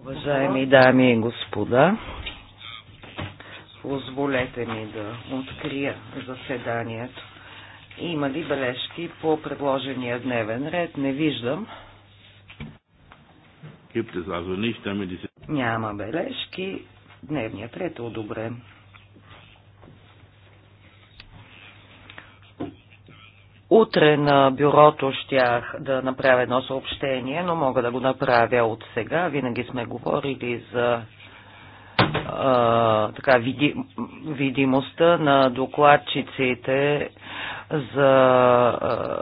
Уважаеми дами и господа, позволете ми да открия заседанието. Има ли бележки по предложения дневен ред? Не виждам. Няма бележки. Дневният ред е одобрен. Утре на бюрото щях да направя едно съобщение, но мога да го направя от сега. Винаги сме говорили за а, така, види, видимостта на докладчиците за а,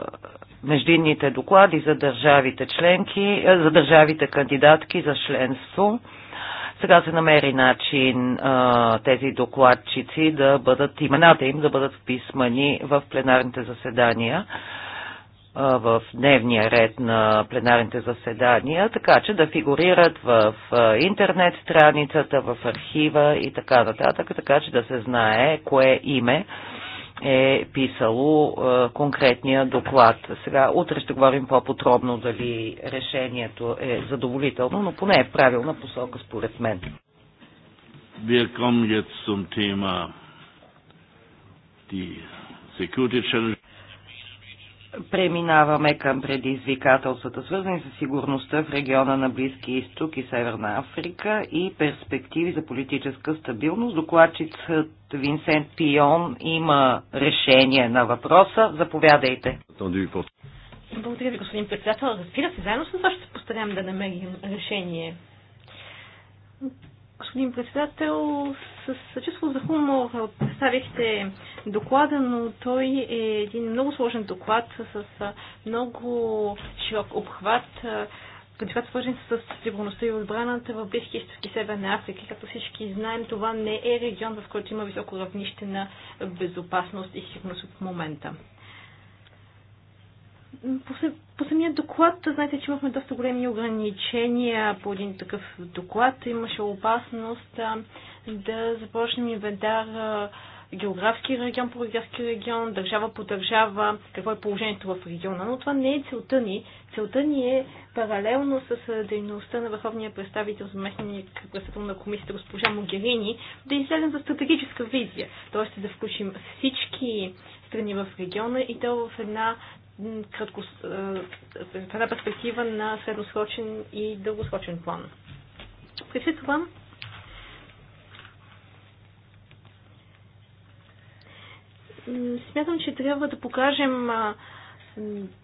междинните доклади за държавите членки, за държавите кандидатки за членство. Сега се намери начин а, тези докладчици да бъдат, имената им да бъдат вписмани в пленарните заседания в дневния ред на пленарните заседания, така че да фигурират в интернет страницата, в архива и така нататък, така че да се знае кое име е писало е, конкретния доклад. Сега утре ще говорим по-подробно дали решението е задоволително, но поне е правилна посока според мен. Wir kommen jetzt zum Thema die Security Challenge. Преминаваме към предизвикателствата, свързани с сигурността в региона на Близки изток и Северна Африка и перспективи за политическа стабилност. Докладчицът Винсент Пион има решение на въпроса. Заповядайте. Благодаря ви, господин председател. Разбира се, заедно с вас ще се да намерим решение. Господин председател, с чувство за хумор представихте доклада, но той е един много сложен доклад с много широк обхват. Кандидат свържен с сигурността и отбраната в Близки изток и Северна Африка. Както всички знаем, това не е регион, в който има високо равнище на безопасност и сигурност в момента по самия доклад, знаете, че имахме доста големи ограничения по един такъв доклад. Имаше опасност да започнем инвентар географски регион по географски регион, държава по държава, какво е положението в региона. Но това не е целта ни. Целта ни е паралелно с дейността на върховния представител, заместник председател на комисията госпожа Могерини, да излезем за стратегическа визия. Тоест да включим всички страни в региона и то в една кратко, е, в една перспектива на средносрочен и дългосрочен план. При все това, смятам, че трябва да покажем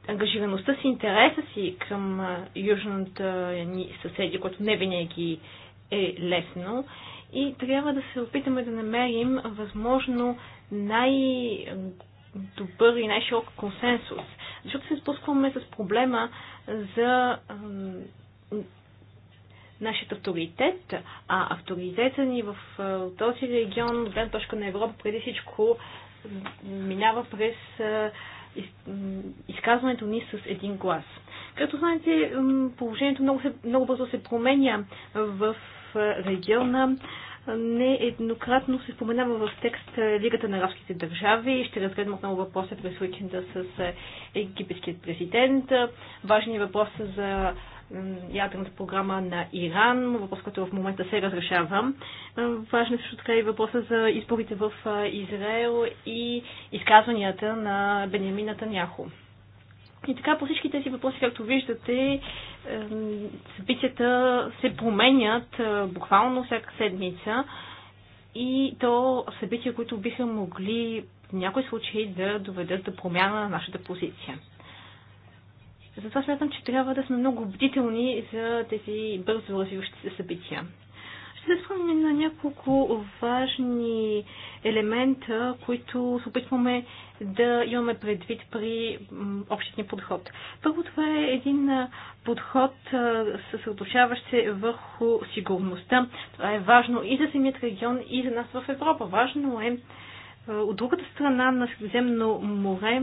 ангажираността си, интереса си към южната ни съседи, което не винаги е лесно. И трябва да се опитаме да намерим възможно най-добър и най-широк консенсус. Защото се спускваме с проблема за нашият авторитет, а авторитета ни в този регион, от гледна точка на Европа, преди всичко минава през изказването ни с един глас. Като знаете, положението много, се, много бързо се променя в региона нееднократно се споменава в текст е, Лигата на арабските държави. Ще разгледам отново въпроса през уикенда с е, египетският президент. Важни е за ядрената програма на Иран, въпрос, който в момента се разрешава. Е, важен е също така и въпроса за изборите в Израел и изказванията на Бенемината Няхо. И така по всички тези въпроси, както виждате, събитията се променят е, буквално всяка седмица и то събития, които биха могли в някои случаи да доведат до промяна на нашата позиция. Затова смятам, че трябва да сме много бдителни за тези бързо развиващи се събития да спомня на няколко важни елемента, които се опитваме да имаме предвид при общия ни подход. Първо това е един подход, съсредоточаващ се върху сигурността. Това е важно и за самият регион, и за нас в Европа. Важно е от другата страна на Средиземно море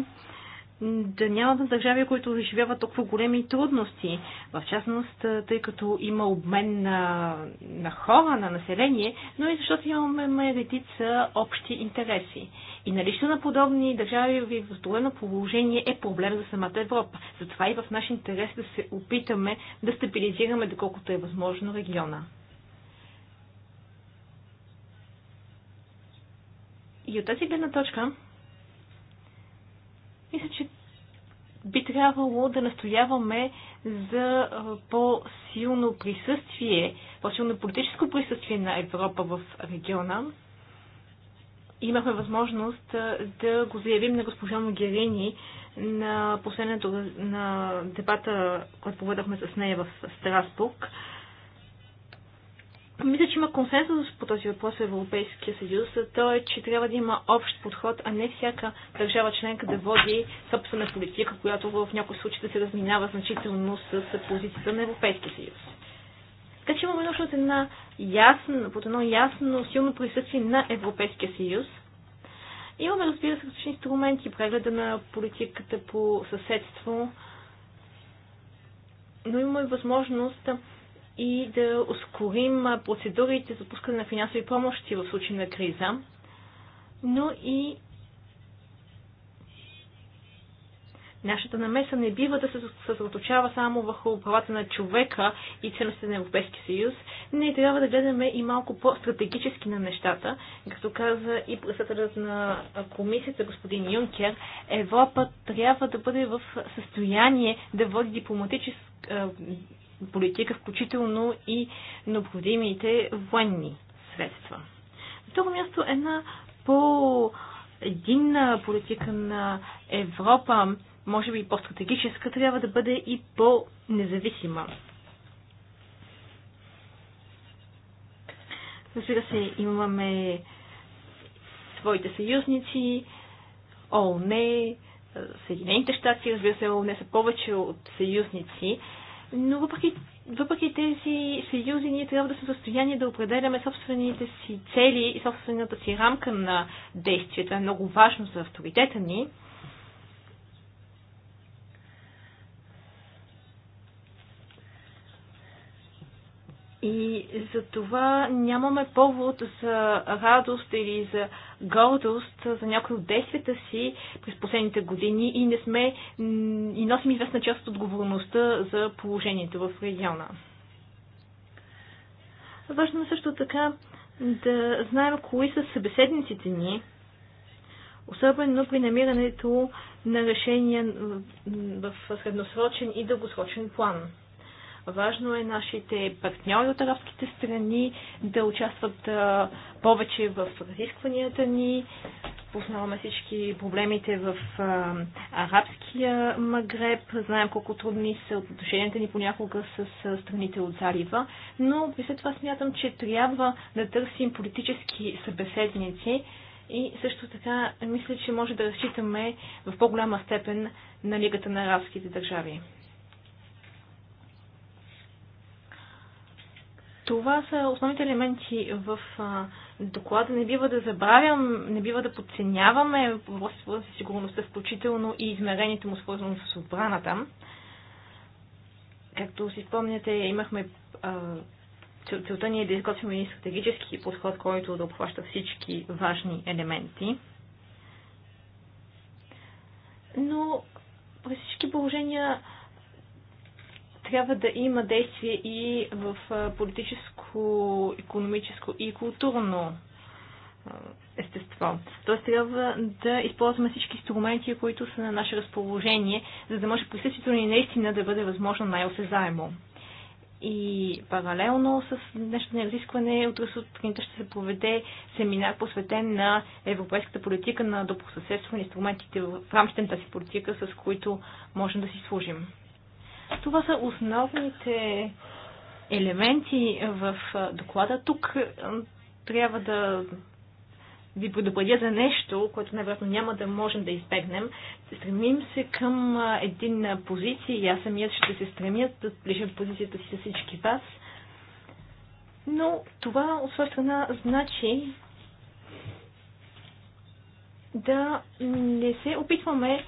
да нямаме държави, които изживяват толкова големи трудности. В частност, тъй като има обмен на, на хора, на население, но и защото имаме редица общи интереси. И налично на подобни държави в трудно положение е проблем за самата Европа. Затова и в наш интерес да се опитаме да стабилизираме доколкото е възможно региона. И от тази гледна точка, мисля, че би трябвало да настояваме за по-силно присъствие, по-силно политическо присъствие на Европа в региона. Имахме възможност да го заявим на госпожа Могерини на последното на дебата, който поведахме с нея в Страсбург. Мисля, че има консенсус по този въпрос в Европейския съюз. То е, че трябва да има общ подход, а не всяка държава членка да води собствена политика, която в някои случаи да се разминава значително с позицията на Европейския съюз. Така че имаме нужда от една ясна, под едно ясно, силно присъствие на Европейския съюз. Имаме, разбира се, различни инструменти, прегледа на политиката по съседство, но имаме възможност и да ускорим процедурите за пускане на финансови помощи в случай на криза, но и нашата намеса не бива да се съсредоточава само върху правата на човека и ценностите на Европейския съюз. Ние трябва да гледаме и малко по-стратегически на нещата. Както каза и председателят на комисията, господин Юнкер, Европа трябва да бъде в състояние да води дипломатическа политика, включително и необходимите военни средства. На второ място една по единна политика на Европа, може би по-стратегическа, трябва да бъде и по-независима. Разбира се, имаме своите съюзници, ООН, Съединените щати, разбира се, ООН са повече от съюзници, но въпреки, въпреки тези съюзи ние трябва да сме в състояние да определяме собствените си цели и собствената си рамка на действие. Това е много важно за авторитета ни. И за това нямаме повод за радост или за гордост за някои от действията си през последните години и не сме и носим известна част от отговорността за положението в региона. Важно е също така да знаем кои са събеседниците ни, особено при намирането на решения в средносрочен и дългосрочен план. Важно е нашите партньори от арабските страни да участват повече в разискванията ни. Познаваме всички проблемите в арабския Магреб. Знаем колко трудни са отношенията ни понякога с страните от залива. Но след това смятам, че трябва да търсим политически събеседници, и също така мисля, че може да разчитаме в по-голяма степен на Лигата на арабските държави. Това са основните елементи в доклада. Не бива да забравям, не бива да подценяваме въпросите за сигурността, включително и измерението му свързано с отбраната. Както си спомняте, имахме целта ни е да изготвим един стратегически подход, който да обхваща всички важни елементи. Но при всички положения трябва да има действие и в политическо, економическо и културно естество. Тоест трябва да използваме всички инструменти, които са на наше разположение, за да може присъствието ни наистина да бъде възможно най-осезаемо. И паралелно с днешното разискване, утре сутринта ще се проведе семинар, посветен на европейската политика на добросъседство и инструментите в рамките на тази политика, с които можем да си служим. Това са основните елементи в доклада. Тук трябва да ви предупредя за нещо, което най-вероятно няма да можем да избегнем. Стремим се към един позиция и аз самият ще се стремя да сближа позицията си с всички вас. Но това от своя страна значи да не се опитваме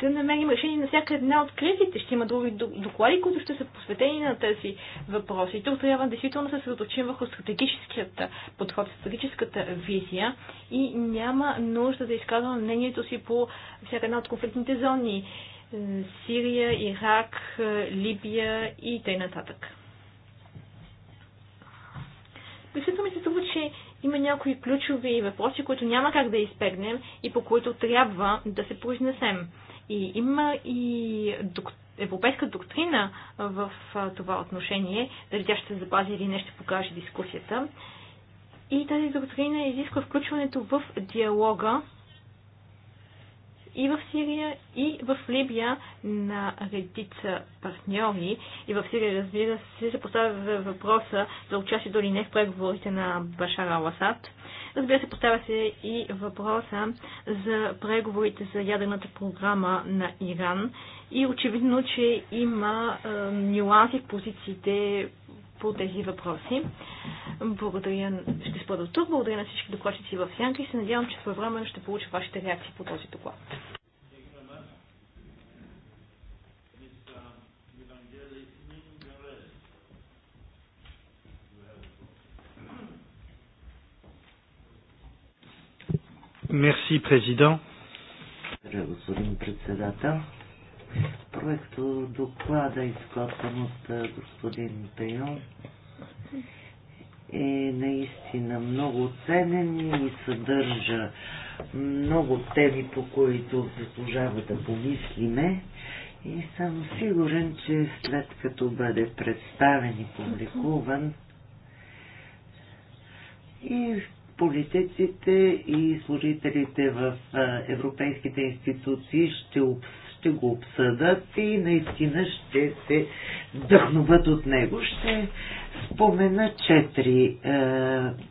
да намерим решение на всяка една от кризите. Ще има други доклади, които ще са посветени на тези въпроси. тук трябва действително да се съсредоточим върху стратегическият подход, стратегическата визия и няма нужда да изказвам мнението си по всяка една от конфликтните зони. Е, Сирия, Ирак, е, Либия и т.н. Действително ми се това, че има някои ключови въпроси, които няма как да избегнем и по които трябва да се произнесем. И има и док... европейска доктрина в това отношение, дали тя ще се запази или не ще покаже дискусията. И тази доктрина изисква включването в диалога и в Сирия, и в Либия на редица партньори. И в Сирия, разбира се, се поставя въпроса за участието или не в преговорите на Башара Аласад. Разбира се, поставя се и въпроса за преговорите за ядрената програма на Иран. И очевидно, че има е, нюанси в позициите по тези въпроси. Благодаря, ще спра тук. Благодаря на всички докладчици в Сянка и се надявам, че своевременно ще получа вашите реакции по този доклад. Мерси, президент. Благодаря, господин председател проекто доклада, изготвен от господин Пейон, е наистина много ценен и съдържа много теми, по които заслужава да помислиме. И съм сигурен, че след като бъде представен и публикуван, и политиците и служителите в европейските институции ще обсъдят ще го обсъдат и наистина ще се вдъхноват от него. Ще спомена четири е,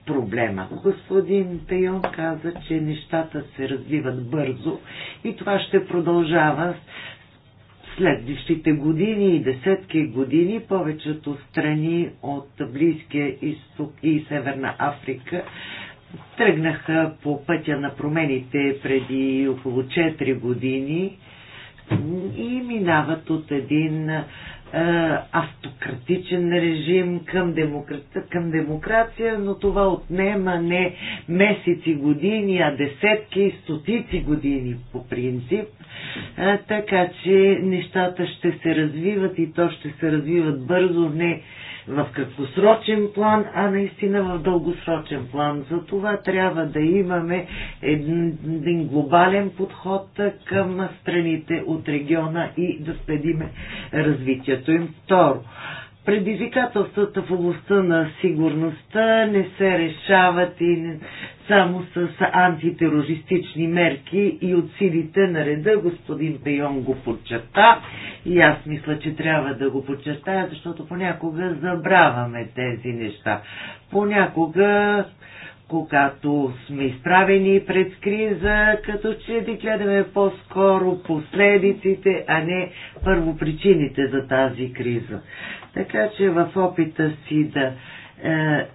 проблема. Господин Тайон каза, че нещата се развиват бързо и това ще продължава следващите години и десетки години повечето страни от Близкия изток и Северна Африка тръгнаха по пътя на промените преди около 4 години и минават от един е, автократичен режим към, демокра... към демокрация, но това отнема не месеци, години, а десетки и стотици години по принцип. Е, така че нещата ще се развиват и то ще се развиват бързо, не в краткосрочен план, а наистина в дългосрочен план. За това трябва да имаме един глобален подход към страните от региона и да следиме развитието им. Второ, предизвикателствата в областта на сигурността не се решават и не, само с антитерористични мерки и от силите на реда. Господин Пейон го подчерта и аз мисля, че трябва да го подчертая, защото понякога забравяме тези неща. Понякога когато сме изправени пред криза, като че да гледаме по-скоро последиците, а не първопричините за тази криза. Така че в опита си да е,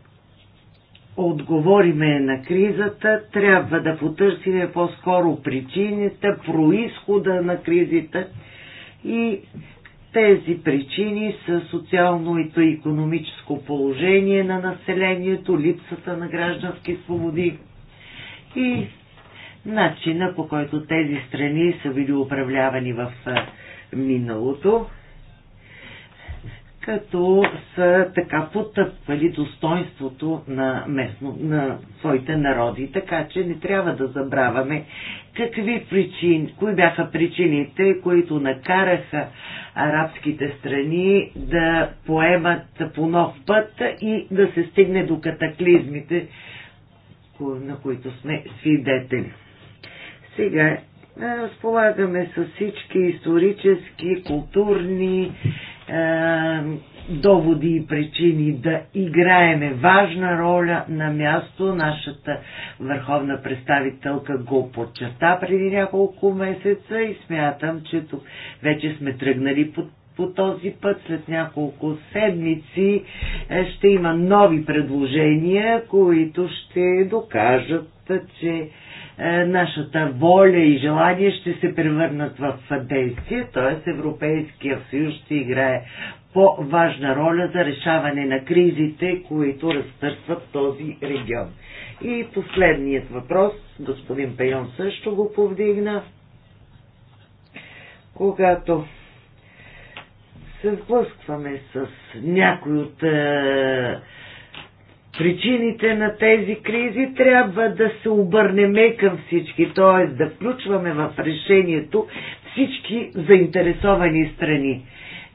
отговориме на кризата, трябва да потърсиме по-скоро причините, происхода на кризата и тези причини са социалното и економическо положение на населението, липсата на граждански свободи и начина по който тези страни са били управлявани в е, миналото като са така потъпвали достоинството на, местно, на своите народи. Така че не трябва да забравяме какви причини, кои бяха причините, които накараха арабските страни да поемат по нов път и да се стигне до катаклизмите, на които сме свидетели. Сега разполагаме с всички исторически, културни, доводи и причини да играеме важна роля на място. Нашата върховна представителка го подчерта преди няколко месеца и смятам, че тук вече сме тръгнали под по този път след няколко седмици е, ще има нови предложения, които ще докажат, че е, нашата воля и желание ще се превърнат в действие, т.е. Европейския съюз ще играе по-важна роля за решаване на кризите, които разтърсват този регион. И последният въпрос, господин Пейон също го повдигна, когато се сблъскваме с някои от е, причините на тези кризи, трябва да се обърнеме към всички, т.е. да включваме в решението всички заинтересовани страни.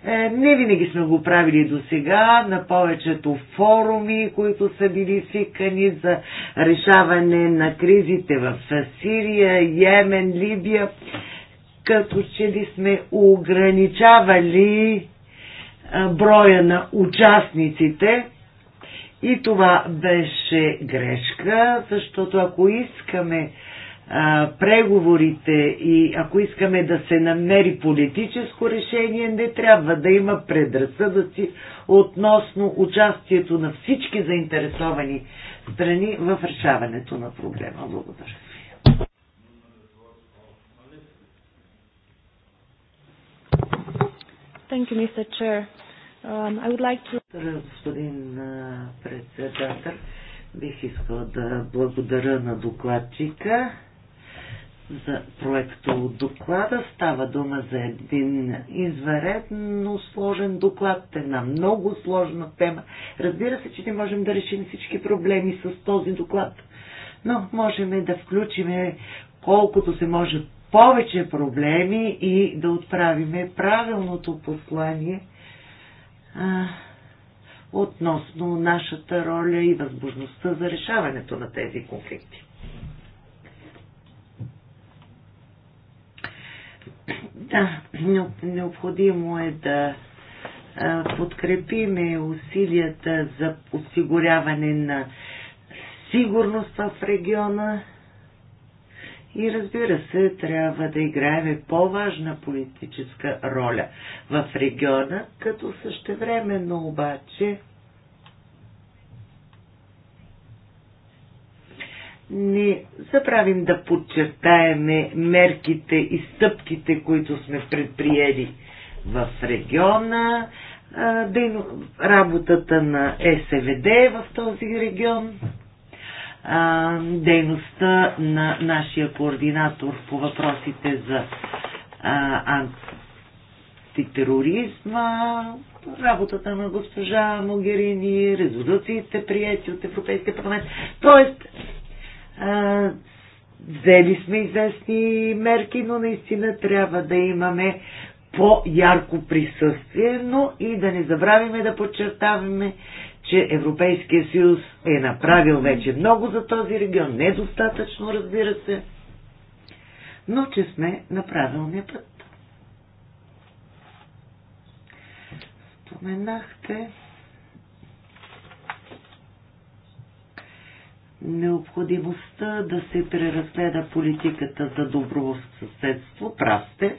Е, не винаги сме го правили до сега, на повечето форуми, които са били свикани за решаване на кризите в Сирия, Йемен, Либия, като че ли сме ограничавали е, броя на участниците, и това беше грешка, защото ако искаме а, преговорите и ако искаме да се намери политическо решение, не трябва да има предразсъдъци относно участието на всички заинтересовани страни в решаването на проблема. Благодаря. Thank you, Mr. Chair. Um, господин председател, бих искала да благодаря на докладчика за проекто от доклада. Става дума за един изваредно сложен доклад, една много сложна тема. Разбира се, че не можем да решим всички проблеми с този доклад, но можем да включим колкото се може повече проблеми и да отправим правилното послание – а, относно нашата роля и възможността за решаването на тези конфликти. Да, необходимо е да подкрепиме усилията за осигуряване на сигурност в региона, и разбира се, трябва да играеме по-важна политическа роля в региона, като същевременно обаче не забравим да подчертаеме мерките и стъпките, които сме предприели в региона, работата на СВД в този регион а, дейността на нашия координатор по въпросите за антитероризма, работата на госпожа Могерини, резолюциите прияти от Европейския парламент. Тоест, взели сме известни мерки, но наистина трябва да имаме по-ярко присъствие, но и да не забравяме да подчертаваме, че Европейския съюз е направил вече много за този регион. Недостатъчно, разбира се, но че сме на правилния път. Споменахте необходимостта да се преразгледа политиката за добро съседство. Прав сте.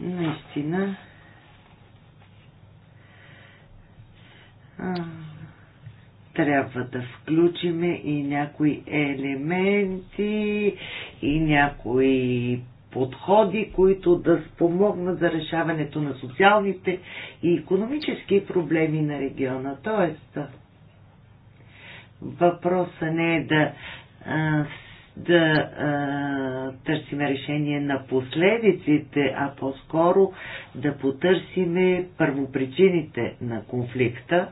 Наистина, трябва да включиме и някои елементи и някои подходи, които да спомогнат за решаването на социалните и економически проблеми на региона. Тоест, въпросът не е да, да търсим решение на последиците, а по-скоро да потърсиме първопричините на конфликта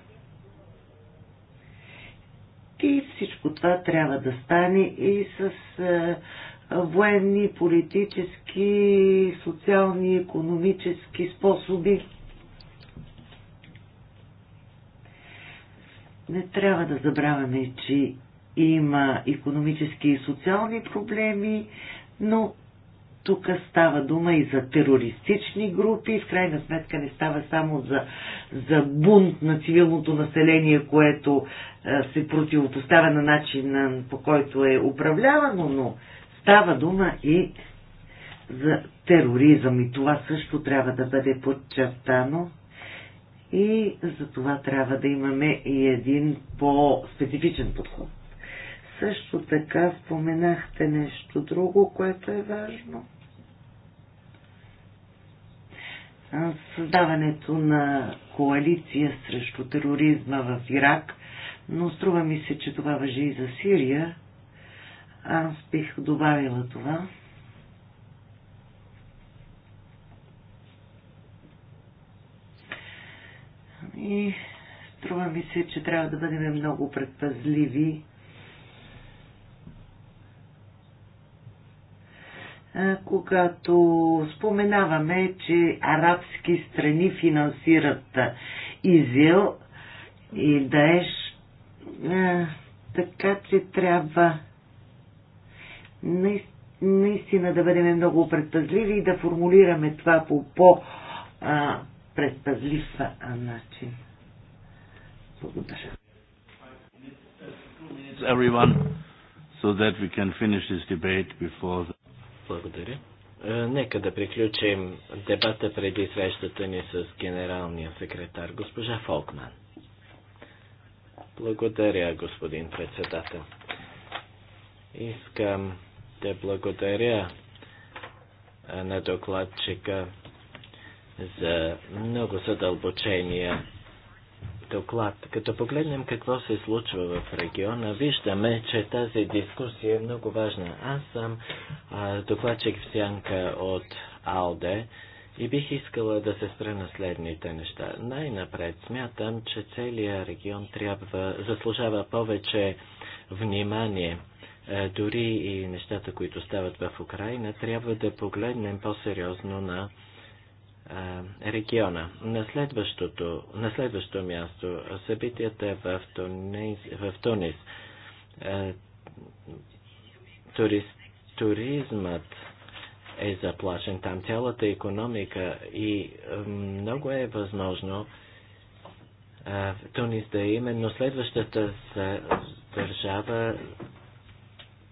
и всичко това трябва да стане и с е, военни, политически, социални, економически способи. Не трябва да забравяме, че има економически и социални проблеми, но тук става дума и за терористични групи, в крайна сметка не става само за, за бунт на цивилното население, което е, се противопоставя на начина по който е управлявано, но става дума и за тероризъм и това също трябва да бъде подчертано. И за това трябва да имаме и един по-специфичен подход. Също така споменахте нещо друго, което е важно. Създаването на коалиция срещу тероризма в Ирак, но струва ми се, че това въжи и за Сирия. Аз бих добавила това. И струва ми се, че трябва да бъдем много предпазливи когато споменаваме, че арабски страни финансират ИЗИЛ и Даеш, така че трябва наистина да бъдем много предпазливи и да формулираме това по по-предпазлив начин. Благодаря. Everyone, so that we can finish this debate before the благодаря. Е, нека да приключим дебата преди срещата ни с генералния секретар, госпожа Фолкман. Благодаря, господин председател. Искам да благодаря е, на докладчика за много задълбочения доклад. Като погледнем какво се случва в региона, виждаме, че тази дискусия е много важна. Аз съм а, докладчик в сянка от АЛДЕ и бих искала да се спра на следните неща. Най-напред смятам, че целият регион трябва, заслужава повече внимание е, дори и нещата, които стават в Украина, трябва да погледнем по-сериозно на региона. На следващото, на следващото място събитията в Тунис. В Тунис. Турис, туризмът е заплашен там, цялата економика и много е възможно Тунис да е именно следващата държава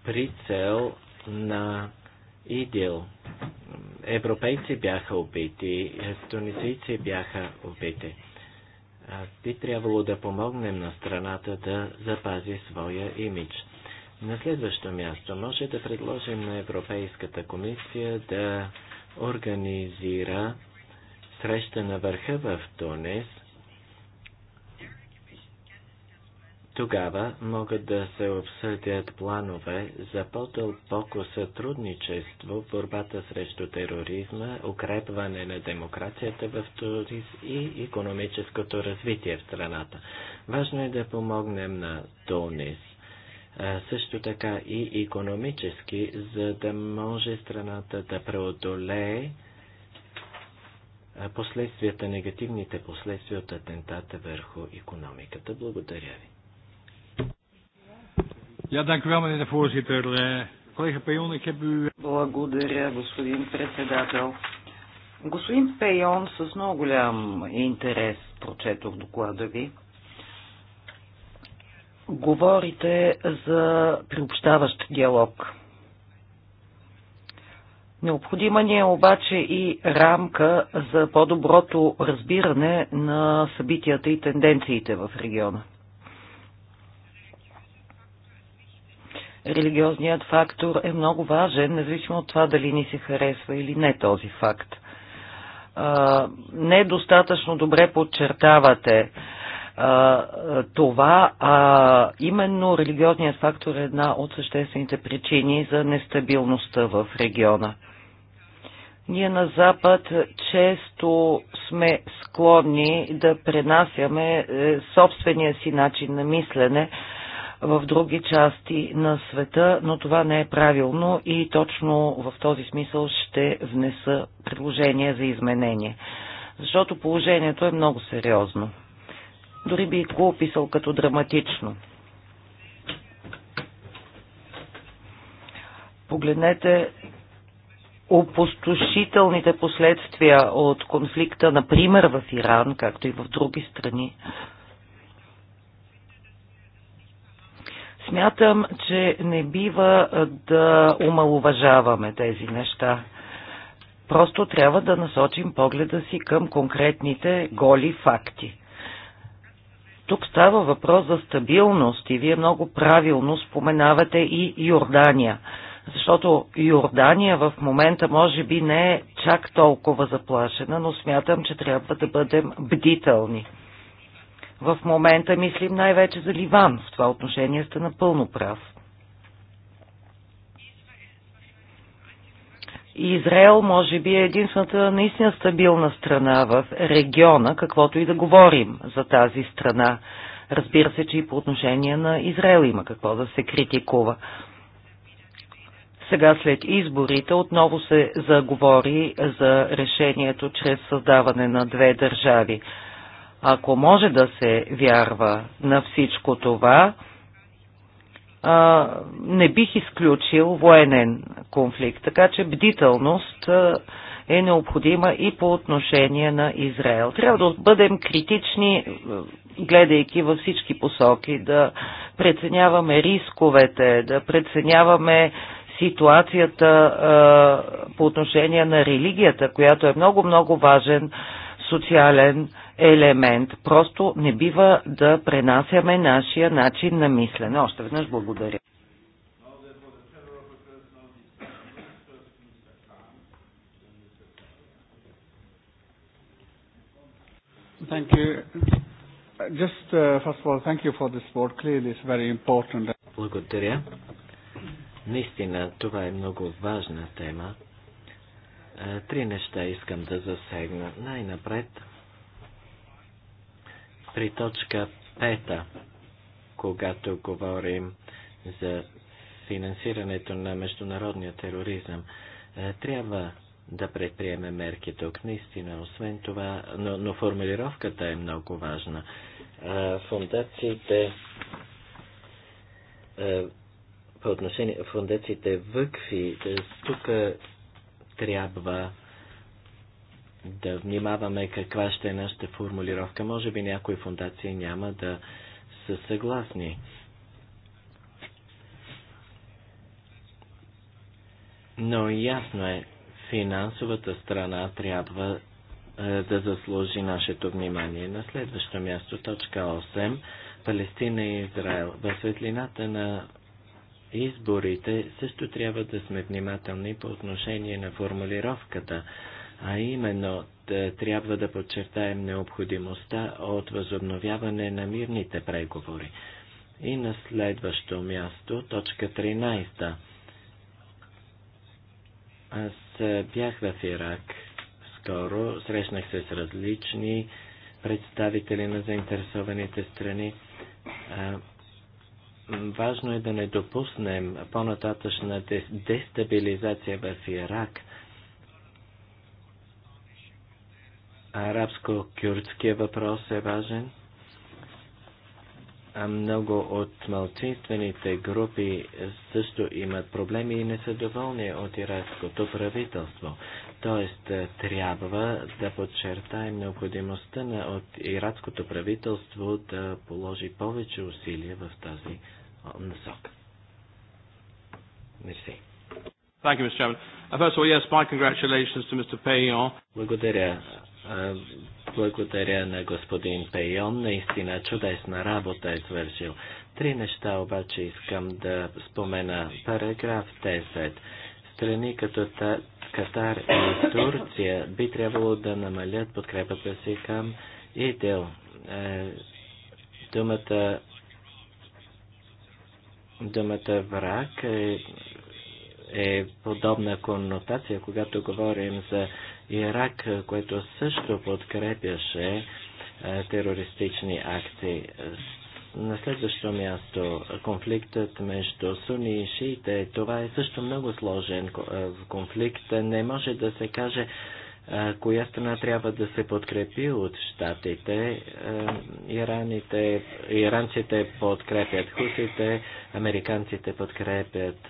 при цел на ИДИЛ. Европейци бяха убити, тунизийци бяха убити. Би трябвало да помогнем на страната да запази своя имидж. На следващо място може да предложим на Европейската комисия да организира среща на върха в Тунис Тогава могат да се обсъдят планове за по-дълбоко сътрудничество в борбата срещу тероризма, укрепване на демокрацията в туризм и економическото развитие в страната. Важно е да помогнем на Тунис, също така и економически, за да може страната да преодолее последствията, негативните последствия от атентата върху економиката. Благодаря ви. Ja, dank u wel, meneer de voorzitter. Eh, collega Пейон, ik heb u... Благодаря, господин председател. Господин Пейон, с много голям интерес прочетох доклада ви. Говорите за приобщаващ диалог. Необходима ни е обаче и рамка за по-доброто разбиране на събитията и тенденциите в региона. религиозният фактор е много важен, независимо от това дали ни се харесва или не този факт. Недостатъчно добре подчертавате това, а именно религиозният фактор е една от съществените причини за нестабилността в региона. Ние на Запад често сме склонни да пренасяме е, собствения си начин на мислене в други части на света, но това не е правилно и точно в този смисъл ще внеса предложение за изменение. Защото положението е много сериозно. Дори би го описал като драматично. Погледнете опустошителните последствия от конфликта, например в Иран, както и в други страни. Смятам, че не бива да омалуважаваме тези неща. Просто трябва да насочим погледа си към конкретните голи факти. Тук става въпрос за стабилност и вие много правилно споменавате и Йордания защото Йордания в момента може би не е чак толкова заплашена, но смятам, че трябва да бъдем бдителни. В момента мислим най-вече за Ливан. В това отношение сте напълно прав. Израел може би е единствената наистина стабилна страна в региона, каквото и да говорим за тази страна. Разбира се, че и по отношение на Израел има какво да се критикува. Сега след изборите отново се заговори за решението чрез създаване на две държави. Ако може да се вярва на всичко това, а, не бих изключил военен конфликт. Така че бдителност а, е необходима и по отношение на Израел. Трябва да бъдем критични, гледайки във всички посоки, да преценяваме рисковете, да преценяваме ситуацията а, по отношение на религията, която е много-много важен социален елемент. Просто не бива да пренасяме нашия начин на мислене. Още веднъж благодаря. Thank you. Just, uh, first of all, thank you for this board. Clearly, it's very important. Благодаря. Наистина, това е много важна тема. Е, три неща искам да засегна. Най-напред, при точка пета, когато говорим за финансирането на международния тероризъм, е, трябва да предприеме мерки тук. Наистина, освен това, но, но формулировката е много важна. Е, фундациите е, по отношение фундациите ВКФИ, тук трябва да внимаваме каква ще е нашата формулировка. Може би някои фундации няма да са съгласни. Но ясно е, финансовата страна трябва е, да заслужи нашето внимание. На следващо място, точка 8, Палестина и Израел. В светлината на изборите също трябва да сме внимателни по отношение на формулировката а именно трябва да подчертаем необходимостта от възобновяване на мирните преговори. И на следващо място, точка 13. Аз бях в Ирак скоро, срещнах се с различни представители на заинтересованите страни. Важно е да не допуснем по-нататъчна дестабилизация в Ирак – Арабско-кюрдския въпрос е важен. А много от малчинствените групи също имат проблеми и не са доволни от иракското правителство. Тоест, е, трябва да подчертаем необходимостта на, от иракското правителство да положи повече усилия в тази насока. Мерси. Thank you, Mr. Chairman. Uh, first of all, yes, my congratulations to Mr. Payon. Благодаря, благодаря на господин Пейон. Наистина чудесна работа е свършил. Три неща обаче искам да спомена. Параграф 10. Страни като Катар и Турция би трябвало да намалят подкрепата си към ИДИЛ. Е, думата, думата враг е, е подобна коннотация, когато говорим за Ирак, което също подкрепяше е, терористични акции. На следващо място, конфликтът между суни и шиите, това е също много сложен е, конфликт. Не може да се каже коя страна трябва да се подкрепи от щатите. Ираните, иранците подкрепят хусите, американците подкрепят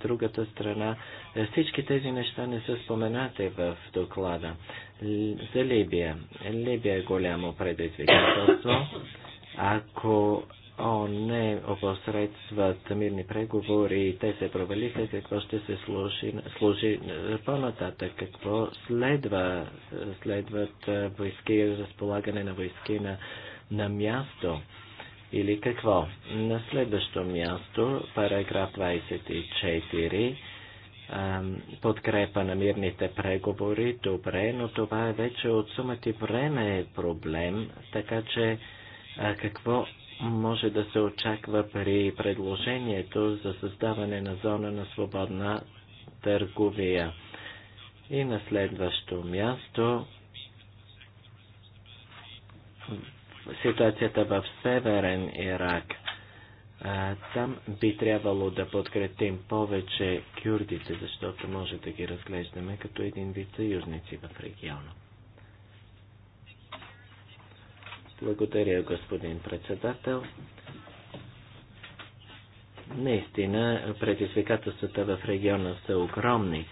другата страна. Всички тези неща не са споменати в доклада. За Либия. Либия е голямо предизвикателство. Ако О, ООН опосредстват мирни преговори и те се провалиха, какво ще се служи, служи е, по-нататък, какво следва, е, следват е, войски, разполагане на войски на, на място или какво. На следващо място, параграф 24, подкрепа на мирните преговори, добре, но това е вече от сумати време проблем, така че какво може да се очаква при предложението за създаване на зона на свободна търговия. И на следващо място ситуацията в Северен Ирак. Там би трябвало да подкрепим повече кюрдите, защото може да ги разглеждаме като един вид съюзници в региона. Благодаря, господин председател. Наистина, предизвикателствата в региона са огромни.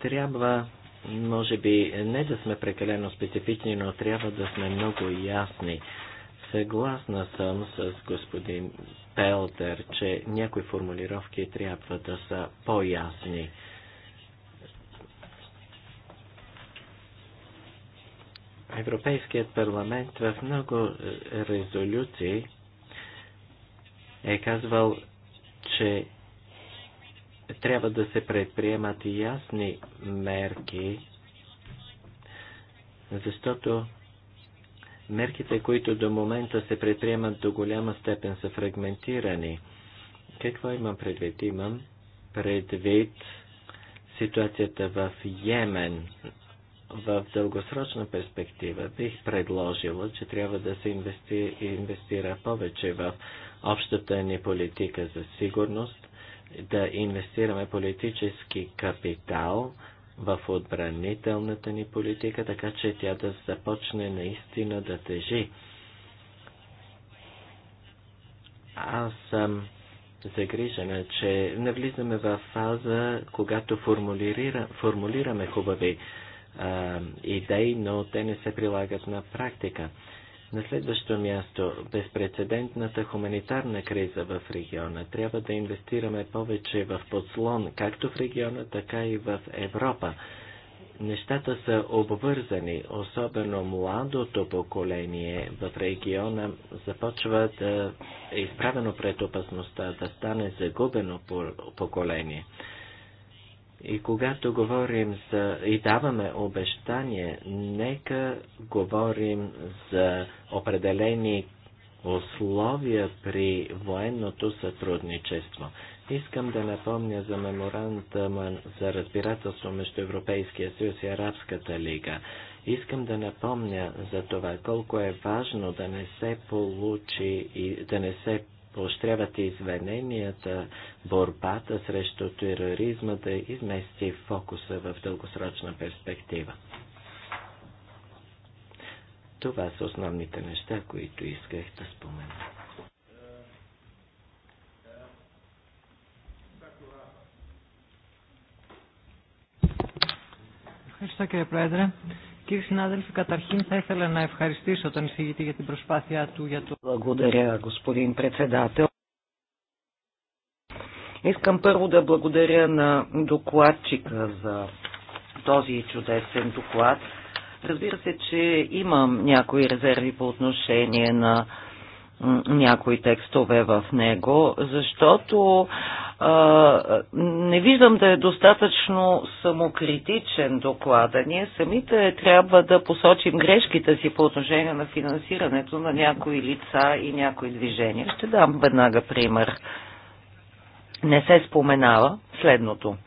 Трябва, може би, не да сме прекалено специфични, но трябва да сме много ясни. Съгласна съм с господин Пелтер, че някои формулировки трябва да са по-ясни. Европейският парламент в много е, резолюции е казвал, че трябва да се предприемат ясни мерки, защото мерките, които до момента се предприемат до голяма степен са фрагментирани. Какво имам предвид? Имам предвид ситуацията в Йемен, в дългосрочна перспектива бих предложила, че трябва да се инвести, инвестира повече в общата ни политика за сигурност, да инвестираме политически капитал в отбранителната ни политика, така че тя да започне наистина да тежи. Аз съм загрижена, че навлизаме в фаза, когато формулираме хубави а, идеи, но те не се прилагат на практика. На следващо място, безпредседентната хуманитарна криза в региона. Трябва да инвестираме повече в подслон, както в региона, така и в Европа. Нещата са обвързани, особено младото поколение в региона започва да е изправено пред опасността да стане загубено поколение. И когато говорим за и даваме обещание, нека говорим за определени условия при военното сътрудничество. Искам да напомня за меморандума за разбирателство между Европейския съюз и Арабската лига. Искам да напомня за това колко е важно да не се получи и да не се поощрявате извиненията, борбата срещу тероризма да измести фокуса в дългосрочна перспектива. Това са основните неща, които исках да спомена. Ще κύριε Πρόεδρε. Κύριε συνάδελφε, καταρχήν θα ήθελα να ευχαριστήσω τον εισηγητή για την προσπάθειά του για το... Благодаря, господин председател. Искам първо да благодаря на докладчика за този чудесен доклад. Разбира се, че имам някои резерви по отношение на някои текстове в него, защото а, не виждам да е достатъчно самокритичен доклада. Ние самите трябва да посочим грешките си по отношение на финансирането на някои лица и някои движения. Ще дам веднага пример. Не се споменава следното –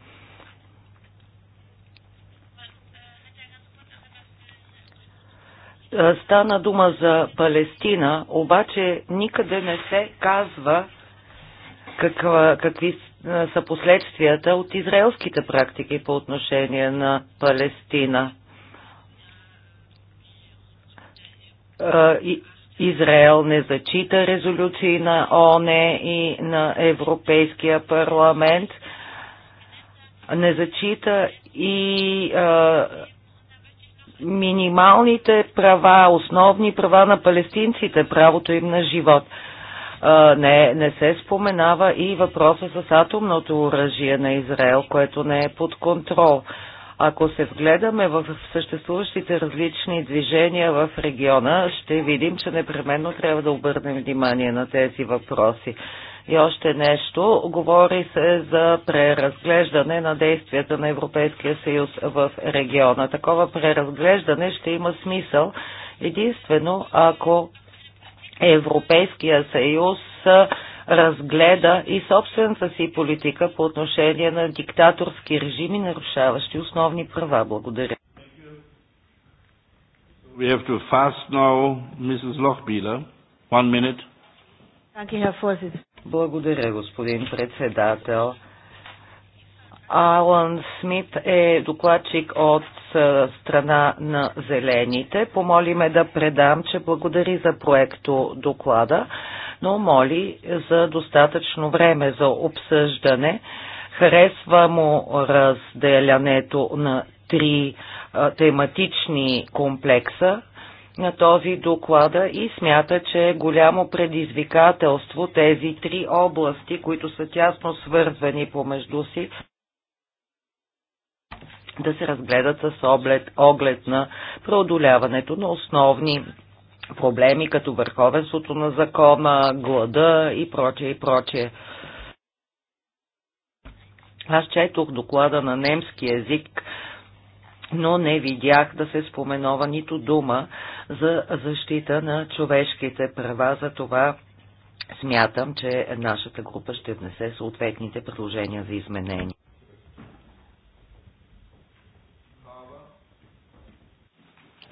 Е, стана дума за Палестина, обаче никъде не се казва каква, какви е, са последствията от израелските практики по отношение на Палестина. Е, Израел не зачита резолюции на ОНЕ и на Европейския парламент, не зачита и минималните права, основни права на палестинците, правото им на живот. Не, не се споменава и въпроса с атомното оръжие на Израел, което не е под контрол. Ако се вгледаме в съществуващите различни движения в региона, ще видим, че непременно трябва да обърнем внимание на тези въпроси. И още нещо, говори се за преразглеждане на действията на Европейския съюз в региона. Такова преразглеждане ще има смисъл единствено ако Европейския съюз разгледа и собствената си политика по отношение на диктаторски режими, нарушаващи основни права. Благодаря. We have to fast now, Mrs. Lochbieler. One minute. Danke, Herr Vorsitzender. Благодаря, господин председател. Алан Смит е докладчик от страна на Зелените. Помоли ме да предам, че благодари за проекто доклада, но моли за достатъчно време за обсъждане. Харесва му разделянето на три тематични комплекса, на този доклада и смята, че е голямо предизвикателство тези три области, които са тясно свързани помежду си, да се разгледат с облед, оглед на преодоляването на основни проблеми, като върховенството на закона, глада и прочее, и прочее. Аз четох доклада на немски язик но не видях да се споменова нито дума за защита на човешките права. За това смятам, че нашата група ще внесе съответните предложения за изменение.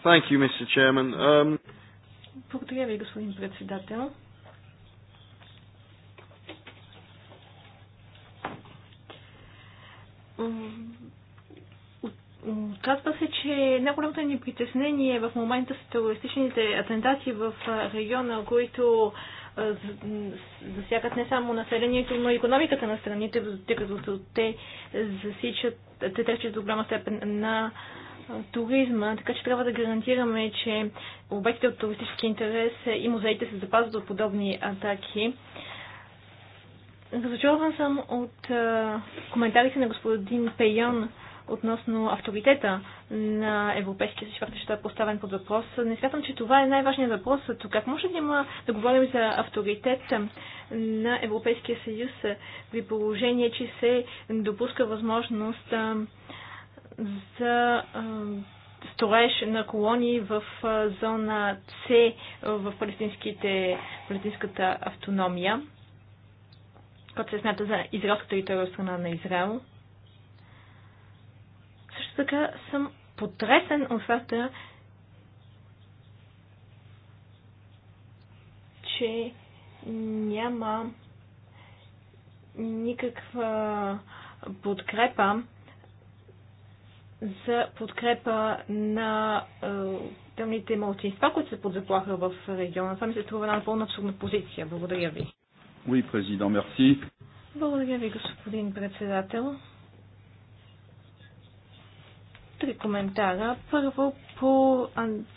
Thank you, Mr. Chairman. Um... Благодаря ви, господин председател. Казва се, че най-голямото ни притеснение в момента са терористичните атентати в региона, които засягат не само населението, но и економиката на страните, тъй като те засичат, те тръщат до голяма степен на туризма, така че трябва да гарантираме, че обектите от туристически интерес и музеите се запазват от подобни атаки. Разочарован съм от коментарите на господин Пейон, относно авторитета на Европейския съюз, факта, че е поставен под въпрос. Не смятам, че това е най-важният въпрос. Тук как може да има да говорим за авторитет на Европейския съюз при положение, че се допуска възможност за строеж на колони в зона С в палестинската автономия, която се смята за израелска територия от страна на Израел. Също така съм потресен от факта, че няма никаква подкрепа за подкрепа на е, тъмните мълчинства, които се подзаплаха в региона. Това ми се струва една напълно абсурдна позиция. Благодаря ви. Oui, Благодаря ви, господин председател три коментара. Първо по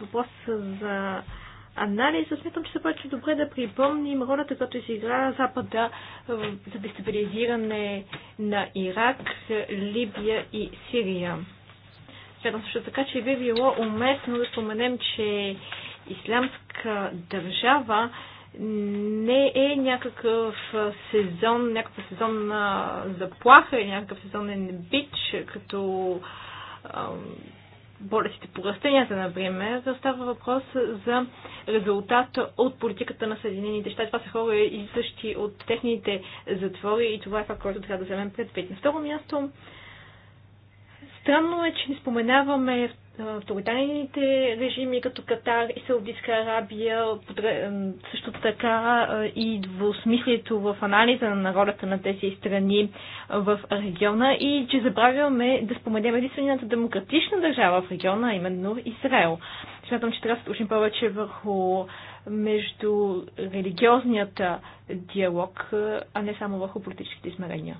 въпроса за анализа, смятам, че се повече добре да припомним ролята, която изигра Запада за дестабилизиране на Ирак, Либия и Сирия. Смятам също така, че би било уместно да споменем, че ислямска държава не е някакъв сезон, някаква сезонна заплаха или някакъв сезонен бич, като болестите по растенията, например, става въпрос за резултат от политиката на Съединените щати. Това са хора излизащи от техните затвори и това е факт, който трябва да вземем предвид. На второ място, странно е, че не споменаваме авторитарните режими, като Катар и Саудитска Арабия, също така и двусмислието в анализа на ролята на тези страни в региона и че забравяме да споменем единствената демократична държава в региона, а именно Израел. Смятам, че трябва да се повече върху между религиозният диалог, а не само върху политическите измерения.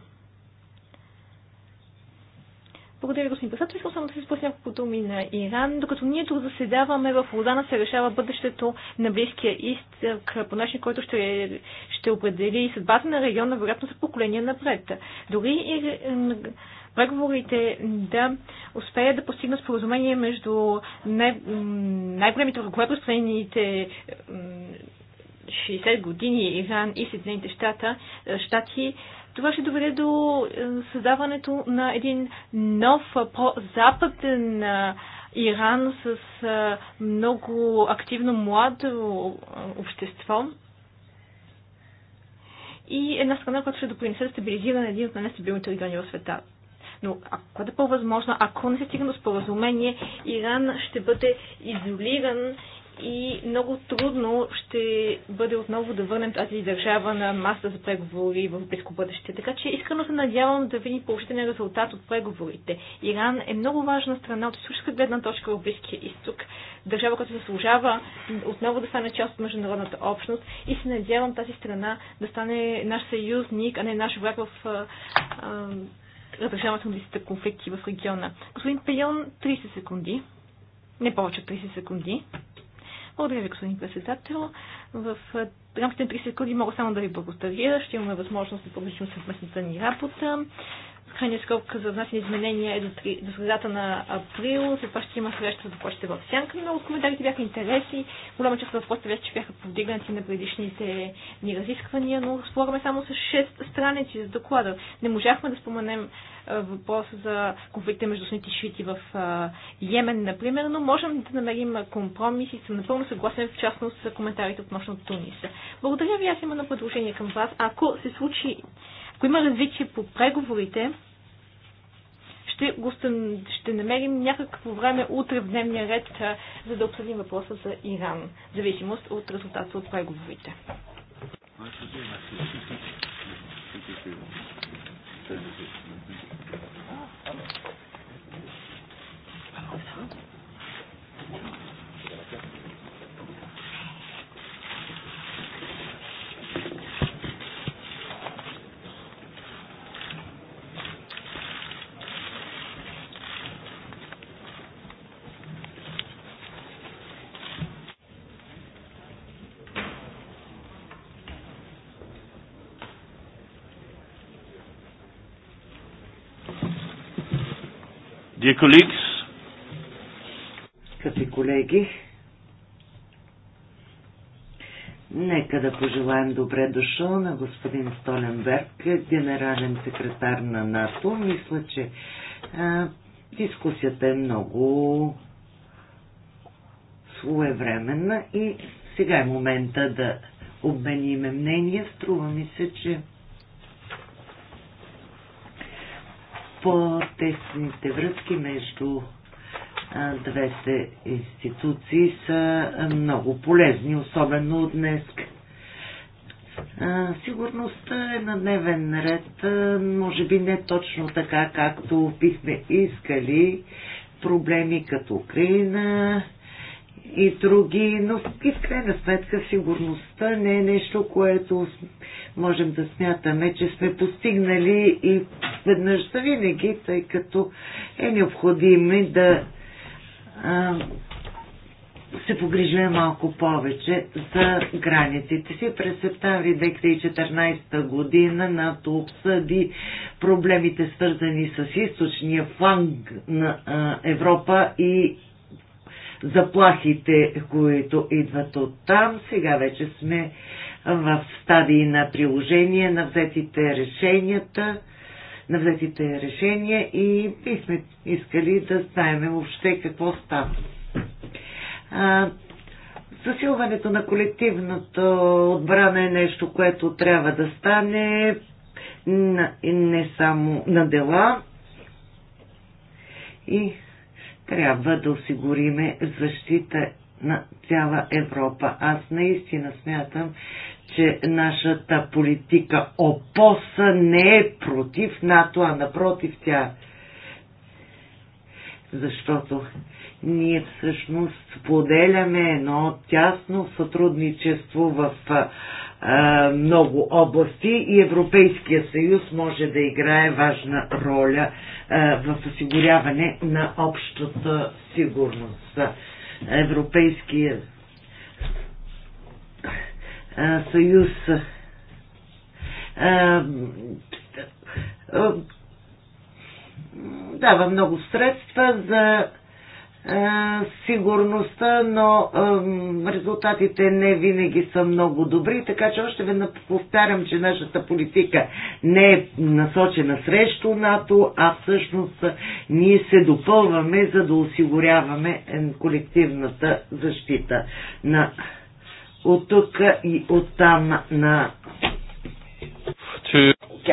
Благодаря ви, господин председател. Искам само да се спусна няколко думи на Иран. Докато ние тук заседаваме в Лодана, се решава бъдещето на Близкия Ист, по начин, който ще, ще определи съдбата на региона, вероятно за поколения напред. Дори и преговорите да успеят да постигнат споразумение между най- най-големите врагове последните 60 години Иран и Съединените щата, щати, това ще доведе до е, създаването на един нов е, по-западен е, Иран с много активно младо общество и една страна, която ще допринесе да стабилизира на един от най-нестабилните региони в света. Но ако да по-възможно, ако не се стигне до споразумение, Иран ще бъде изолиран и много трудно ще бъде отново да върнем тази държава на маса за преговори в близко бъдеще. Така че искрено се надявам да видим положителен резултат от преговорите. Иран е много важна страна от всичка гледна точка в Близкия изток, държава, която заслужава отново да стане част от международната общност и се надявам тази страна да стане наш съюзник, а не наш враг в разрешаването на конфликти в региона. Господин Пейон, 30 секунди. Не повече от 30 секунди. Благодаря ви, господин председател. В рамките на 30 секунди мога само да ви благодаря. Ще имаме възможност да продължим съвместната ни работа крайния срок за внасяне изменения е до, до средата на април. След това ще има среща за въпросите в сянка. Много от коментарите бяха интереси. Голяма част от въпросите вече бяха повдигнати на предишните ни разисквания, но спораме само с 6 страници за доклада. Не можахме да споменем въпроса за конфликта между сните и шити в Йемен, например, но можем да намерим компромис и съм напълно съгласен в частност с коментарите относно Туниса. Благодаря ви, аз имам на предложение към вас. Ако се случи ако има развитие по преговорите, ще, го, ще намерим някакво време утре в дневния ред, за да обсъдим въпроса за Иран, в зависимост от резултата от преговорите. Thank значи, you. Dear colleagues, скъпи колеги, нека да пожелаем добре дошъл на господин Столенберг, генерален секретар на НАТО. Мисля, че а, дискусията е много своевременна и сега е момента да обмениме мнение. Струва ми се, че по-тесните връзки между двете институции са много полезни, особено днес. Сигурността е на дневен ред, може би не точно така, както бихме искали. Проблеми като Украина и други, но и в крайна сметка сигурността не е нещо, което можем да смятаме, че сме постигнали и веднъж за винаги, тъй като е необходимо да а, се погрижим малко повече за границите си. През септември 2014 година НАТО обсъди проблемите свързани с източния фланг на а, Европа и заплахите, които идват от там. Сега вече сме в стадии на приложение на взетите решенията на взетите решения и бихме искали да знаем въобще какво става. засилването на колективната отбрана е нещо, което трябва да стане не само на дела и трябва да осигуриме защита на цяла Европа. Аз наистина смятам, че нашата политика ОПОС не е против НАТО, а напротив тя. Защото ние всъщност споделяме едно тясно сътрудничество в а, много области и Европейския съюз може да играе важна роля а, в осигуряване на общата сигурност. Европейския съюз дава много средства за сигурността, но резултатите не винаги са много добри, така че още веднъж повтарям, че нашата политика не е насочена срещу НАТО, а всъщност ние се допълваме, за да осигуряваме колективната защита на от тук и от там на...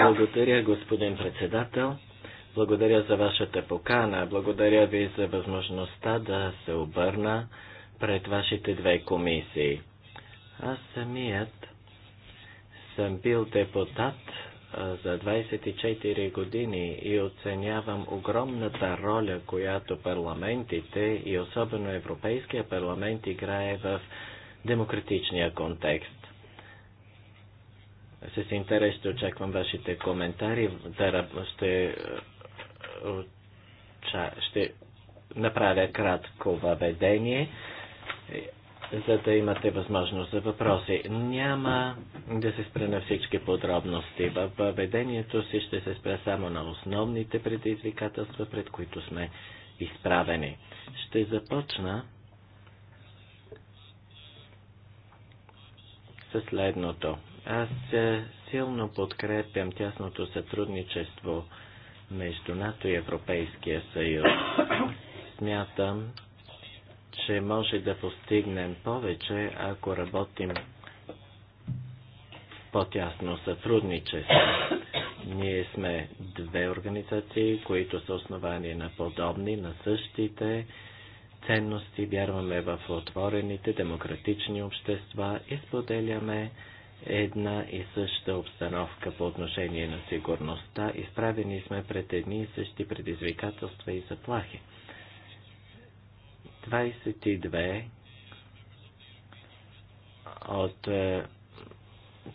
Благодаря, господин председател. Благодаря за вашата покана. Благодаря ви за възможността да се обърна пред вашите две комисии. Аз самият съм бил депутат за 24 години и оценявам огромната роля, която парламентите и особено Европейския парламент играе в демократичния контекст. С интерес ще очаквам вашите коментари. Да, ще, е, ще направя кратко въведение, за да имате възможност за въпроси. Няма да се спра на всички подробности. Във въведението си ще се спра само на основните предизвикателства, пред които сме изправени. Ще започна са следното. Аз е, силно подкрепям тясното сътрудничество между НАТО и Европейския съюз. Смятам, че може да постигнем повече, ако работим по-тясно сътрудничество. Ние сме две организации, които са основани на подобни, на същите ценности, вярваме в отворените демократични общества и споделяме една и съща обстановка по отношение на сигурността. Изправени сме пред едни и същи предизвикателства и заплахи. 22 от е,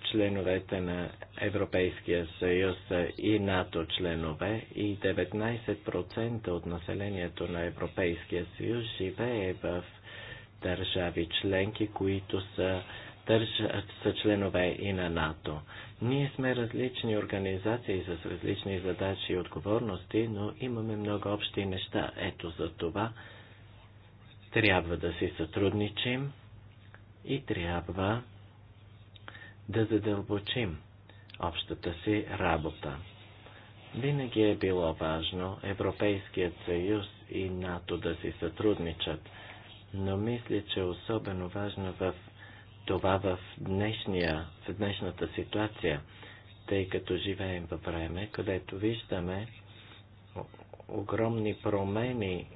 членовете на Европейския съюз и НАТО членове и 19% от населението на Европейския съюз живее в държави членки, които са, държ... са членове и на НАТО. Ние сме различни организации с различни задачи и отговорности, но имаме много общи неща. Ето за това трябва да си сътрудничим и трябва да задълбочим общата си работа. Винаги е било важно Европейският съюз и НАТО да си сътрудничат, но мисля, че е особено важно в това в, днешния, в днешната ситуация, тъй като живеем във време, където виждаме огромни промени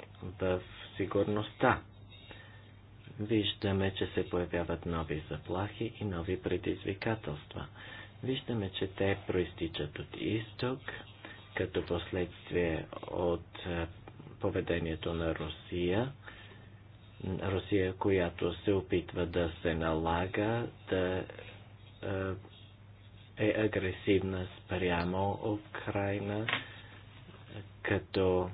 в сигурността. Виждаме, че се появяват нови заплахи и нови предизвикателства. Виждаме, че те проистичат от изток, като последствие от поведението на Русия. Русия, която се опитва да се налага, да е агресивна спрямо Украина, като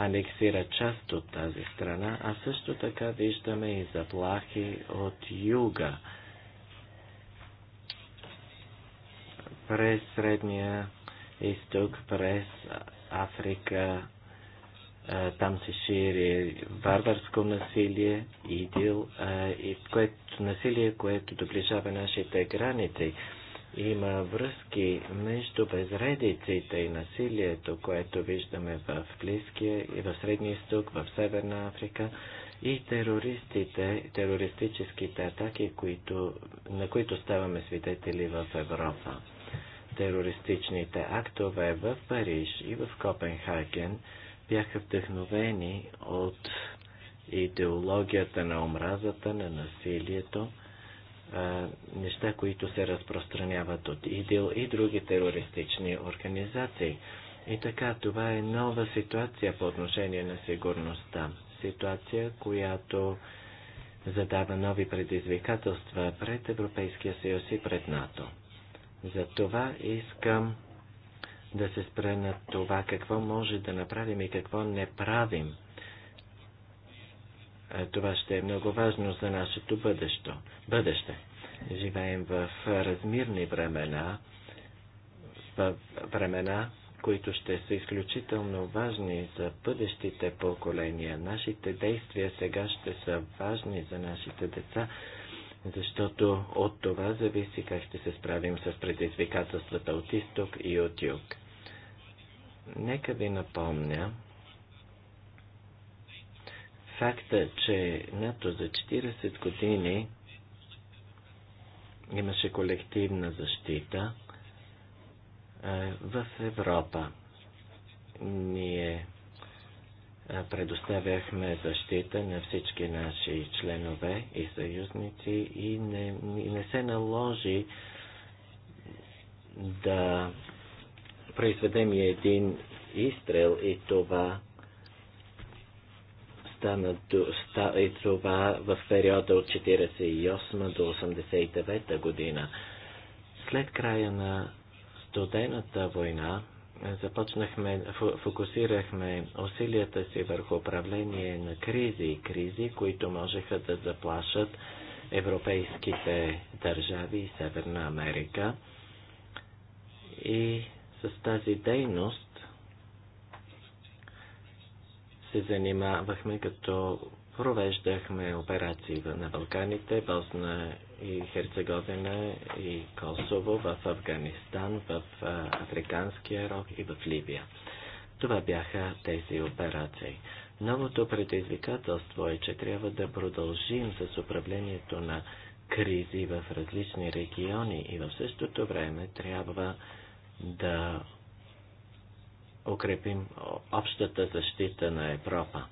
анексира част от тази страна, а също така виждаме и заплахи от юга. През Средния изток, през Африка, там се шири варварско насилие, идил, и което, насилие, което доближава нашите граници има връзки между безредиците и насилието, което виждаме в Близкия и в Средния изток, в Северна Африка и терористите, терористическите атаки, които, на които ставаме свидетели в Европа. Терористичните актове в Париж и в Копенхаген бяха вдъхновени от идеологията на омразата, на насилието, неща, които се разпространяват от ИДИЛ и други терористични организации. И така, това е нова ситуация по отношение на сигурността. Ситуация, която задава нови предизвикателства пред Европейския съюз и пред НАТО. За това искам да се спре на това какво може да направим и какво не правим това ще е много важно за нашето бъдещо, бъдеще. Живеем в размирни времена, в времена, които ще са изключително важни за бъдещите поколения. Нашите действия сега ще са важни за нашите деца, защото от това зависи как ще се справим с предизвикателствата от изток и от юг. Нека ви напомня, факта, че НАТО за 40 години имаше колективна защита в Европа. Ние предоставяхме защита на всички наши членове и съюзници и не, не се наложи да произведем един изстрел и това стана и това в периода от 1948 до 1989 година. След края на студената война е, започнахме, фокусирахме усилията си върху управление на кризи, и кризи, които можеха да заплашат европейските държави и Северна Америка. И с тази дейност се занимавахме, като провеждахме операции на Балканите, Босна и Херцеговина и Косово, в Афганистан, в Африканския рог и в Либия. Това бяха тези операции. Новото предизвикателство е, че трябва да продължим с управлението на кризи в различни региони и в същото време трябва да укрепим общата защита на Европа.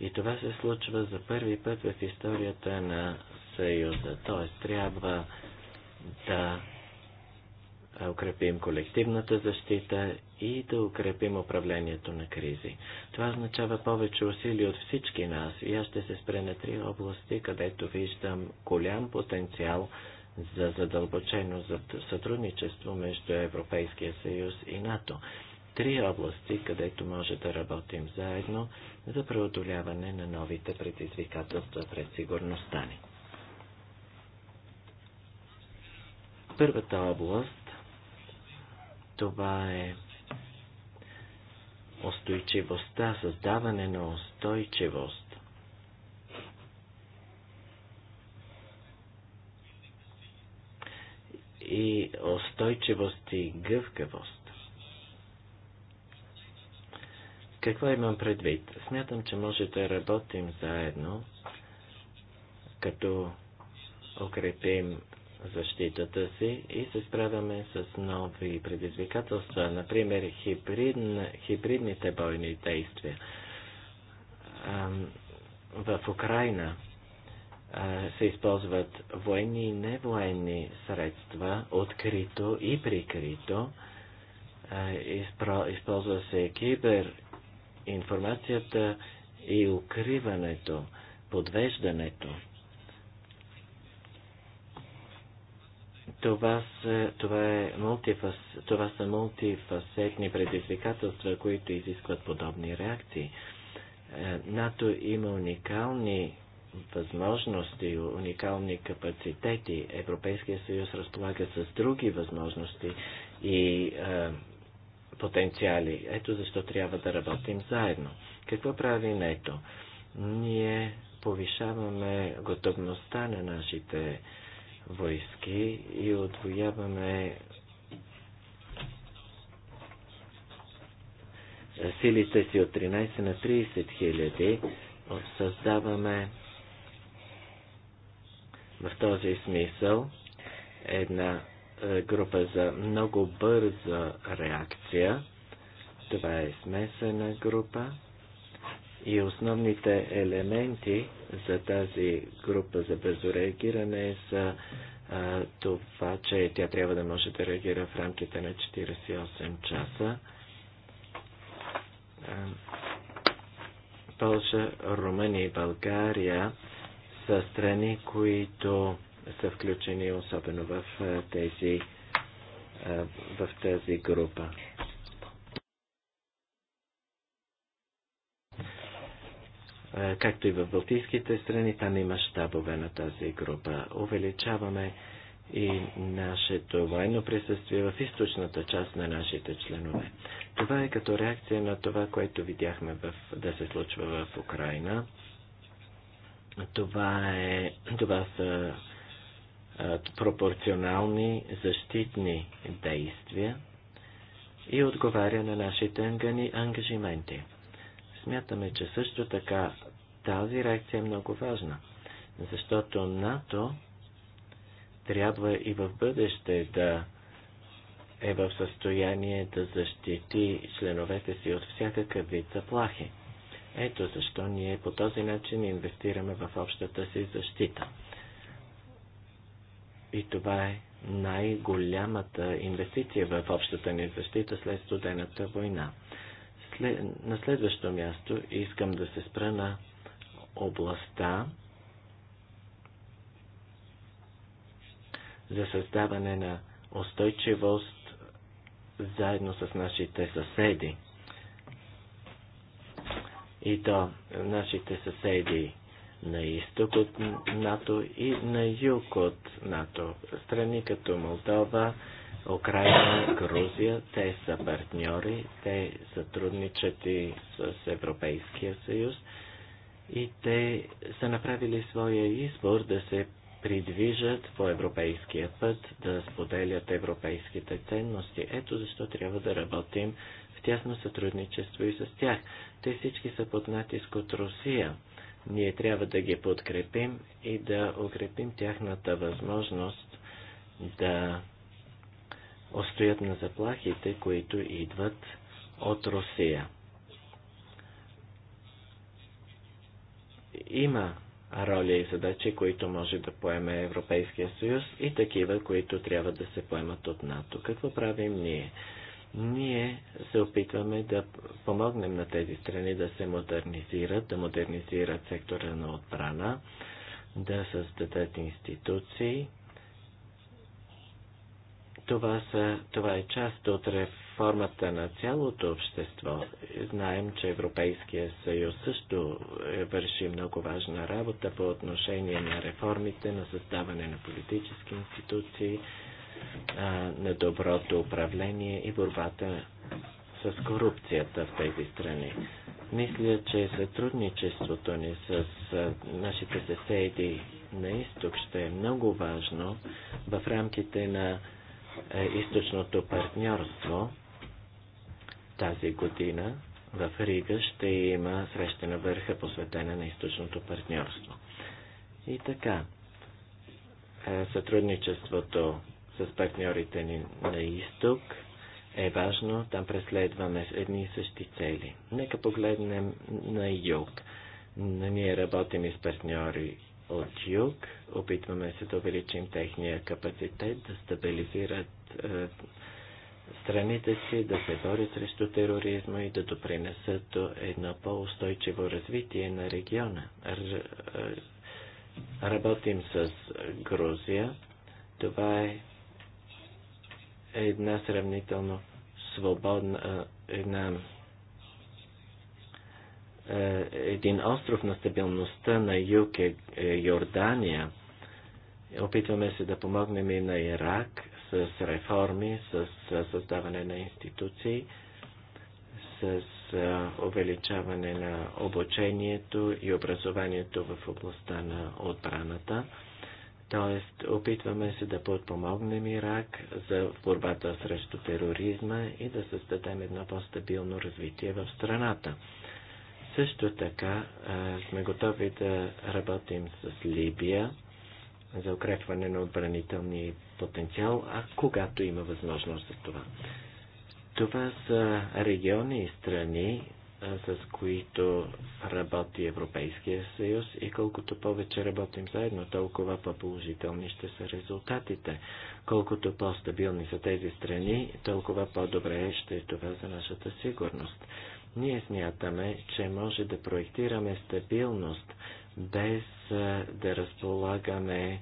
И това се случва за първи път в историята на Съюза. Т.е. трябва да е, укрепим колективната защита и да укрепим управлението на кризи. Това означава повече усилия от всички нас и аз ще се спре на три области, където виждам голям потенциал за задълбочено сътрудничество между Европейския съюз и НАТО три области, където може да работим заедно за преодоляване на новите предизвикателства пред сигурността ни. Първата област това е устойчивостта, създаване на устойчивост. И устойчивост и гъвкавост. Какво имам предвид? Смятам, че може да работим заедно, като укрепим защитата си и се справяме с нови предизвикателства, например хибридн, хибридните бойни действия. В Украина се използват военни и невоенни средства, открито и прикрито. Използва се кибер информацията и укриването, подвеждането. Това, са, това, е мултифас, това са мултифасетни предизвикателства, които изискват подобни реакции. Е, НАТО има уникални възможности, уникални капацитети. Европейския съюз разполага с други възможности и е, потенциали. Ето защо трябва да работим заедно. Какво прави НЕТО? Ние повишаваме готовността на нашите войски и отвояваме силите си от 13 на 30 хиляди. Създаваме в този смисъл една е, група за много бърза реакция. Това е смесена група. И основните елементи за тази група за бързо реагиране са а, това, че тя трябва да може да реагира в рамките на 48 часа. Полша, Румъния и България са страни, които са включени особено в тези в тази група. Както и в Балтийските страни, там има щабове на тази група. Увеличаваме и нашето военно присъствие в източната част на нашите членове. Това е като реакция на това, което видяхме в, да се случва в Украина. Това, е, това са пропорционални защитни действия и отговаря на нашите ангажименти. Смятаме, че също така тази реакция е много важна, защото НАТО трябва и в бъдеще да е в състояние да защити членовете си от всякакъв вид заплахи. Ето защо ние по този начин инвестираме в общата си защита. И това е най-голямата инвестиция в общата ни защита след студената война. След, на следващо място искам да се спра на областта за създаване на устойчивост заедно с нашите съседи. И то нашите съседи на изток от НАТО и на юг от НАТО. Страни като Молдова, Украина, Грузия, те са партньори, те сътрудничат и с Европейския съюз и те са направили своя избор да се придвижат по европейския път, да споделят европейските ценности. Ето защо трябва да работим в тясно сътрудничество и с тях. Те всички са под натиск от Русия. Ние трябва да ги подкрепим и да укрепим тяхната възможност да устоят на заплахите, които идват от Русия. Има роли и задачи, които може да поеме Европейския съюз и такива, които трябва да се поемат от НАТО. Какво правим ние? Ние се опитваме да помогнем на тези страни да се модернизират, да модернизират сектора на отбрана, да създадат институции. Това, са, това е част от реформата на цялото общество. Знаем, че Европейския съюз също е, върши много важна работа по отношение на реформите, на създаване на политически институции, на доброто управление и борбата с корупцията в тези страни. Мисля, че сътрудничеството ни с нашите съседи на изток ще е много важно в рамките на източното партньорство. Тази година в Рига ще има среща на върха посветена на източното партньорство. И така, сътрудничеството с партньорите ни на изток, е важно, там преследваме едни и същи цели. Нека погледнем на юг. Ние работим и с партньори от юг, опитваме се да увеличим техния капацитет, да стабилизират е, страните си, да се борят срещу тероризма и да допринесат до едно по-устойчиво развитие на региона. Р, е, работим с Грузия. Това е една сравнително свободна, една, един остров на стабилността на юг е, е Йордания. Опитваме се да помогнем и на Ирак с реформи, с създаване на институции, с увеличаване на обучението и образованието в областта на отбраната. Т.е. опитваме се да подпомогнем Ирак за борбата срещу тероризма и да създадем едно по-стабилно развитие в страната. Също така а, сме готови да работим с Либия за укрепване на отбранителния потенциал, а когато има възможност за това. Това са региони и страни, с които работи Европейския съюз и колкото повече работим заедно, толкова по-положителни ще са резултатите. Колкото по-стабилни са тези страни, толкова по-добре ще е това за нашата сигурност. Ние смятаме, че може да проектираме стабилност без да разполагаме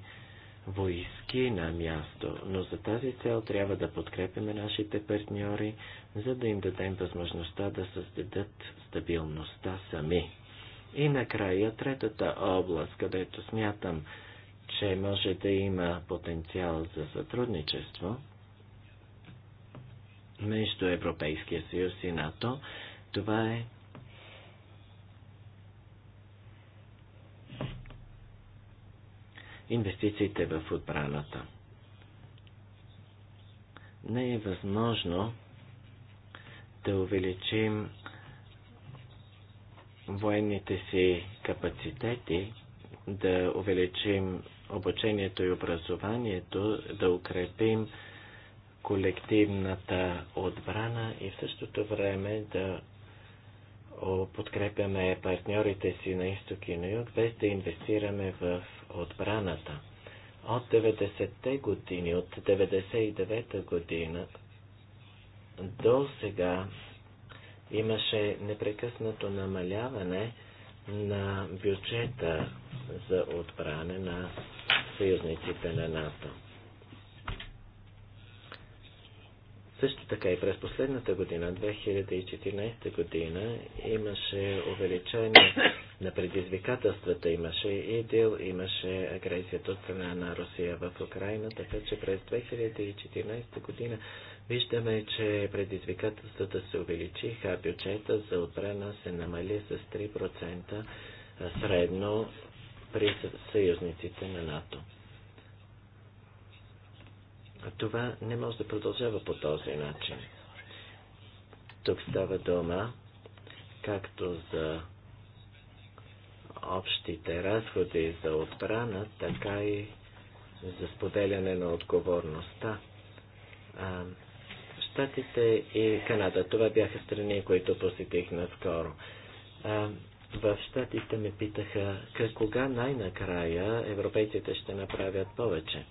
войски на място, но за тази цел трябва да подкрепяме нашите партньори, за да им дадем възможността да създадат стабилността сами. И накрая третата област, където смятам, че може да има потенциал за сътрудничество между Европейския съюз и НАТО, това е инвестициите в отбраната. Не е възможно да увеличим военните си капацитети, да увеличим обучението и образованието, да укрепим колективната отбрана и в същото време да подкрепяме партньорите си на изток и на юг, без да инвестираме в отбраната. От 90-те години, от 99-та година до сега имаше непрекъснато намаляване на бюджета за отбрана на съюзниците на НАТО. Също така и през последната година, 2014 година, имаше увеличение на предизвикателствата, имаше идил, имаше агресията от страна на Русия в Украина, така че през 2014 година виждаме, че предизвикателствата се увеличиха, а бюджета за отбрана се намали с 3% средно при съюзниците на НАТО. Това не може да продължава по този начин. Тук става дума както за общите разходи за отбрана, така и за споделяне на отговорността. А, Штатите и Канада. Това бяха страни, които посетих наскоро. А, в Штатите ме питаха кога най-накрая европейците ще направят повече.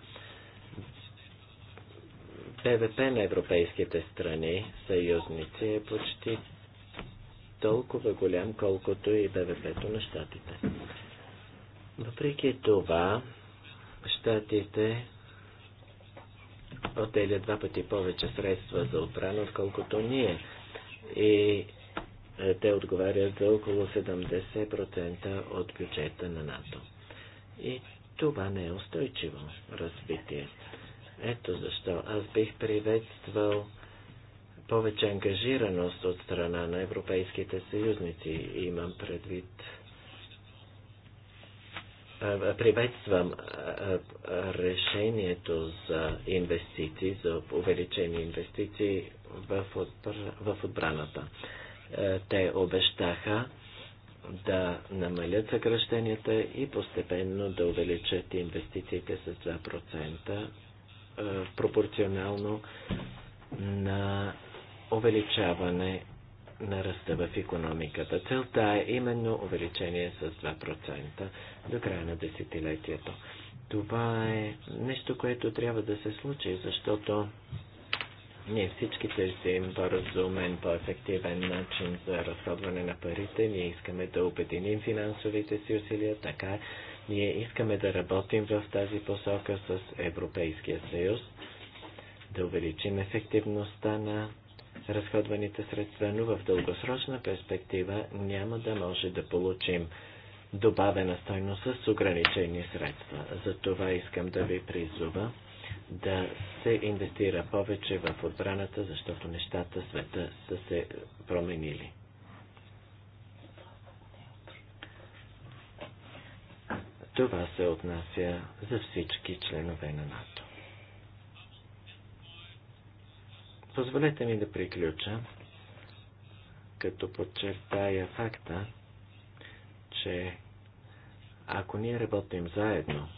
БВП на европейските страни, съюзници, е почти толкова голям, колкото и БВП-то на щатите. Въпреки това, щатите отделя два пъти повече средства за отбрана, отколкото ние. И е, те отговарят за около 70% от бюджета на НАТО. И това не е устойчиво развитие. Ето защо аз бих приветствал повече ангажираност от страна на европейските съюзници, имам предвид. Приветствам решението за инвестиции, за увеличени инвестиции в, отбраната. Те обещаха да намалят съкръщенията и постепенно да увеличат инвестициите с 2% е, пропорционално на увеличаване на ръста в економиката. Целта е именно увеличение с 2% до края на десетилетието. Това е нещо, което трябва да се случи, защото ние всички търсим по-разумен, по-ефективен начин за разходване на парите. Ние искаме да обединим финансовите си усилия, така ние искаме да работим в тази посока с Европейския съюз, да увеличим ефективността на разходваните средства, но в дългосрочна перспектива няма да може да получим добавена стойност с ограничени средства. За това искам да ви призова да се инвестира повече в отбраната, защото нещата света са се променили. Това се отнася за всички членове на НАТО. Позволете ми да приключа, като подчертая факта, че ако ние работим заедно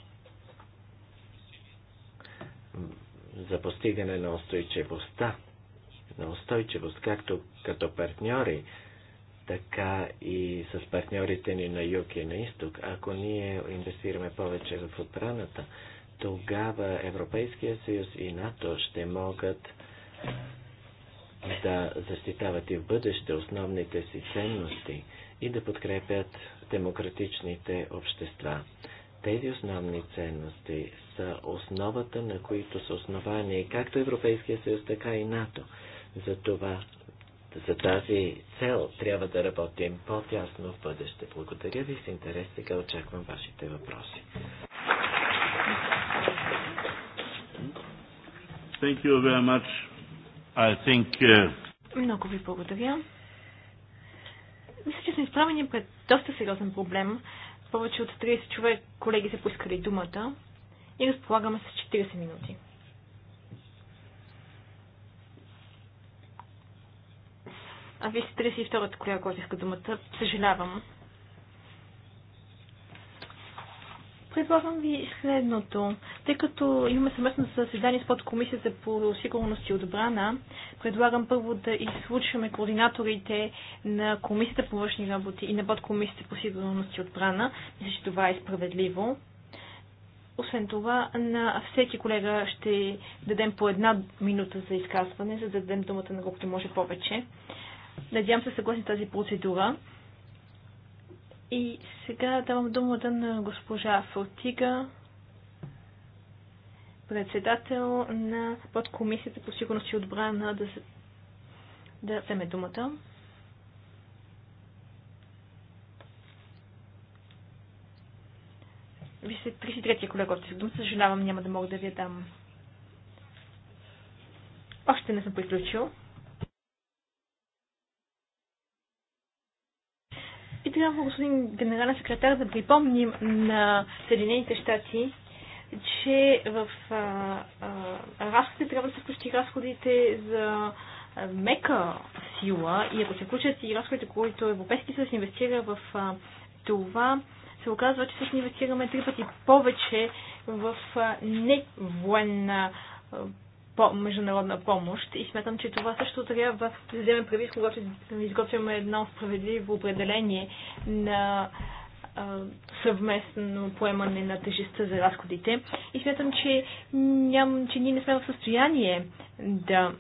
за постигане на устойчивостта, на устойчивост както като партньори, така и с партньорите ни на юг и на изток. Ако ние инвестираме повече в отбраната, тогава Европейския съюз и НАТО ще могат да защитават и в бъдеще основните си ценности и да подкрепят демократичните общества. Тези основни ценности са основата, на които са основани както Европейския съюз, така и НАТО. Затова за тази цел трябва да работим по-тясно в бъдеще. Благодаря ви с интерес. Сега очаквам вашите въпроси. Thank you very much. I think, uh... Много ви благодаря. Мисля, че сме изправени пред доста сериозен проблем. Повече от 30 човек колеги са поискали думата и разполагаме с 40 минути. А вие сте 32-та, коя която иска думата. Съжалявам. Предлагам ви следното. Тъй като имаме съвместно заседание с подкомисията по сигурност и отбрана, предлагам първо да изслушаме координаторите на комисията по външни работи и на подкомисията по сигурност и отбрана. Мисля, че това е справедливо. Освен това, на всеки колега ще дадем по една минута за изказване, за да дадем думата на колкото може повече. Надявам се съгласни тази процедура. И сега давам думата на госпожа Фортига, председател на подкомисията по сигурност и отбрана да, да вземе думата. Ви сте 33-я колега, който се съжалявам, няма да мога да ви я дам. Още не съм приключил. И трябва, господин генерален секретар, да припомним на Съединените щати, че в а, а, разходите трябва да се включат и разходите за мека сила и ако се включат и разходите, които Европейски съюз инвестира в а, това, се оказва, че всъщност инвестираме три пъти повече в а, невоенна по- международна помощ и смятам, че това също трябва да вземем предвид, когато изготвяме едно справедливо определение на съвместно поемане на тежестта за разходите. И смятам, че, ням, че ние не сме в състояние да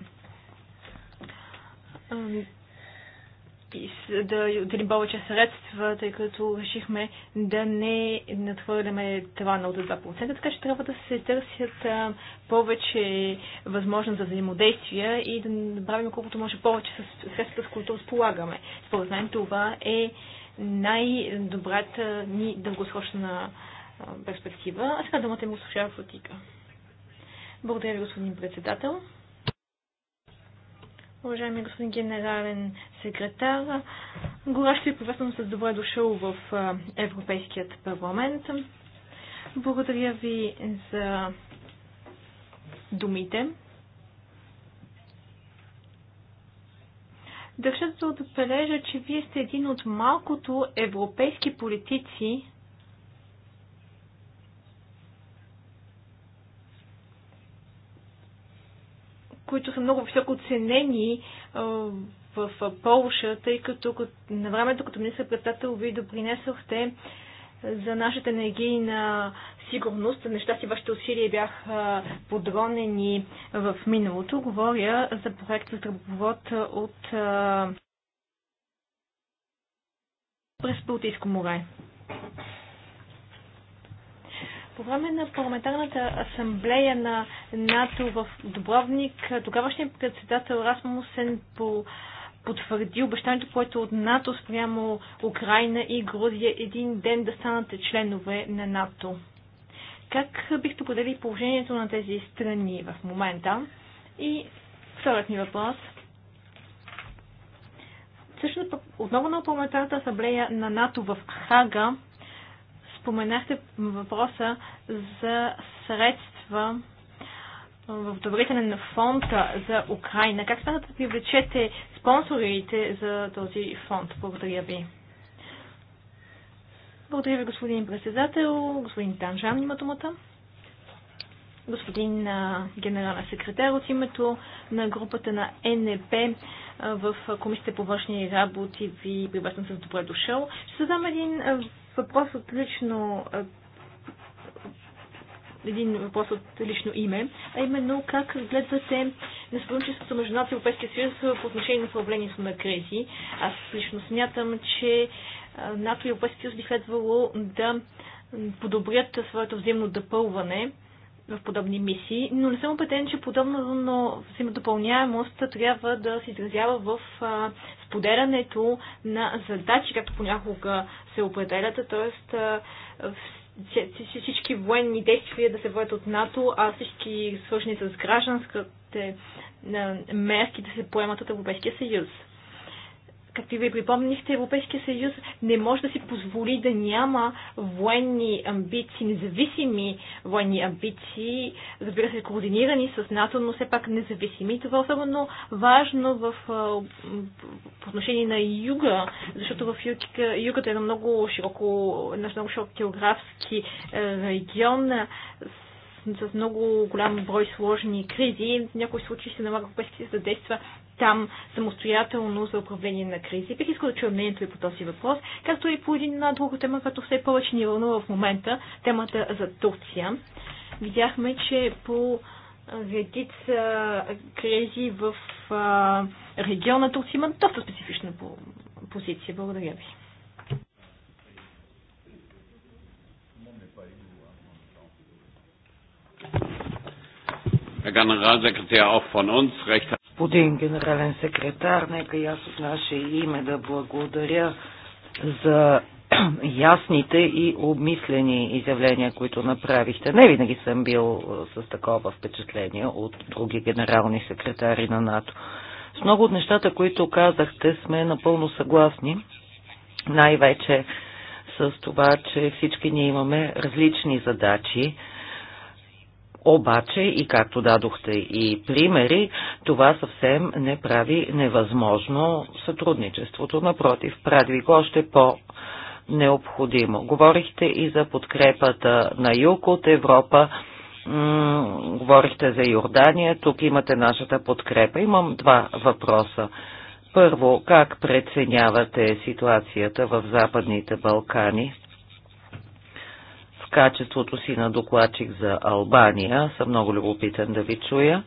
да отделим повече средства, тъй като решихме да не надхвърляме това на от 2%, така че трябва да се търсят повече възможност за взаимодействие и да направим колкото може повече с средствата, с които разполагаме. Според мен това е най-добрата ни дългосрочна перспектива. А сега думата му слуша Фотика. Благодаря ви, господин председател уважаеми господин генерален секретар. Горащо ви приветствам с добре дошъл в Европейският парламент. Благодаря ви за думите. Държа да отбележа, че вие сте един от малкото европейски политици, които са много високо оценени в Полша, тъй като на времето като министър-председател ви допринесохте за нашата енергийна сигурност. Неща си вашите усилия бяха подронени в миналото. Говоря за проект за тръбопровод от през Балтийско море. По време на парламентарната асамблея на НАТО в Добровник, тогавашният председател Расмусен по потвърди обещанието, което от НАТО спрямо Украина и Грузия един ден да станат членове на НАТО. Как бихте определили положението на тези страни в момента? И вторият ми въпрос. Всъщност, отново на парламентарната асамблея на НАТО в Хага споменахте въпроса за средства в добрите на фонда за Украина. Как смятате да привлечете спонсорите за този фонд? Благодаря ви. Благодаря ви, господин председател. Господин Танжан има думата. Господин генерална секретар от името на групата на НП в Комисията по външни работи ви приветствам с добре дошъл. Ще задам един въпрос от лично един въпрос от лично име, а именно как гледате на сътрудничеството между НАТО и Европейския съюз по отношение на управлението на кризи. Аз лично смятам, че НАТО и Европейския съюз би следвало да подобрят своето взаимно допълване в подобни мисии, но не съм убеден, че подобно но взаимодопълняемост трябва да се изразява в а, споделянето на задачи, както понякога се определят, т.е. всички военни действия да се водят от НАТО, а всички свършени с гражданските мерки да се поемат от Европейския съюз както ви припомнихте, Европейския съюз не може да си позволи да няма военни амбиции, независими военни амбиции, разбира се, координирани с НАТО, но все пак независими. Това е особено важно в, по отношение на юга, защото в юга, Югата е на много широко, една много широк географски регион с много голям брой сложни кризи. В някои случаи се налага Европейския съюз да действа там самостоятелно за управление на кризи. Бих искал да чуя мнението ви по този въпрос, както и по един на друга тема, като все повече ни вълнува в момента, темата за Турция. Видяхме, че по редица кризи в региона Турция има доста специфична позиция. Благодаря ви. Herr Sekretär, auch von uns recht господин генерален секретар, нека и аз от наше име да благодаря за ясните и обмислени изявления, които направихте. Не винаги съм бил с такова впечатление от други генерални секретари на НАТО. С много от нещата, които казахте, сме напълно съгласни. Най-вече с това, че всички ние имаме различни задачи обаче, и както дадохте и примери, това съвсем не прави невъзможно сътрудничеството. Напротив, прави го още по- необходимо. Говорихте и за подкрепата на юг от Европа, говорихте за Йордания, тук имате нашата подкрепа. Имам два въпроса. Първо, как преценявате ситуацията в Западните Балкани? качеството си на докладчик за Албания. Съм много любопитен да ви чуя.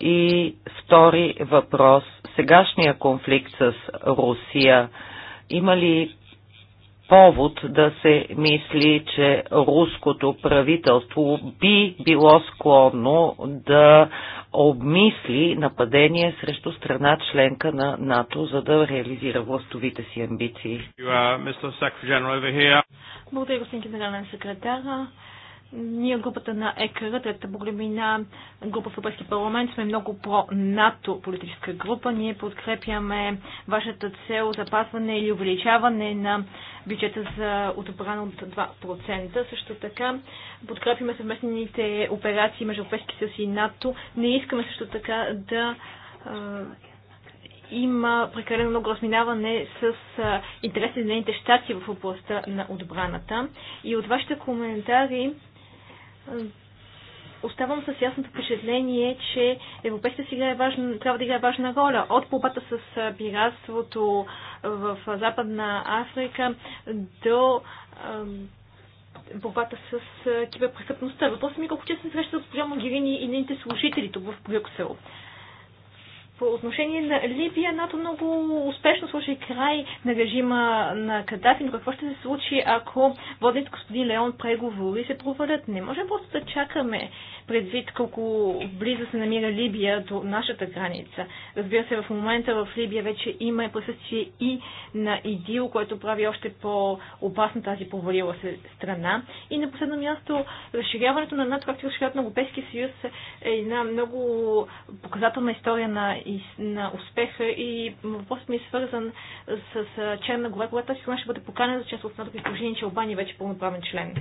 И втори въпрос. Сегашния конфликт с Русия има ли повод да се мисли, че руското правителство би било склонно да обмисли нападение срещу страна членка на НАТО, за да реализира властовите си амбиции. Благодаря, господин генерален секретар. Ние, групата на ЕКР, трета по големина група в Европейски парламент, сме много про-НАТО политическа група. Ние подкрепяме вашата цел запазване или увеличаване на бюджета за отбрана от 2%. Също така подкрепяме съвместните операции между Европейски съюз и НАТО. Не искаме също така да има прекалено много разминаване с интересите на Съединените щати в областта на отбраната. И от вашите коментари оставам с ясното впечатление, че Европейската си играе важна, трябва да играе важна роля. От борбата с пиратството в Западна Африка до борбата с киберпрестъпността. Въпросът ми е колко често се среща с госпожа Могирини и нейните служители тук в Брюксел. По отношение на Либия, НАТО много успешно сложи край на режима на Кадафи, но какво ще се случи, ако водните господин Леон преговори се провалят? Не можем просто да чакаме предвид колко близо се намира Либия до нашата граница. Разбира се, в момента в Либия вече има и присъствие и на ИДИЛ, което прави още по-опасна тази провалила се страна. И на последно място, разширяването на НАТО, както и разширяването на Европейския съюз е една много показателна история на и на успеха и въпросът ми е свързан с, с Черна гора, когато тази ще бъде поканена за част от НАТО при че Албания е вече е пълноправен член.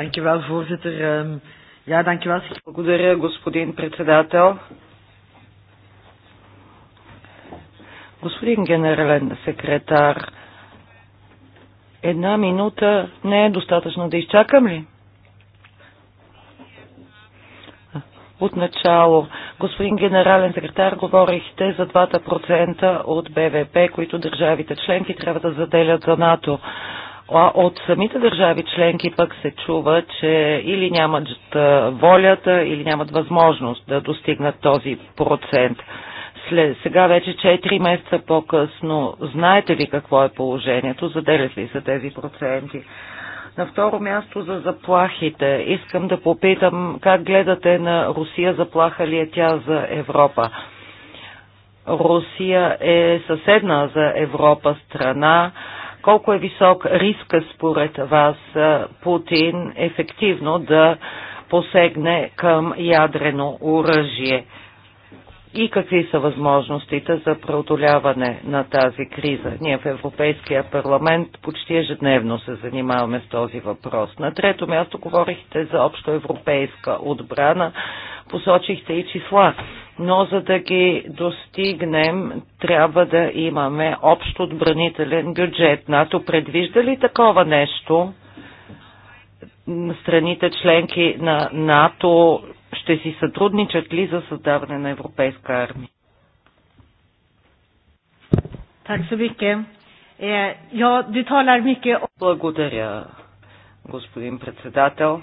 Dankjewel, voorzitter. Ehm, ja, dankjewel. Благодаря, господин председател. Господин генерален секретар, една минута не е достатъчно да изчакам ли? отначало. Господин генерален секретар, говорихте за 2% от БВП, които държавите членки трябва да заделят за НАТО. А от самите държави членки пък се чува, че или нямат волята, или нямат възможност да достигнат този процент. След, сега вече 4 месеца по-късно, знаете ли какво е положението? Заделят ли са тези проценти? На второ място за заплахите. Искам да попитам как гледате на Русия, заплаха ли е тя за Европа? Русия е съседна за Европа страна. Колко е висок риска според вас Путин ефективно да посегне към ядрено оръжие? и какви са възможностите за преодоляване на тази криза. Ние в Европейския парламент почти ежедневно се занимаваме с този въпрос. На трето място говорихте за общоевропейска отбрана, посочихте и числа, но за да ги достигнем, трябва да имаме общо отбранителен бюджет. НАТО предвижда ли такова нещо? страните членки на НАТО ще си сътрудничат ли за създаване на европейска армия? Так eh, Благодаря, господин председател.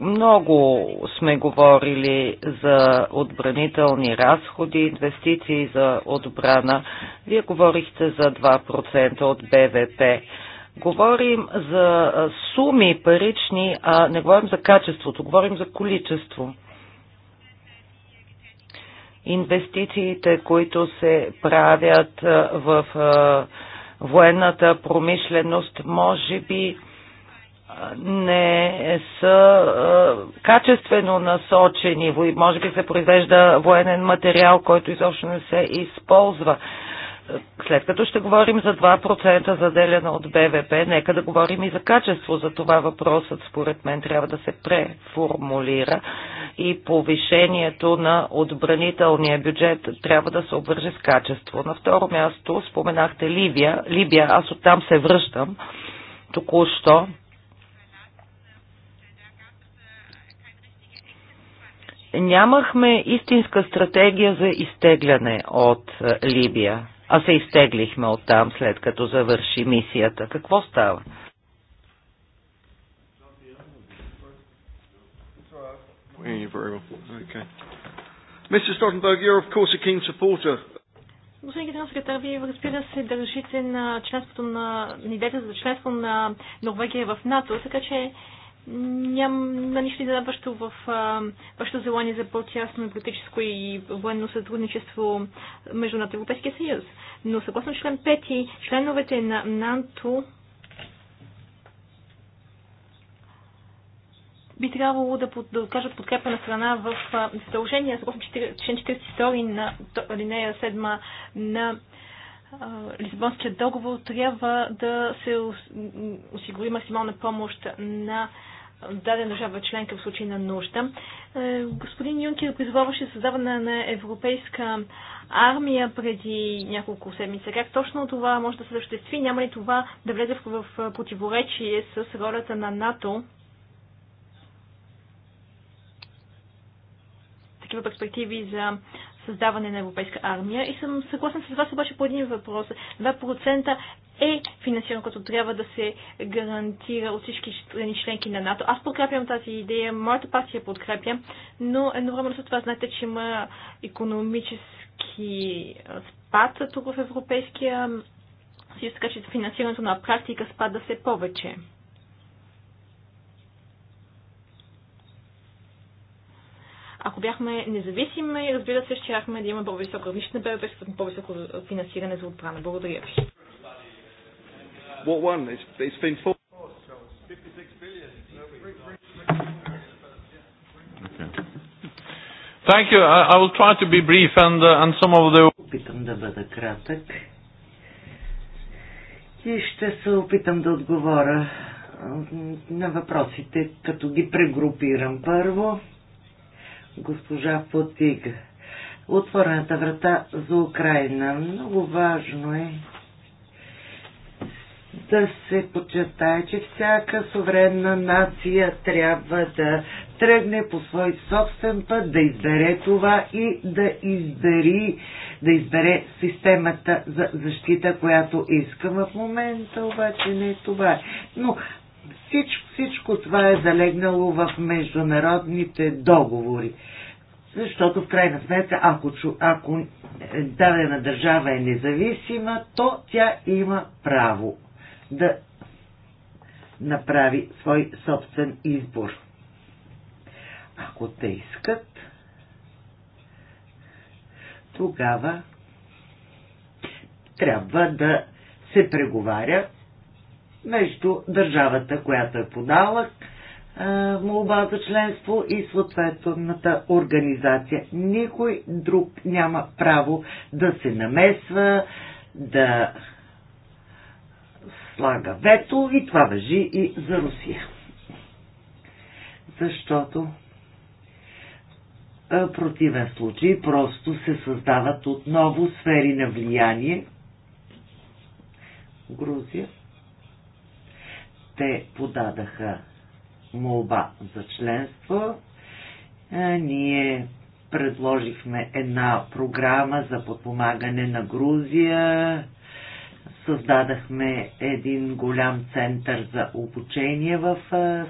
Много сме говорили за отбранителни разходи, инвестиции за отбрана. Вие говорихте за 2% от БВП. Говорим за суми парични, а не говорим за качеството, говорим за количество. Инвестициите, които се правят в военната промишленост, може би не са качествено насочени. Може би се произвежда военен материал, който изобщо не се използва след като ще говорим за 2% заделяна от БВП, нека да говорим и за качество. За това въпросът според мен трябва да се преформулира и повишението на отбранителния бюджет трябва да се обвърже с качество. На второ място споменахте Ливия. Либия, аз оттам се връщам току-що. Нямахме истинска стратегия за изтегляне от Либия а се изтеглихме оттам, след като завърши мисията. Какво става? Господин генерал секретар, вие разбира се държите на членството на идеята за членство на Норвегия в НАТО, така че няма нищо изненадващо в вашето желание за по-тясно политическо и военно сътрудничество между НАТО и Европейския съюз. Но съгласно член 5, членовете на НАТО би трябвало да, под, да окажат подкрепа на страна в задължения, съгласно член 42 на линея 7 на Лисабонския договор трябва да се осигури максимална помощ на дадена държава членка в случай на нужда. Е, господин Юнкер призоваваше създаване на европейска армия преди няколко седмици. Как точно това може да се съществи? Няма ли това да влезе в противоречие с ролята на НАТО? Такива перспективи за създаване на европейска армия. И съм съгласна с вас обаче по един въпрос. 2% е финансирано, като трябва да се гарантира от всички страни членки на НАТО. Аз подкрепям тази идея, моята партия подкрепя, но едновременно с това знаете, че има економически спад тук в Европейския съюз, така че финансирането на практика спада все повече. Ако бяхме независими, разбира се, щяхме да има по високо равнище на БВП, по-високо финансиране за отбрана. Благодаря ви. Thank you. I, I will try to be brief and, uh, and some of the... Опитам да бъда кратък и ще се опитам да отговоря на въпросите, като ги прегрупирам. Първо, госпожа Фотига. Отворената врата за Украина. Много важно е да се подчертае, че всяка суверенна нация трябва да тръгне по свой собствен път, да избере това и да избери, да избере системата за защита, която иска в момента, обаче не е това. Но Всич, всичко това е залегнало в международните договори. Защото в крайна сметка, ако, ако дадена държава е независима, то тя има право да направи свой собствен избор. Ако те искат, тогава трябва да се преговаря между държавата, която е подала молба за членство и съответната организация. Никой друг няма право да се намесва, да слага вето и това въжи и за Русия. Защото в противен случай просто се създават отново сфери на влияние. Грузия, те подадаха молба за членство. Ние предложихме една програма за подпомагане на Грузия, създадахме един голям център за обучение в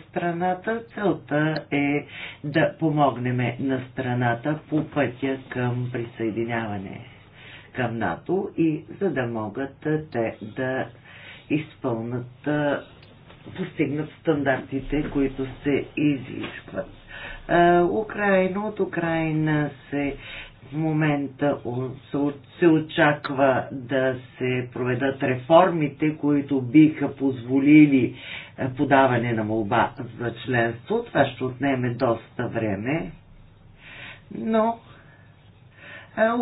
страната. Целта е да помогнем на страната по пътя към присъединяване към НАТО и за да могат те да изпълнат постигнат стандартите, които се изискват. Украина от Украина се в момента се очаква да се проведат реформите, които биха позволили подаване на молба за членство. Това ще отнеме доста време, но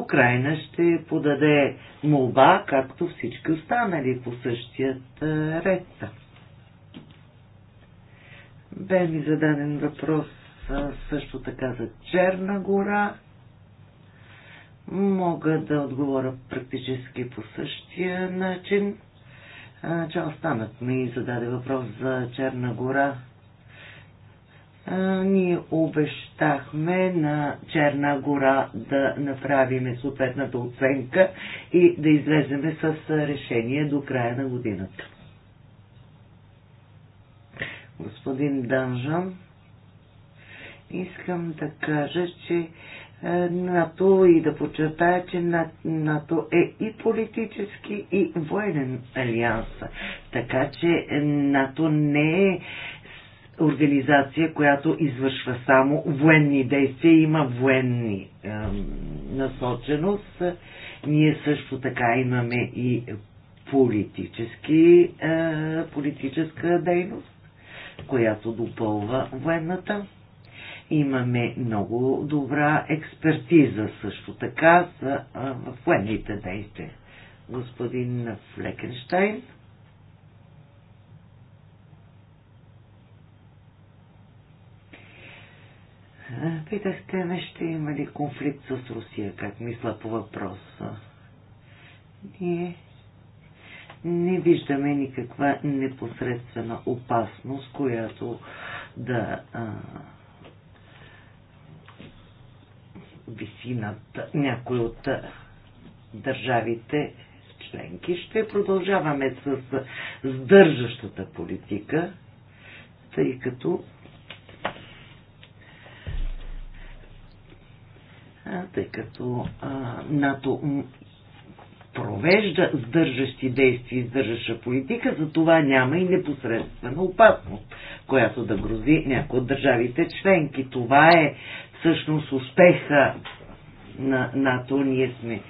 Украина ще подаде молба, както всички останали по същият ред. Бе ми зададен въпрос също така за Черна гора. Мога да отговоря практически по същия начин. Чао Станък ми зададе въпрос за Черна гора. Ние обещахме на Черна гора да направиме съответната оценка и да излеземе с решение до края на годината господин Данжан, искам да кажа, че е, НАТО и да подчертая, че НАТО е и политически, и военен алианс. Така че НАТО не е организация, която извършва само военни действия, има военни е, насоченост. Ние също така имаме и политически, е, политическа дейност която допълва военната. Имаме много добра експертиза също така за а, военните действия. Господин Флекенштайн. Питахте ме, ще има ли конфликт с Русия, как мисля по въпроса. Ние не виждаме никаква непосредствена опасност, която да а, виси над някой от държавите членки. Ще продължаваме с сдържащата политика, тъй като тъй като а, НАТО провежда сдържащи действия и сдържаща политика, за това няма и непосредствена опасност, която да грози някои от държавите членки. Това е всъщност успеха на НАТО. Ние сме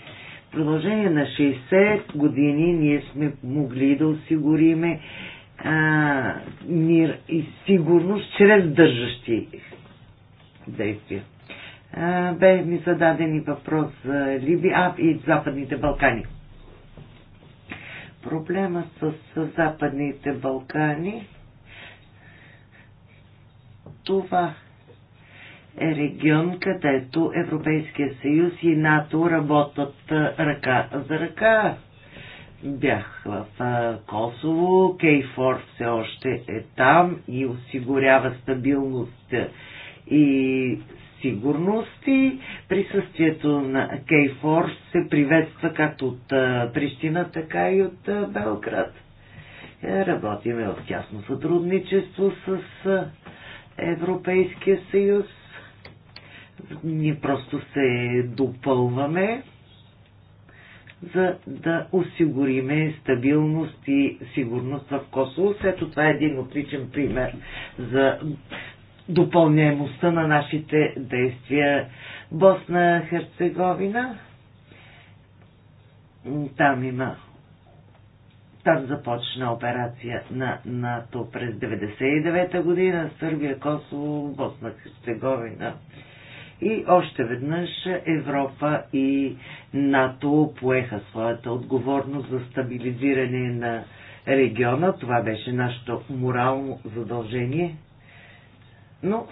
в продължение на 60 години ние сме могли да осигуриме а, мир и сигурност чрез държащи действия. А, бе ми зададен и въпрос за Либия а, и Западните Балкани проблема с Западните Балкани. Това е регион, където Европейския съюз и НАТО работят ръка за ръка. Бях в Косово, Кейфор все още е там и осигурява стабилност и сигурност и присъствието на Кейфорс се приветства както от Прищина, така и от Белград. Е, работиме в тясно сътрудничество с Европейския съюз. Ние просто се допълваме за да осигуриме стабилност и сигурност в Косово. Сето това е един отличен пример за допълняемостта на нашите действия. Босна Херцеговина, там има там започна операция на НАТО през 1999 година, Сърбия, Косово, Босна, Херцеговина. И още веднъж Европа и НАТО поеха своята отговорност за стабилизиране на региона. Това беше нашето морално задължение но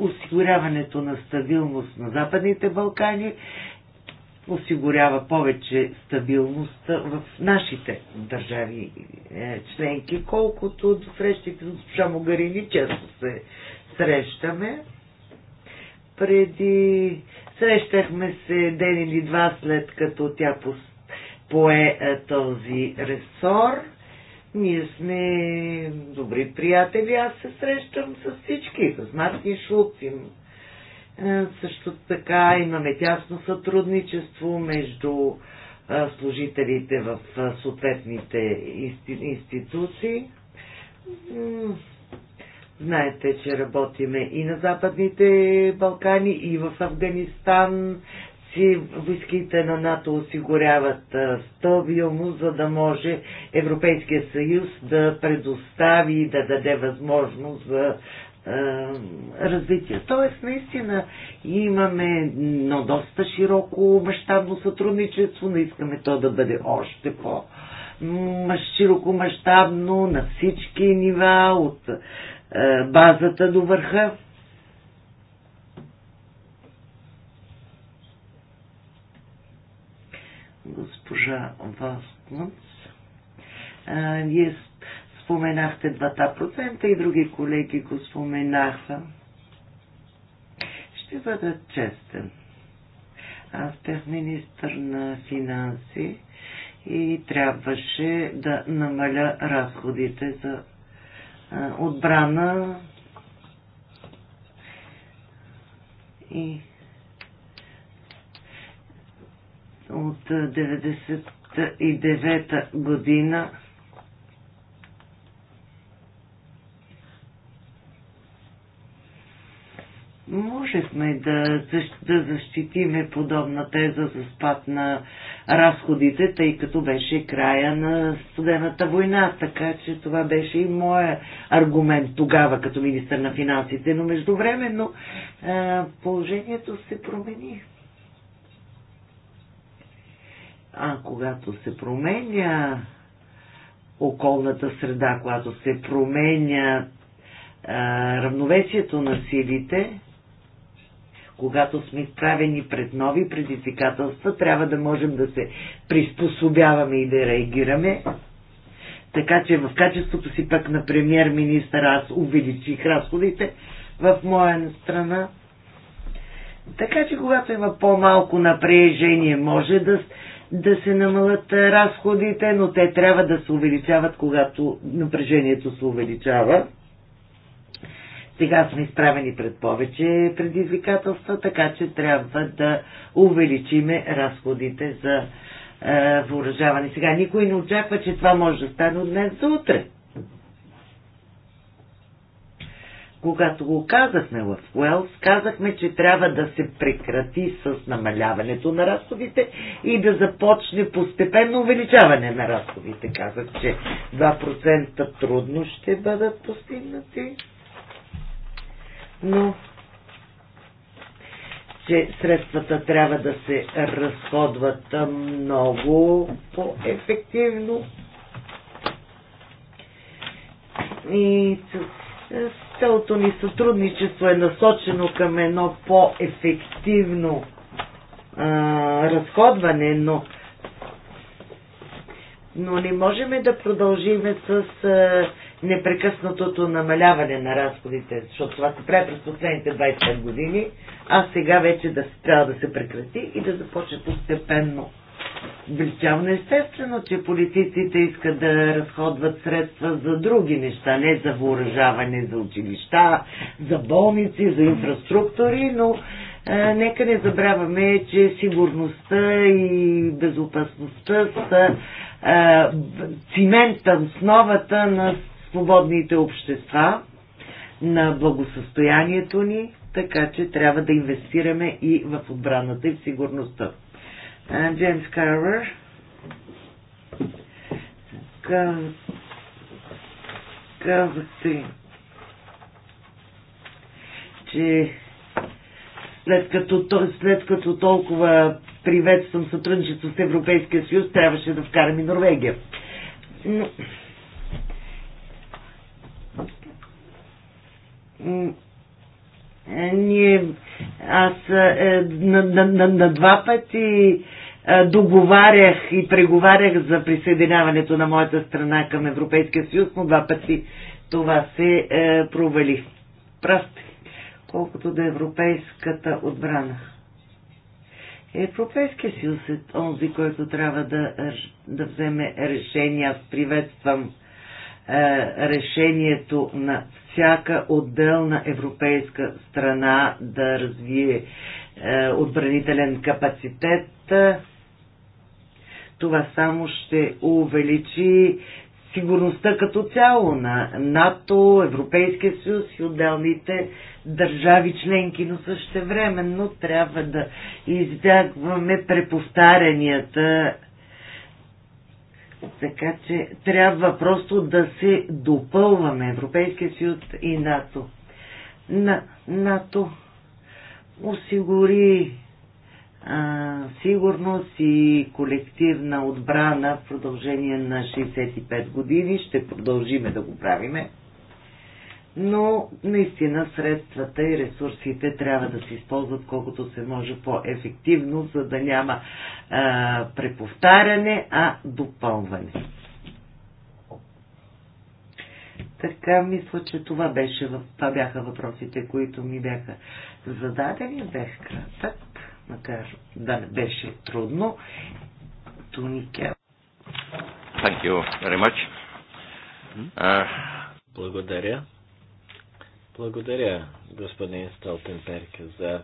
осигуряването на стабилност на Западните Балкани осигурява повече стабилност в нашите държави е, членки, колкото до срещите с госпожа Могарини често се срещаме. Преди срещахме се ден или два след като тя пое е, този ресор – ние сме добри приятели. Аз се срещам с всички, с Мартин Шулц. Е, също така имаме тясно сътрудничество между е, служителите в е, съответните институции. Знаете, че работиме и на Западните Балкани, и в Афганистан че войските на НАТО осигуряват стабилност, за да може Европейския съюз да предостави и да даде възможност за развитие. Тоест, наистина имаме но доста широко мащабно сътрудничество, но искаме то да бъде още по- широко мащабно на всички нива, от базата до върха. госпожа Васнанс. Вие споменахте 2% и други колеги го споменаха. Ще бъда честен. Аз бях министър на финанси и трябваше да намаля разходите за отбрана и от 99-та година можехме да, да защитиме подобна теза за спад на разходите, тъй като беше края на студената война, така че това беше и моя аргумент тогава като министър на финансите, но междувременно положението се промени. А когато се променя околната среда, когато се променя а, равновесието на силите, когато сме изправени пред нови предизвикателства, трябва да можем да се приспособяваме и да реагираме. Така че в качеството си пък на премьер-министър аз увеличих разходите в моя страна. Така че когато има по-малко напрежение, може да, да се намалят разходите, но те трябва да се увеличават, когато напрежението се увеличава. Сега сме изправени пред повече предизвикателства, така че трябва да увеличиме разходите за е, въоръжаване. Сега никой не очаква, че това може да стане от днес за утре. когато го казахме в Уелс, казахме, че трябва да се прекрати с намаляването на разходите и да започне постепенно увеличаване на разходите. Казах, че 2% трудно ще бъдат постигнати, но че средствата трябва да се разходват много по-ефективно. И Цялото ни сътрудничество е насочено към едно по-ефективно разходване, но, но не можем да продължиме с а, непрекъснатото намаляване на разходите, защото това се прави през последните 25 години, а сега вече да трябва да се прекрати и да започне постепенно сближаване. Естествено, че политиците искат да разходват средства за други неща, не за въоръжаване, за училища, за болници, за инфраструктури, но а, нека не забравяме, че сигурността и безопасността са а, цимента, основата на свободните общества, на благосъстоянието ни, така че трябва да инвестираме и в отбраната и в сигурността. Джеймс Карвер, казахте, че след като, след като толкова приветствам сътрудничество с Европейския съюз, трябваше да вкарам и Норвегия. Но... Е, ние, аз е, на, на, на, на два пъти е, договарях и преговарях за присъединяването на моята страна към Европейския съюз, но два пъти това се е, провали. Прав колкото да европейската отбрана. Европейския съюз е този, който трябва да, да вземе решение. Аз приветствам е, решението на всяка отделна европейска страна да развие е, отбранителен капацитет. Това само ще увеличи сигурността като цяло на НАТО, Европейския съюз и отделните държави членки, но същевременно трябва да избягваме преповтаренията така че трябва просто да се допълваме Европейския съюз и НАТО. На, НАТО осигури а, сигурност и колективна отбрана в продължение на 65 години. Ще продължиме да го правиме но наистина средствата и ресурсите трябва да се използват колкото се може по-ефективно, за да няма а, преповтаряне, а допълване. Така, мисля, че това, беше, това бяха въпросите, които ми бяха зададени. Бех кратък, макар да не беше трудно. Туникел. Thank you very much. Uh... Благодаря. Благодаря, господин Столтенберг, за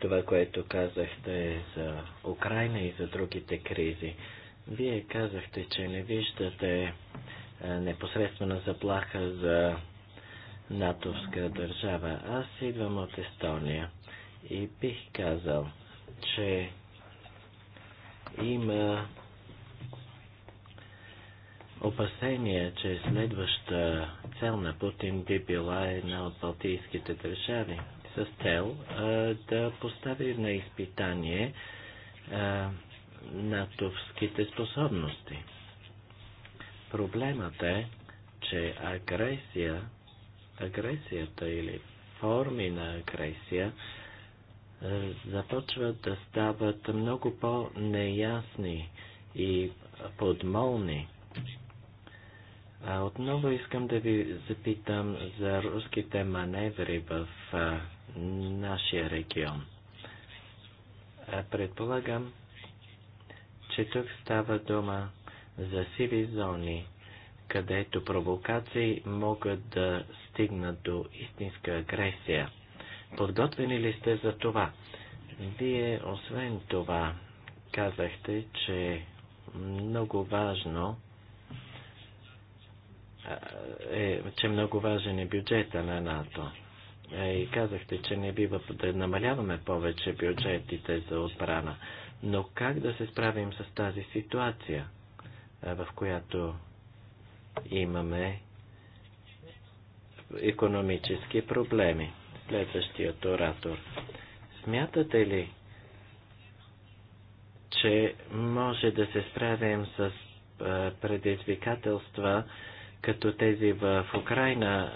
това, което казахте за Украина и за другите кризи. Вие казахте, че не виждате непосредствена заплаха за натовска държава. Аз идвам от Естония и бих казал, че има опасение, че следваща на Путин би била една от балтийските държави с цел а, да постави на изпитание а, натовските способности. Проблемът е, че агресия, агресията или форми на агресия а, започват да стават много по-неясни и подмолни. А отново искам да ви запитам за руските маневри в а, нашия регион. А, предполагам, че тук става дума за сиви зони, където провокации могат да стигнат до истинска агресия. Подготвени ли сте за това? Вие, освен това, казахте, че много важно е, че много важен е бюджета на НАТО. Е, и казахте, че не бива да намаляваме повече бюджетите за отбрана. Но как да се справим с тази ситуация, е, в която имаме економически проблеми? Следващият оратор. Смятате ли, че може да се справим с е, предизвикателства, като тези в Украина.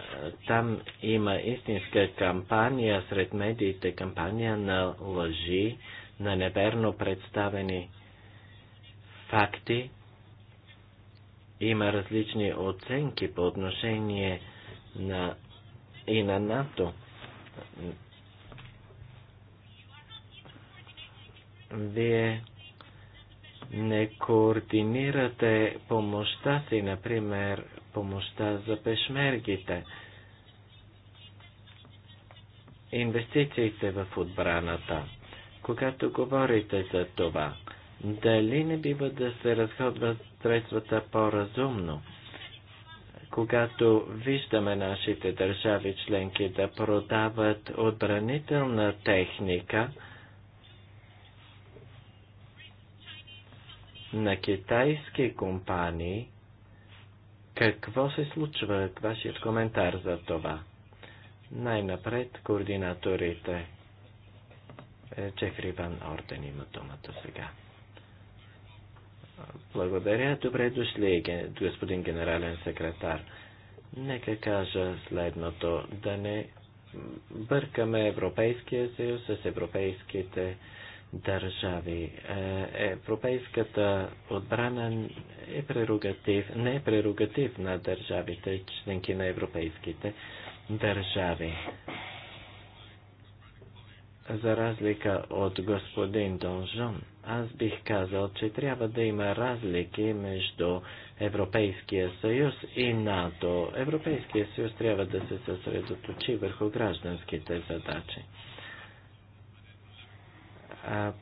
Там има истинска кампания сред медиите, кампания на лъжи, на неверно представени факти. Има различни оценки по отношение на и на НАТО. Вие не координирате помощта си, например помощта за пешмергите, инвестициите в отбраната. Когато говорите за това, дали не бива да се разходват средствата по-разумно? Когато виждаме нашите държави членки да продават отбранителна техника, на китайски компании, какво се случва? Вашият коментар за това. Най-напред координаторите. Е, Джефри Ван Орден има думата сега. Благодаря. Добре дошли, господин генерален секретар. Нека кажа следното. Да не бъркаме Европейския съюз с европейските държави. Е, европейската отбрана е прерогатив, не е прерогатив на държавите, членки на европейските държави. За разлика от господин Донжон, аз бих казал, че трябва да има разлики между Европейския съюз и НАТО. Европейския съюз трябва да се съсредоточи върху гражданските задачи. А,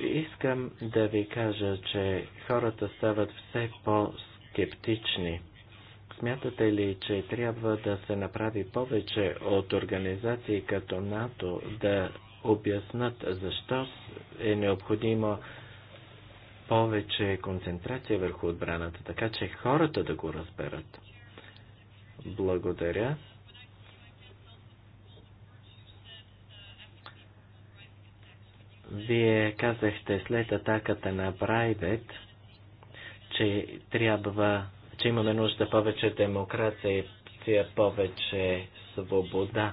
искам да ви кажа, че хората стават все по-скептични. Смятате ли, че трябва да се направи повече от организации като НАТО да обяснат защо е необходимо повече концентрация върху отбраната, така че хората да го разберат? Благодаря. Вие казахте след атаката на Брайбет, че трябва, че имаме нужда повече демокрация и повече свобода.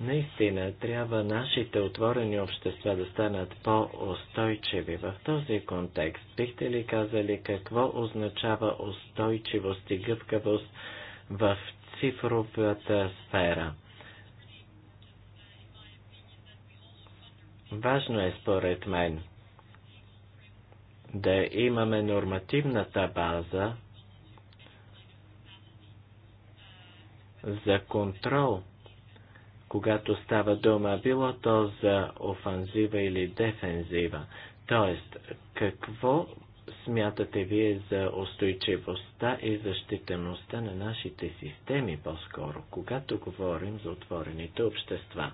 Наистина трябва нашите отворени общества да станат по-устойчиви. В този контекст бихте ли казали какво означава устойчивост и гъвкавост в цифровата сфера? Важно е, според мен, да имаме нормативната база за контрол, когато става дума, било то за офанзива или дефензива. Тоест, какво смятате вие за устойчивостта и защитеността на нашите системи по-скоро, когато говорим за отворените общества?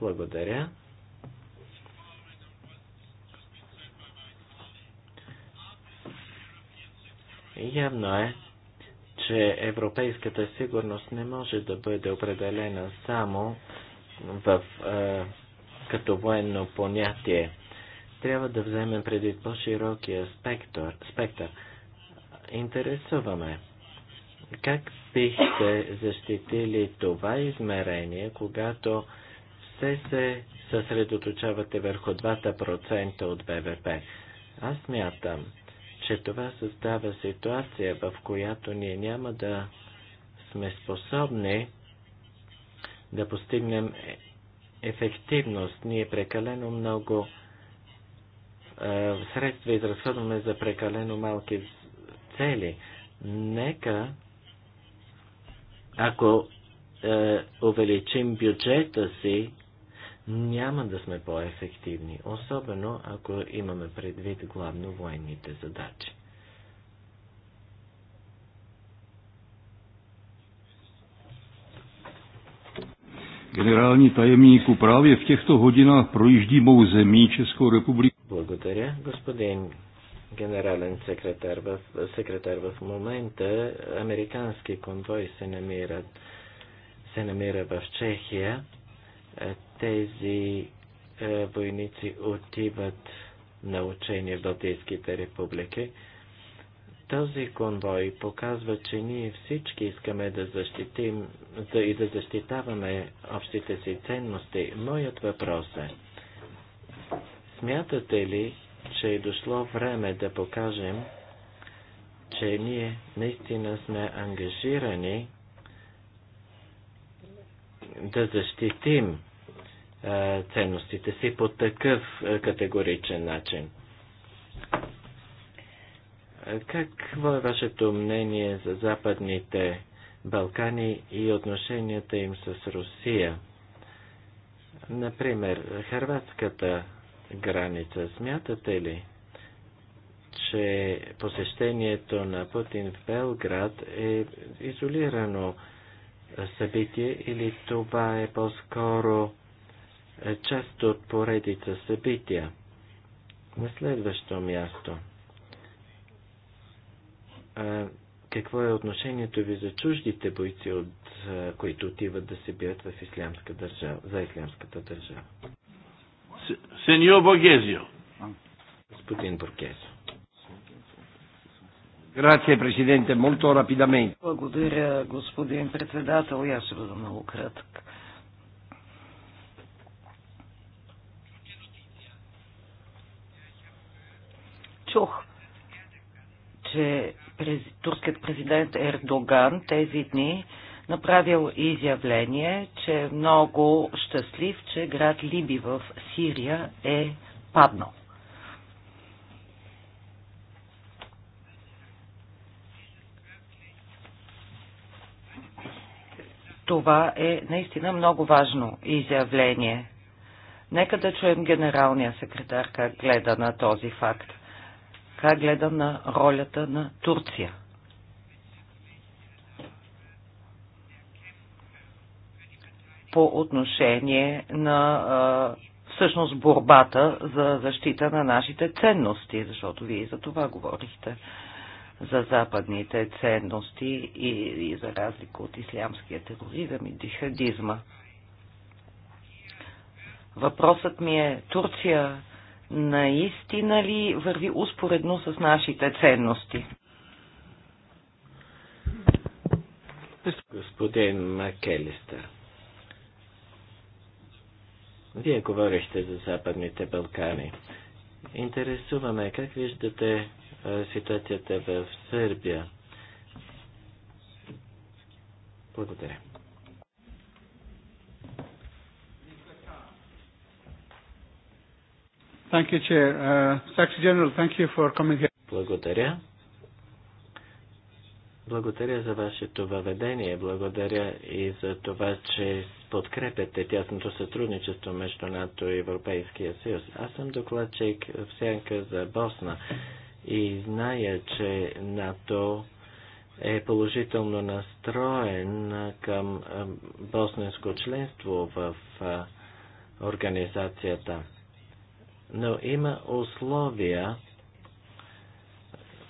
Благодаря. Явно е, че европейската сигурност не може да бъде определена само в, е, като военно понятие. Трябва да вземем преди по-широкия спектър. спектър. Интересуваме. Как бихте защитили това измерение, когато те се съсредоточавате върху 2% от БВП. Аз мятам, че това създава ситуация, в която ние няма да сме способни да постигнем ефективност. Ние прекалено много е, средства изразходваме за прекалено малки цели. Нека, ако е, увеличим бюджета си няма да сме по-ефективни, особено ако имаме предвид главно военните задачи. Генерални tajemníku управи в těchto година projíždí mou zemí Českou republiku. Благодаря, господин генерален секретар. В, секретар в момента американски конвой се намира, се намира в Чехия. Е, тези е, войници отиват на учение в Балтийските републики. Този конвой показва, че ние всички искаме да защитим да, и да защитаваме общите си ценности. Моят въпрос е, смятате ли, че е дошло време да покажем, че ние наистина сме ангажирани да защитим е, ценностите си по такъв е, категоричен начин. Е, какво е вашето мнение за Западните Балкани и отношенията им с Русия? Например, хрватската граница. Смятате ли, че посещението на Путин в Белград е изолирано събитие или това е по-скоро е част от поредица събития. На следващо място. А, какво е отношението ви за чуждите бойци, от, а, които отиват да се бият в ислямска държава, за ислямската държава? Сеньор Боргезио. Господин Боргезио. Грация, президенте, молто рапидамент. Благодаря, господин председател. Я ще бъда много кратък. Чух, че турският президент Ердоган тези дни направил изявление, че е много щастлив, че град Либи в Сирия е паднал. Това е наистина много важно изявление. Нека да чуем генералния секретар как гледа на този факт. Така гледа на ролята на Турция? По отношение на всъщност борбата за защита на нашите ценности, защото вие за това говорихте, за западните ценности и, и за разлика от ислямския тероризъм и джихадизма. Въпросът ми е, Турция наистина ли върви успоредно с нашите ценности? Господин Макелистър, вие говорихте за Западните Балкани. Интересуваме как виждате ситуацията в Сърбия. Благодаря. Thank you, Chair. Uh, General, thank you for coming here. Благодаря. Благодаря за вашето въведение. Благодаря и за това, че подкрепяте тясното сътрудничество между НАТО и Европейския съюз. Аз съм докладчик в сянка за Босна и зная, че НАТО е положително настроен към босненско членство в организацията но има условия,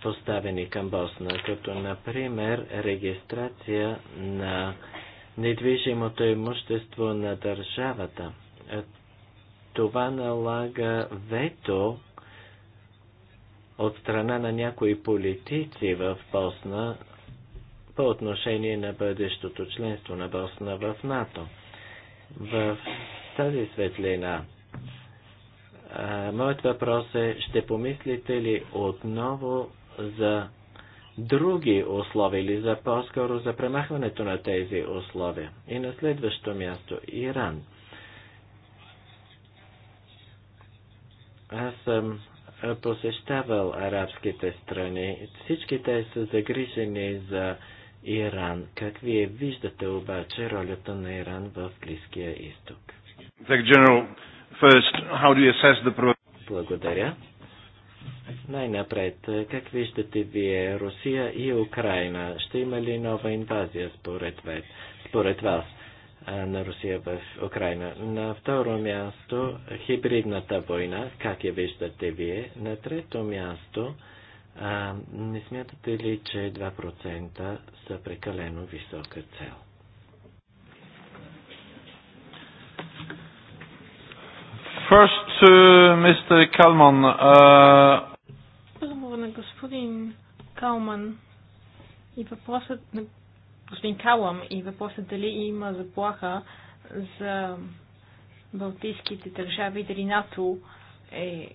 поставени към Босна, като например регистрация на недвижимото имущество на държавата. Е, това налага вето от страна на някои политици в Босна по отношение на бъдещото членство на Босна в НАТО. В тази светлина Моят въпрос е, ще помислите ли отново за други условия или за по-скоро за премахването на тези условия? И на следващо място, Иран. Аз съм посещавал арабските страни. Всички те са загрижени за Иран. Как вие виждате обаче ролята на Иран в Близкия изток? First, how do you assess the... Благодаря. Най-напред, е, как виждате вие Русия и Украина? Ще има ли нова инвазия според, ве, според вас на Русия в Украина? На второ място, хибридната война. Как я виждате вие? На трето място, а, не смятате ли, че 2% са прекалено висока цел? First to uh, Mr. Kalman. Uh... Първо на господин Калман и въпросът на господин Калам и въпросът дали има заплаха за Балтийските държави, дали НАТО е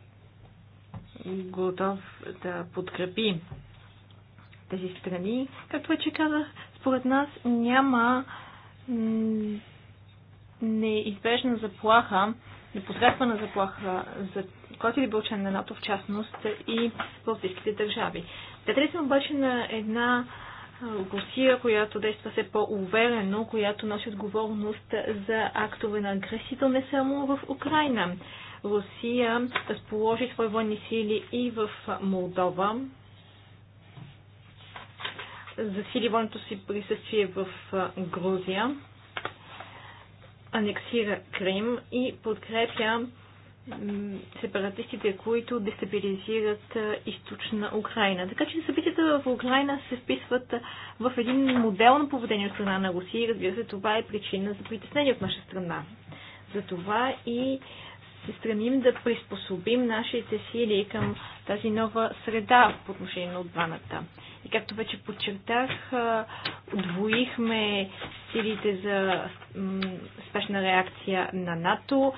готов да подкрепи тези страни. Както вече казах, според нас няма неизбежна заплаха непосредствена заплаха за който ли бил член на НАТО, в частност и балтийските държави. Петри сме обаче на една Русия, която действа все по-уверено, която носи отговорност за актове на агресията не само в Украина. Русия разположи свои военни сили и в Молдова, засили военното си присъствие в Грузия анексира Крим и подкрепя сепаратистите, които дестабилизират източна Украина. Така че събитията в Украина се вписват в един модел на поведение от страна на Русия и разбира се, това е причина за притеснение от наша страна. Затова и се стремим да приспособим нашите сили към тази нова среда по отношение на отбраната. И както вече подчертах, удвоихме силите за спешна реакция на НАТО,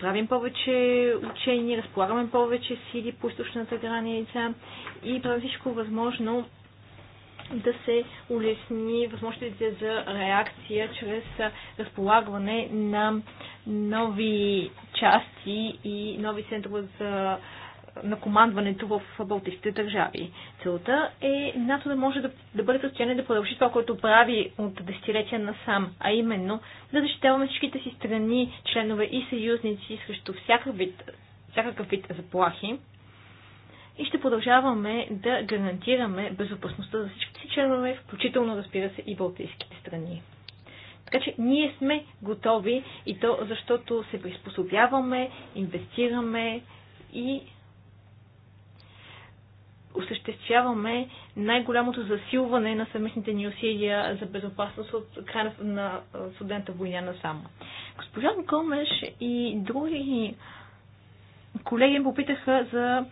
правим повече учения, разполагаме повече сили по източната граница и правим всичко възможно да се улесни възможностите за реакция чрез разполагане на нови части и нови центрове за на командването в балтийските държави. Целта е НАТО да може да, да бъде в състояние да продължи това, което прави от десетилетия насам, а именно да защитаваме всичките си страни, членове и съюзници срещу всякакъв вид, всякакъв вид заплахи и ще продължаваме да гарантираме безопасността за всичките си членове, включително, разбира се, и балтийските страни. Така че ние сме готови и то защото се приспособяваме, инвестираме и осъществяваме най-голямото засилване на съвместните ни усилия за безопасност от края на студента война само. Госпожа Комеш и други колеги попитаха за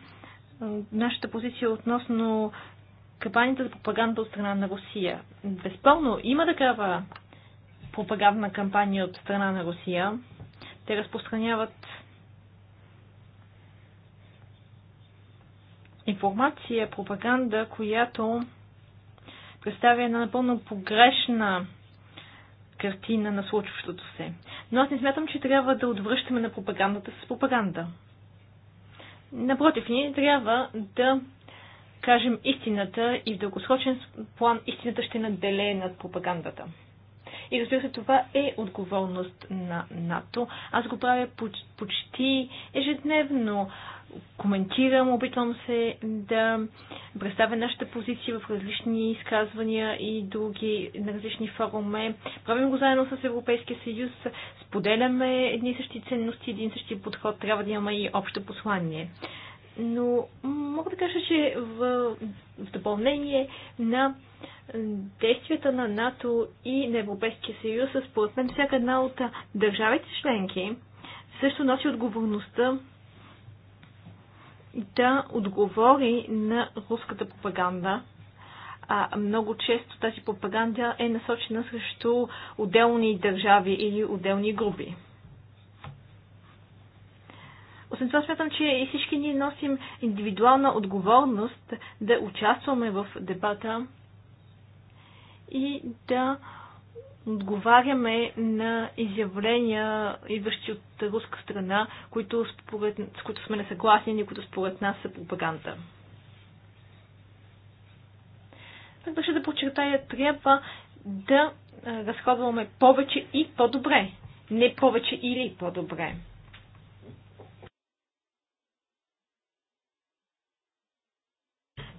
нашата позиция относно кампанията за пропаганда от страна на Русия. Безпълно има такава пропагандна кампания от страна на Русия. Те разпространяват информация, пропаганда, която представя една напълно погрешна картина на случващото се. Но аз не смятам, че трябва да отвръщаме на пропагандата с пропаганда. Напротив, ние трябва да кажем истината и в дългосрочен план истината ще наделее над пропагандата. И разбира се, това е отговорност на НАТО. Аз го правя почти ежедневно. Коментирам, опитвам се да представя нашата позиция в различни изказвания и други, на различни форуме. Правим го заедно с Европейския съюз, споделяме едни същи ценности, един същи подход, трябва да имаме и общо послание но мога да кажа, че в, в допълнение на действията на НАТО и на Европейския съюз, според мен всяка една от държавите членки също носи отговорността да отговори на руската пропаганда. А много често тази пропаганда е насочена срещу отделни държави или отделни групи. Освен това смятам, че и всички ние носим индивидуална отговорност да участваме в дебата и да отговаряме на изявления, идващи от руска страна, които според, с които сме несъгласни и които според нас са пропаганда. Така беше да подчертая, трябва да разходваме повече и по-добре. Не повече или по-добре.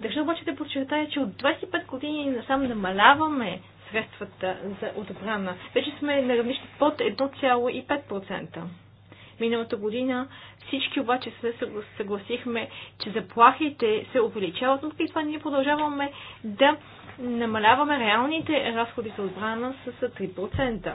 Държа обаче да подчертая, че от 25 години насам намаляваме средствата за отбрана. Вече сме на равнище под 1,5%. Миналата година всички обаче се съгласихме, че заплахите се увеличават, но и това ние продължаваме да намаляваме реалните разходи за отбрана с 3%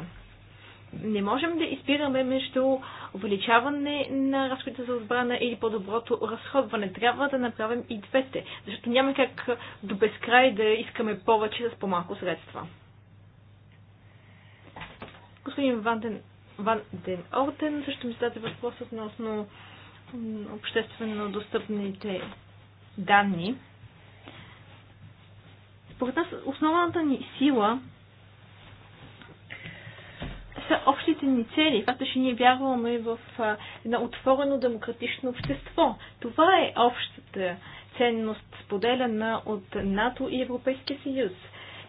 не можем да избираме между увеличаване на разходите за отбрана или по-доброто разходване. Трябва да направим и двете, защото няма как до безкрай да искаме повече с по-малко средства. Господин Ванден, Ван Ден Ортен също ми зададе въпрос относно обществено достъпните данни. Според нас основната ни сила са общите ни цели, както ще ние вярваме в едно отворено демократично общество. Това е общата ценност, споделена от НАТО и Европейския съюз.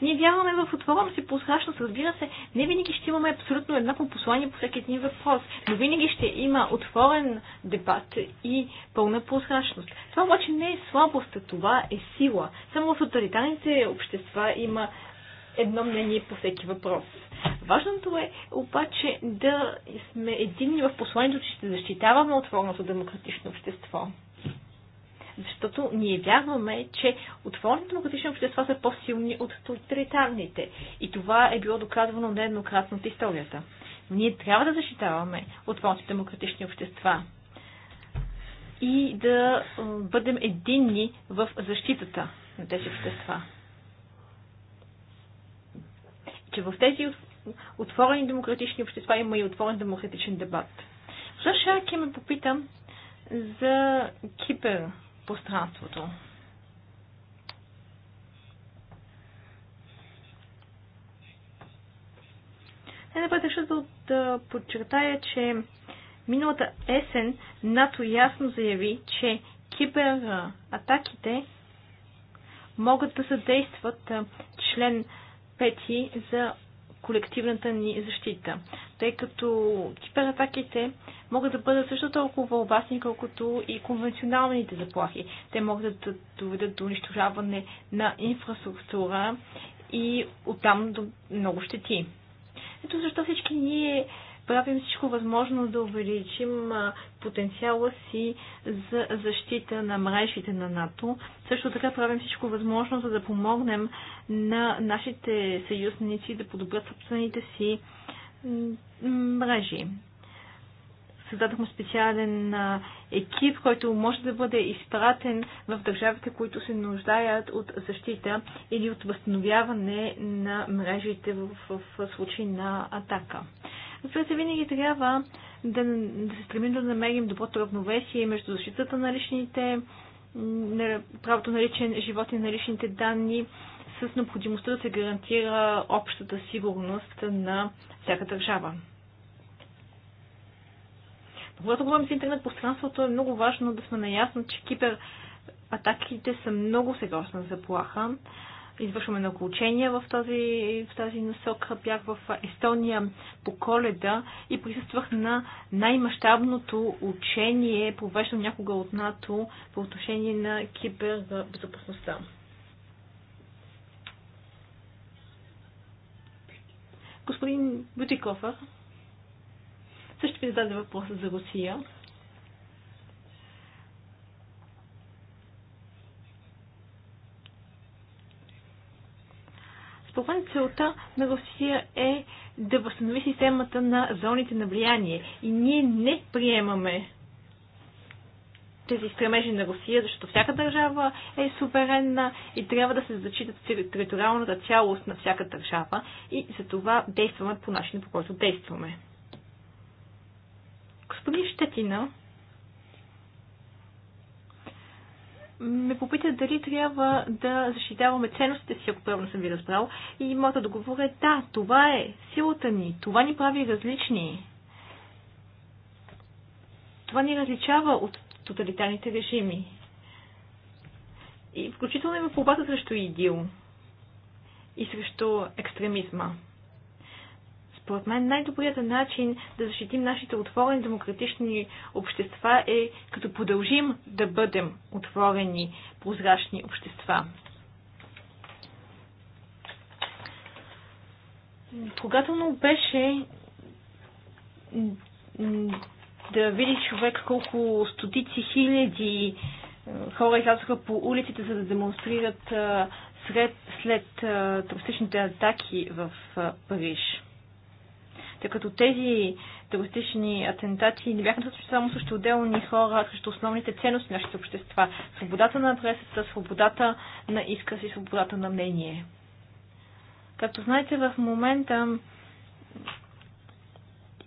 Ние вярваме в отворено си прозрачност. Разбира се, не винаги ще имаме абсолютно еднакво послание по всеки един въпрос, но винаги ще има отворен дебат и пълна прозрачност. Това обаче не е слабост, това е сила. Само в тоталитарните общества има едно мнение по всеки въпрос. Важното е обаче да сме единни в посланието, че ще защитаваме отвореното демократично общество. Защото ние вярваме, че отворените демократични общества са по-силни от тоталитарните. И това е било доказвано нееднократно от историята. Ние трябва да защитаваме отворените демократични общества и да бъдем единни в защитата на тези общества че в тези отворени демократични общества има и отворен демократичен дебат. Госпожа Шарки ме попита за киберпространството. Най-напред е, реша да, да подчертая, че миналата есен НАТО ясно заяви, че кибератаките могат да съдействат член пети за колективната ни защита, тъй като кибератаките могат да бъдат също толкова опасни, колкото и конвенционалните заплахи. Те могат да доведат до унищожаване на инфраструктура и оттам до много щети. Ето защо всички ние правим всичко възможно да увеличим потенциала си за защита на мрежите на НАТО. Също така правим всичко възможно, за да помогнем на нашите съюзници да подобрят собствените си мрежи. Създадохме специален екип, който може да бъде изпратен в държавите, които се нуждаят от защита или от възстановяване на мрежите в, в, в случай на атака. Разбира се, винаги трябва да, да се стремим да намерим доброто равновесие между защитата на личните, на правото на личен живот и на личните данни с необходимостта да се гарантира общата сигурност на всяка държава. Когато говорим за интернет пространството, е много важно да сме наясно, че кибератаките са много сериозна заплаха извършваме учения в, тази, в тази насока. Бях в Естония по коледа и присъствах на най-мащабното учение, провеждано някога от НАТО по отношение на кибербезопасността. Господин Бутикофър, също ви зададе въпроса за Русия. Според целта на Русия е да възстанови системата на зоните на влияние. И ние не приемаме тези стремежи на Русия, защото всяка държава е суверенна и трябва да се зачита териториалната цялост на всяка държава и за това действаме по начина, по който действаме. Господин Щетина ме попита дали трябва да защитаваме ценностите си, ако правилно съм ви разбрал. И моята договор е да, това е силата ни, това ни прави различни. Това ни различава от тоталитарните режими. И включително и в борбата срещу ИДИЛ и срещу екстремизма. Според мен най-добрият начин да защитим нашите отворени демократични общества е като продължим да бъдем отворени, прозрачни общества. Трогателно беше да види човек колко стотици хиляди е, хора излязоха по улиците, за да демонстрират е, сред, след е, терористичните атаки в Париж тъй като тези терористични атентати не бяха достатъчно само срещу отделни хора, срещу основните ценности на нашите общества. Свободата на пресата, свободата на изказ и свободата на мнение. Както знаете, в момента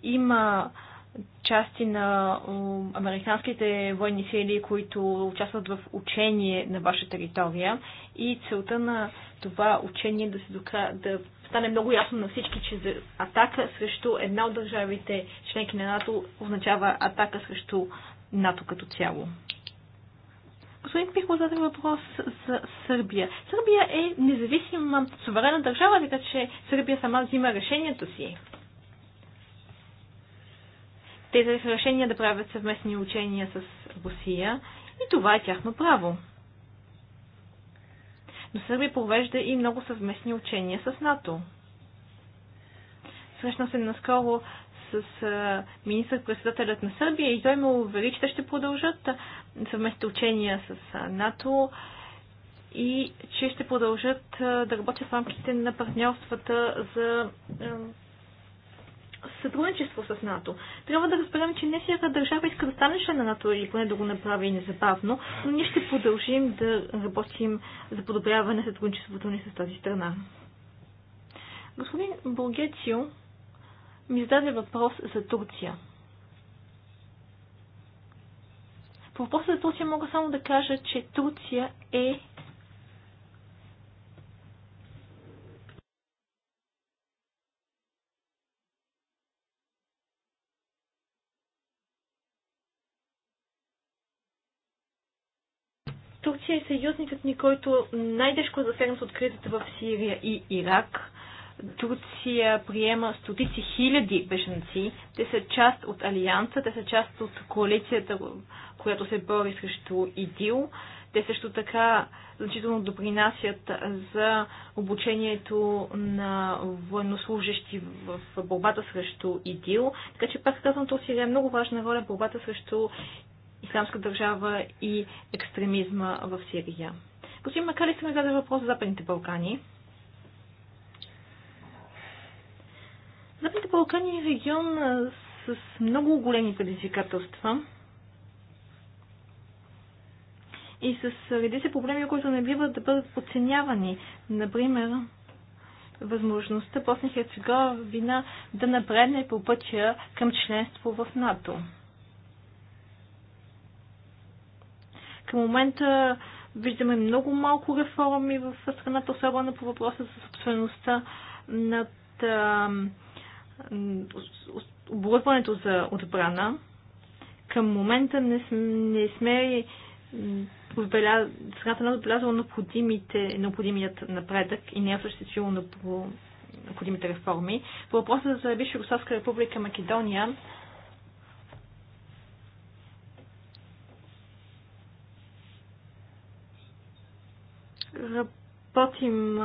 има части на американските военни сили, които участват в учение на ваша територия и целта на това учение е да се докра... да стане много ясно на всички, че атака срещу една от държавите членки на НАТО означава атака срещу НАТО като цяло. Господин Пихо зададе въпрос за Сърбия. Сърбия е независима суверена държава, така че Сърбия сама взима решенията си. Те решения да правят съвместни учения с Русия и това е тяхно право но Сърбия провежда и много съвместни учения с НАТО. Срещна се наскоро с а, министър-председателят на Сърбия и той ме увери, че те ще продължат съвместните учения с а, НАТО и че ще продължат а, да работят в рамките на партньорствата за а, сътрудничество с НАТО. Трябва да разберем, че не всяка държава иска да стане член на НАТО или поне да го направи незабавно, но ние ще продължим да работим за подобряване на сътрудничеството ни с тази страна. Господин Бургецио ми зададе въпрос за Турция. По въпроса за Турция мога само да кажа, че Турция е Турция е съюзникът ни, който най дешко е засегнат от кризата в Сирия и Ирак. Турция приема стотици хиляди беженци. Те са част от Алианса, те са част от коалицията, която се бори срещу ИДИЛ. Те също така значително допринасят за обучението на военнослужащи в борбата срещу ИДИЛ. Така че, пак казвам, Турция е много важна роля в борбата срещу исламска държава и екстремизма в Сирия. Господин Макалис ме зададе въпрос за Западните Балкани. Западните Балкани е регион с много големи предизвикателства и с редица проблеми, които не биват да бъдат подценявани. Например, възможността Босния и Херцеговина да напредне по пътя към членство в НАТО. Към момента виждаме много малко реформи в страната, особено по въпроса за собствеността над оборудването за отбрана. Към момента не сме, не сме отбеляз... страната не е отбелязала необходимият напредък и не е осъществила необходимите реформи. По въпроса за Висшегославска република Македония, работим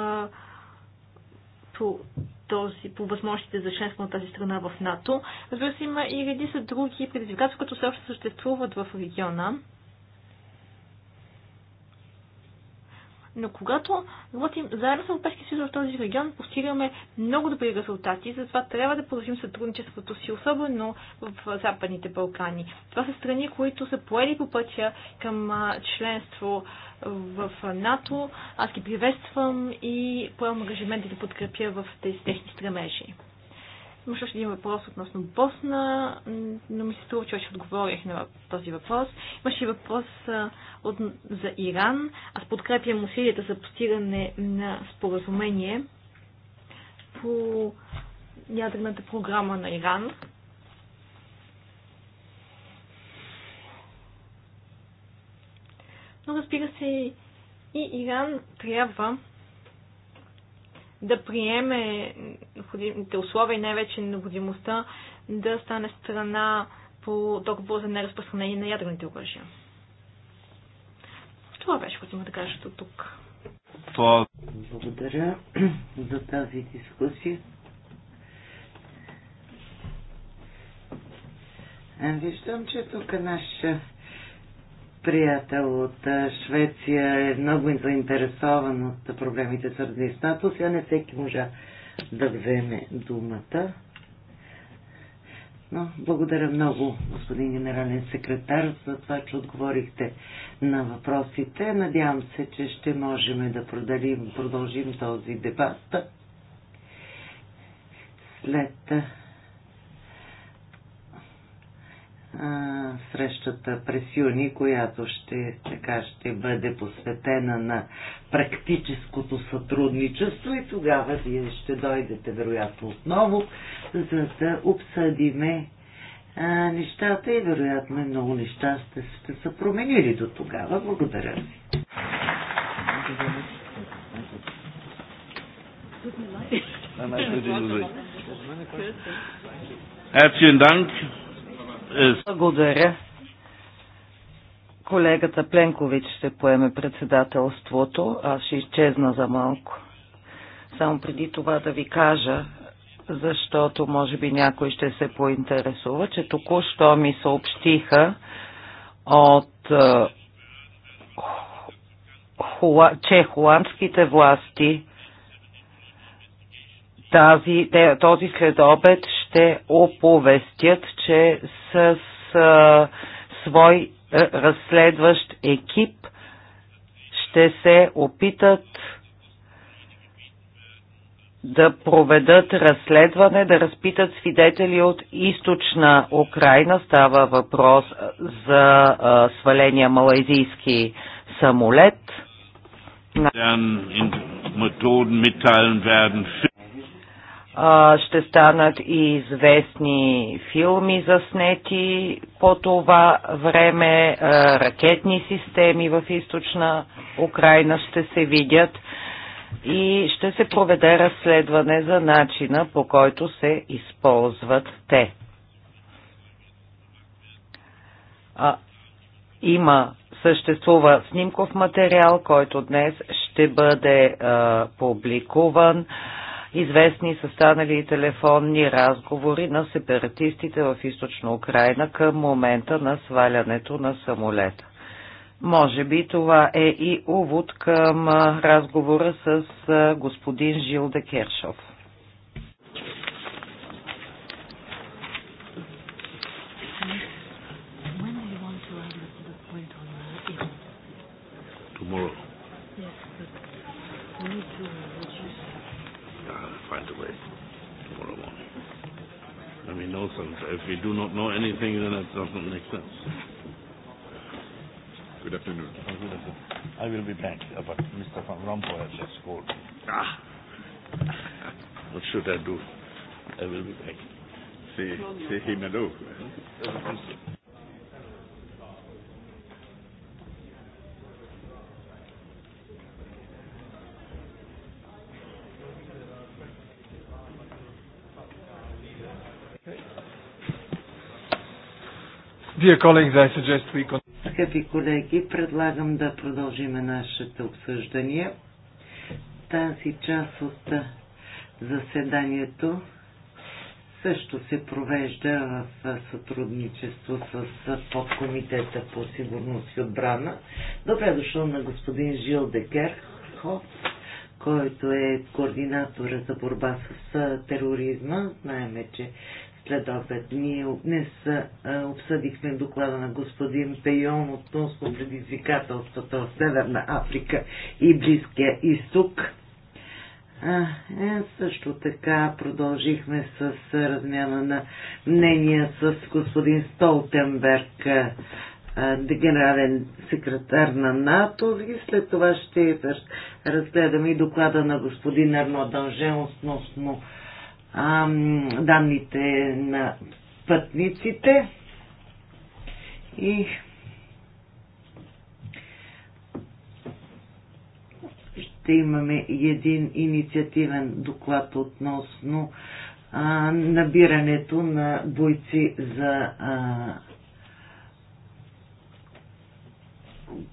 по този, по възможностите за членство на тази страна в НАТО. Разбира се, има и редица други предизвикателства, които все още съществуват в региона. но когато работим заедно с Европейския съюз в този регион, постигаме много добри резултати, затова трябва да продължим сътрудничеството си, особено в Западните Балкани. Това са страни, които са поели по пътя към членство в НАТО. Аз ги приветствам и поемам ангажимент да ги подкрепя в тези техни стремежи. Имаше още един въпрос относно Босна, но ми се струва, че още отговорих на този въпрос. Имаше и въпрос а, от, за Иран. Аз подкрепям усилията за постигане на споразумение по ядрената програма на Иран. Но разбира се, и Иран трябва да приеме необходимите условия и най-вече необходимостта да стане страна по договор за неразпространение на ядрените оръжия. Това беше, което има да кажа до тук. Благодаря за тази дискусия. Виждам, че тук нашия приятел от Швеция е много заинтересован от проблемите свързани с НАТО. Сега не всеки можа да вземе думата. Но благодаря много, господин генерален секретар, за това, че отговорихте на въпросите. Надявам се, че ще можем да продължим този дебат след срещата през юни, която ще, така, ще бъде посветена на практическото сътрудничество и тогава вие ще дойдете вероятно отново, за да обсъдиме а, нещата и вероятно много неща сте, сте са променили до тогава. Благодаря ви. Herzlichen Dank. Е, Благодаря. Колегата Пленкович ще поеме председателството. Аз ще изчезна за малко. Само преди това да ви кажа, защото може би някой ще се поинтересува, че току-що ми съобщиха от е, че холандските власти тази, този следобед ще оповестят, че с а, свой а, разследващ екип ще се опитат да проведат разследване, да разпитат свидетели от източна Украина. Става въпрос за а, сваления малайзийски самолет. Methoden mitteilen werden а, ще станат и известни филми заснети по това време, а, ракетни системи в източна Украина ще се видят и ще се проведе разследване за начина по който се използват те. А, има, съществува снимков материал, който днес ще бъде а, публикуван. А, Известни са станали и телефонни разговори на сепаратистите в източна Украина към момента на свалянето на самолета. Може би това е и увод към разговора с господин Жил Декершов. do not know anything, then it doesn't make sense. Good afternoon. good afternoon. I will be back, but Mr. Van Rompuy has just called. Ah. What should I do? I will be back. Say, say him hello. Скъпи колеги, предлагам да продължиме нашето обсъждание. Тази част от заседанието също се провежда в сътрудничество с подкомитета по сигурност и отбрана. Добре дошъл на господин Жил Декерхов, който е координатора за борба с тероризма. Знаеме, че след обед. Ние днес обсъдихме доклада на господин Пейон относно предизвикателствата в Северна Африка и Близкия изток. А, е, също така продължихме с размяна на мнения с господин Столтенберг, генерален секретар на НАТО и след това ще разгледаме и доклада на господин Арно Дължен относно данните на пътниците и ще имаме един инициативен доклад относно а, набирането на бойци за а,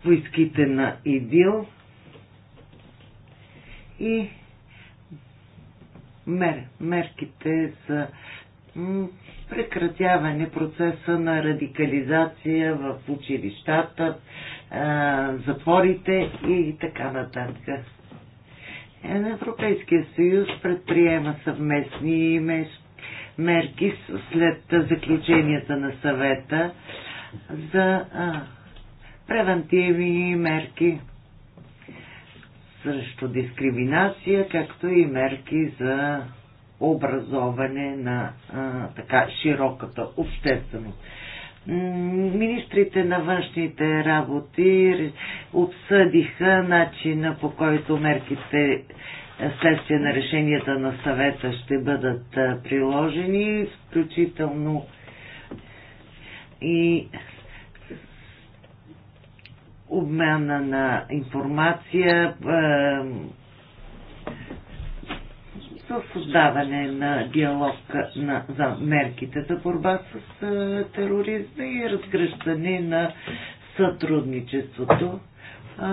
войските на ИДИЛ и мер, мерките за прекратяване процеса на радикализация в училищата, затворите и така нататък. Е, Европейския съюз предприема съвместни мерки след заключенията на съвета за превентивни мерки срещу дискриминация, както и мерки за образоване на а, така широката общественост. Министрите на външните работи обсъдиха начина по който мерките следствие на решенията на съвета ще бъдат приложени, включително и обмяна на информация, за създаване на диалог на, за мерките за борба с е, тероризма и разгръщане на сътрудничеството, е,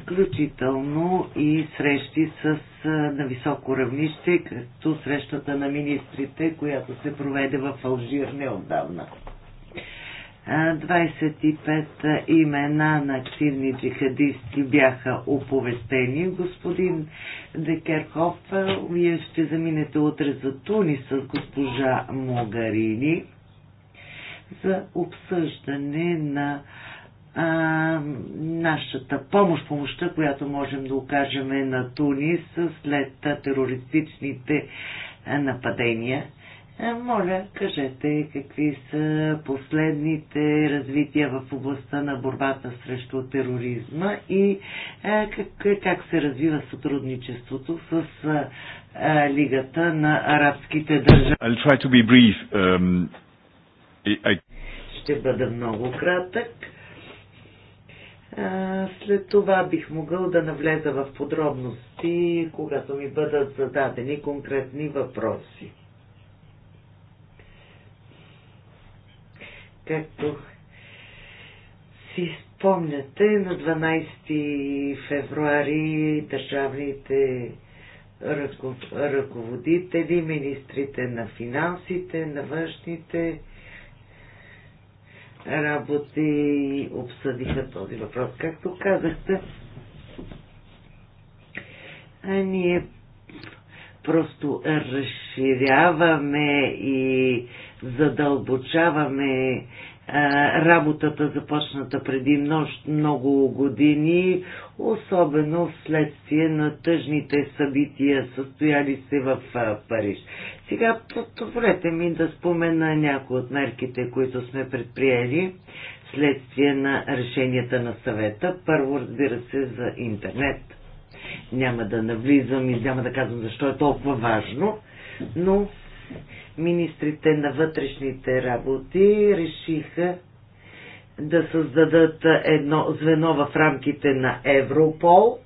включително и срещи с, е, на високо равнище, като срещата на министрите, която се проведе в Алжир неотдавна. 25 имена на активни джихадисти бяха оповестени. Господин Декерхов, вие ще заминете утре за Туни с госпожа Могарини за обсъждане на а, нашата помощ, помощта, която можем да окажем на Тунис след терористичните нападения е, моля, кажете какви са последните развития в областта на борбата срещу тероризма и е, как, как се развива сътрудничеството с е, Лигата на арабските държави. Um, I... Ще бъда много кратък. След това бих могъл да навлеза в подробности, когато ми бъдат зададени конкретни въпроси. Както си спомняте, на 12 февруари държавните ръководители, министрите на финансите, на външните работи обсъдиха този въпрос. Както казахте, а ние просто разширяваме и задълбочаваме работата започната преди много години, особено вследствие на тъжните събития, състояли се в Париж. Сега позволете ми да спомена някои от мерките, които сме предприели следствие на решенията на съвета. Първо, разбира се, за интернет – няма да навлизам и няма да казвам защо е толкова важно, но министрите на вътрешните работи решиха да създадат едно звено в рамките на Европол.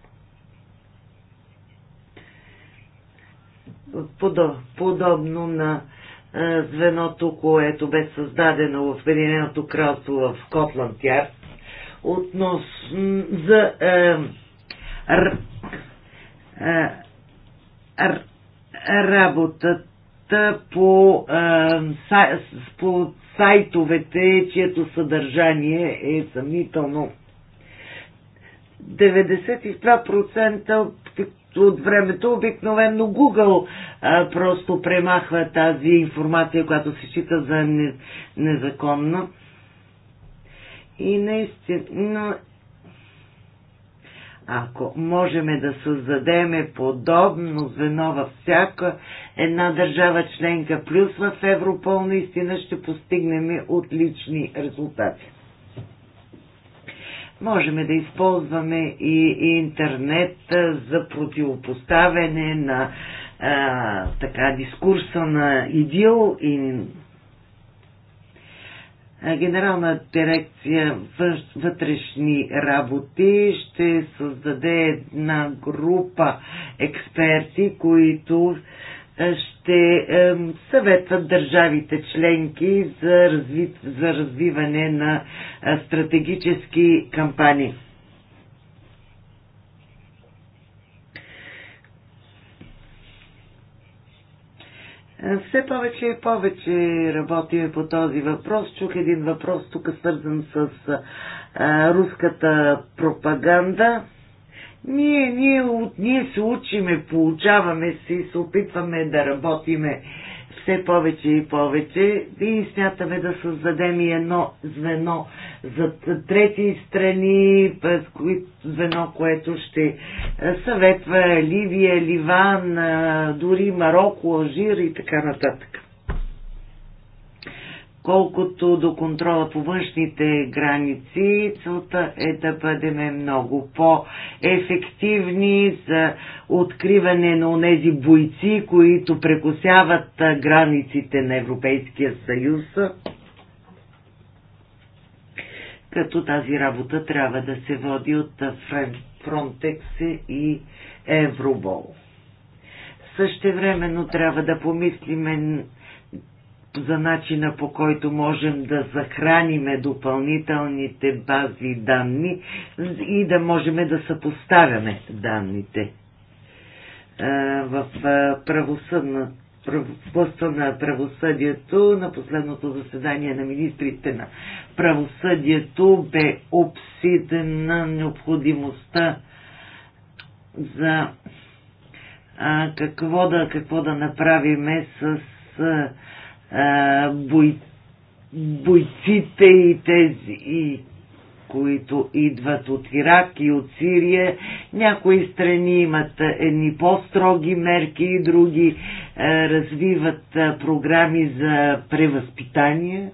Подобно на е, звеното, което бе създадено в Единеното кралство в Скотланд Ярд, относно за е, работата по, по сайтовете, чието съдържание е съмнително. 92% от времето обикновено Google а, просто премахва тази информация, която се счита за не, незаконна. И наистина, ако можем да създадеме подобно звено във всяка една държава членка, плюс в Европол, наистина ще постигнем отлични резултати. Можем да използваме и интернет за противопоставяне на а, така, дискурса на идил и е, Генерална дирекция вътрешни работи ще създаде една група експерти, които е, ще е, съветват държавите членки за, за развиване на стратегически кампании. Все повече и повече работиме по този въпрос. Чух един въпрос тук свързан с а, руската пропаганда. Ние, ние, ние се учиме, получаваме се и се опитваме да работиме все повече и повече и смятаме да създадем и едно звено за трети страни, през които звено, което ще е, съветва Ливия, Ливан, е, дори Марокко, Алжир и така нататък. Колкото до контрола по външните граници, целта е да бъдем много по-ефективни за откриване на тези бойци, които прекосяват границите на Европейския съюз. Като тази работа трябва да се води от Frontex и Евробол. времено трябва да помислиме за начина по който можем да захраниме допълнителните бази данни и да можем да съпоставяме данните. Е, в е, правосъдна на правосъдието. На последното заседание на министрите на правосъдието бе обсидена необходимостта за а, какво, да, какво да направиме с а, е, бой, бойците и тези, и, които идват от Ирак и от Сирия. Някои страни имат едни по-строги мерки и други а, развиват а, програми за превъзпитание.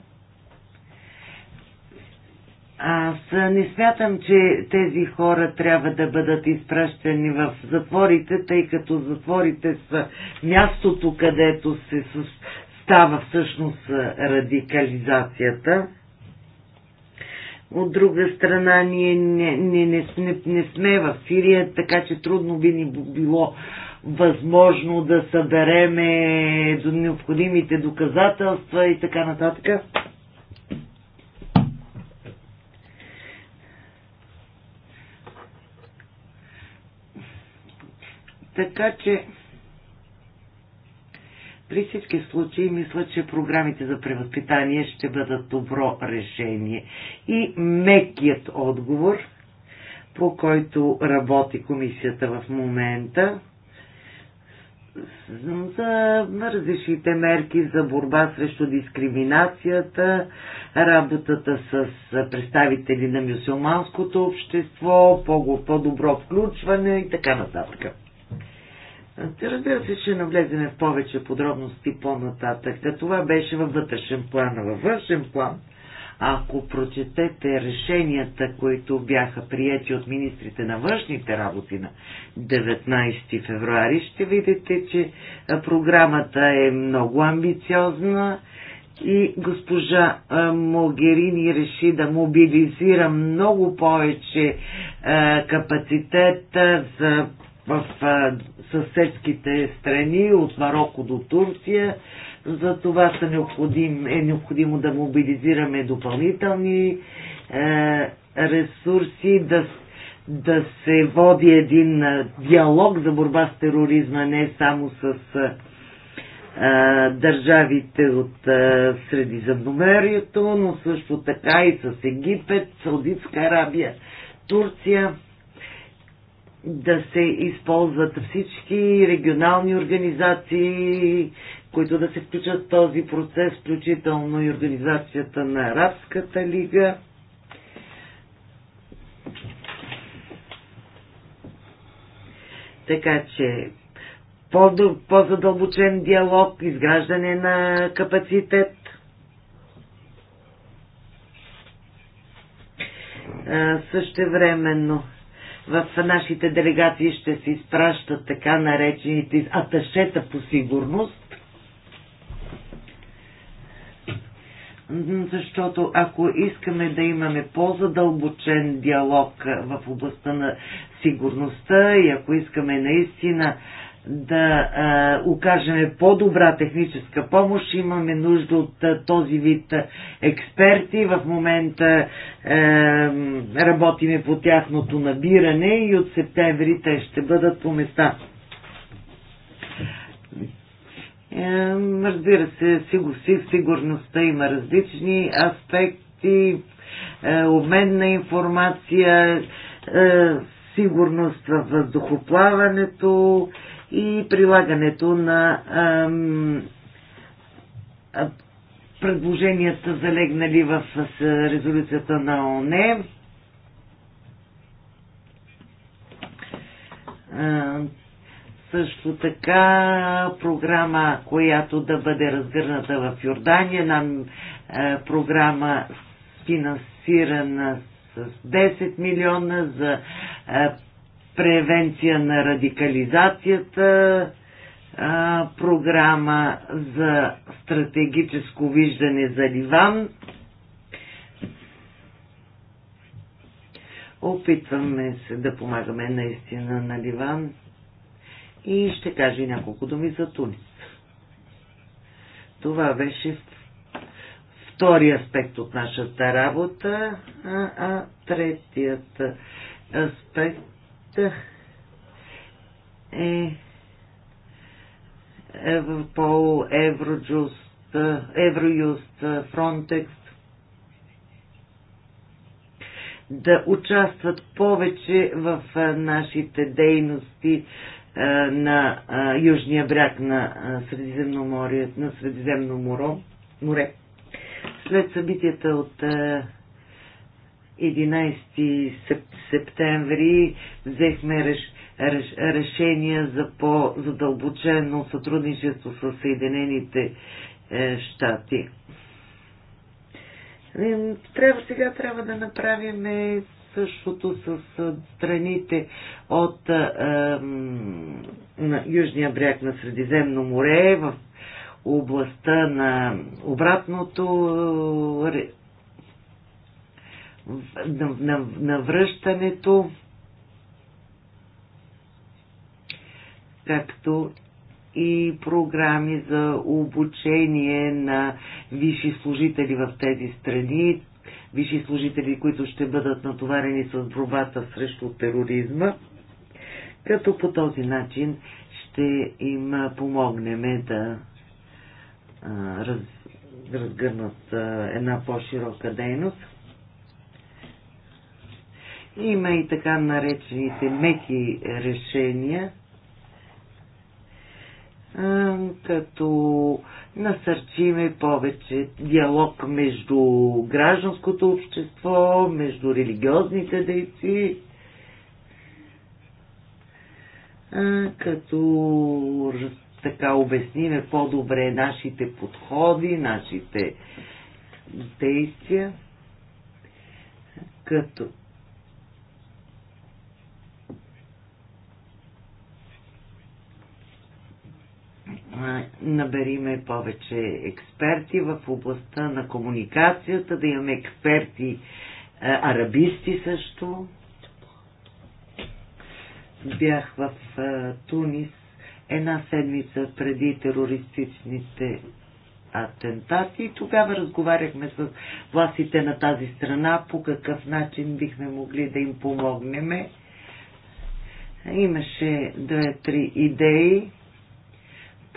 Аз не смятам, че тези хора трябва да бъдат изпращани в затворите, тъй като затворите са мястото, където се става всъщност радикализацията. От друга страна, ние не, не, не, не, не сме в Сирия, така че трудно би ни било възможно да събереме до необходимите доказателства и така нататък. Така че при всички случаи мисля, че програмите за превъзпитание ще бъдат добро решение. И мекият отговор, по който работи комисията в момента, за различните мерки за борба срещу дискриминацията, работата с представители на мюсюлманското общество, по-добро включване и така нататък. Разбира се, ще навлезем в повече подробности по-нататък. Да това беше във вътрешен план, а във външен план. Ако прочетете решенията, които бяха прияти от министрите на външните работи на 19 февруари, ще видите, че програмата е много амбициозна и госпожа Могерини реши да мобилизира много повече капацитета за в съседските страни, от Марокко до Турция. За това са необходим, е необходимо да мобилизираме допълнителни е, ресурси, да, да се води един диалог за борба с тероризма, не само с държавите от Средиземноморието, но също така и с Египет, Саудитска Арабия, Турция да се използват всички регионални организации, които да се включат в този процес, включително и организацията на Арабската лига. Така че по-задълбочен диалог, изграждане на капацитет, времено в нашите делегации ще се изпращат така наречените аташета по сигурност, защото ако искаме да имаме по-задълбочен диалог в областта на сигурността и ако искаме наистина да а, окажем по-добра техническа помощ. Имаме нужда от а, този вид а, експерти. В момента а, работиме по тяхното набиране и от септември те ще бъдат по места. А, е, разбира се, сигур, сигурността има различни аспекти, а, е, обмен на информация, а, е, сигурност във въздухоплаването, и прилагането на предложенията залегнали в резолюцията на ОНЕ. Също така програма, която да бъде разгърната в Йордания, нам е, програма финансирана с 10 милиона за е, превенция на радикализацията, а, програма за стратегическо виждане за Ливан. Опитваме се да помагаме наистина на Ливан и ще кажа и няколко думи за Тунис. Това беше втори аспект от нашата работа, а, а третият аспект е Европол, Евроджуст, Евроюст, Фронтекс да участват повече в е, нашите дейности е, на е, южния бряг на море, на Средиземно море. След събитията от 11 септември взехме реш, реш, решение за по-задълбочено сътрудничество с Съединените е, щати. Е, трябва, сега трябва да направим същото с страните от е, на южния бряг на Средиземно море в областта на обратното е, на, на, на връщането, както и програми за обучение на висши служители в тези страни, висши служители, които ще бъдат натоварени с борбата срещу тероризма, като по този начин ще им помогнем да раз, разгърнат една по-широка дейност. Има и така наречените меки решения, като насърчиме повече диалог между гражданското общество, между религиозните дейци, като така обясниме по-добре нашите подходи, нашите действия, като набериме повече експерти в областта на комуникацията, да имаме експерти е, арабисти също. Бях в е, Тунис една седмица преди терористичните атентати и тогава разговаряхме с властите на тази страна по какъв начин бихме могли да им помогнем. Имаше две-три идеи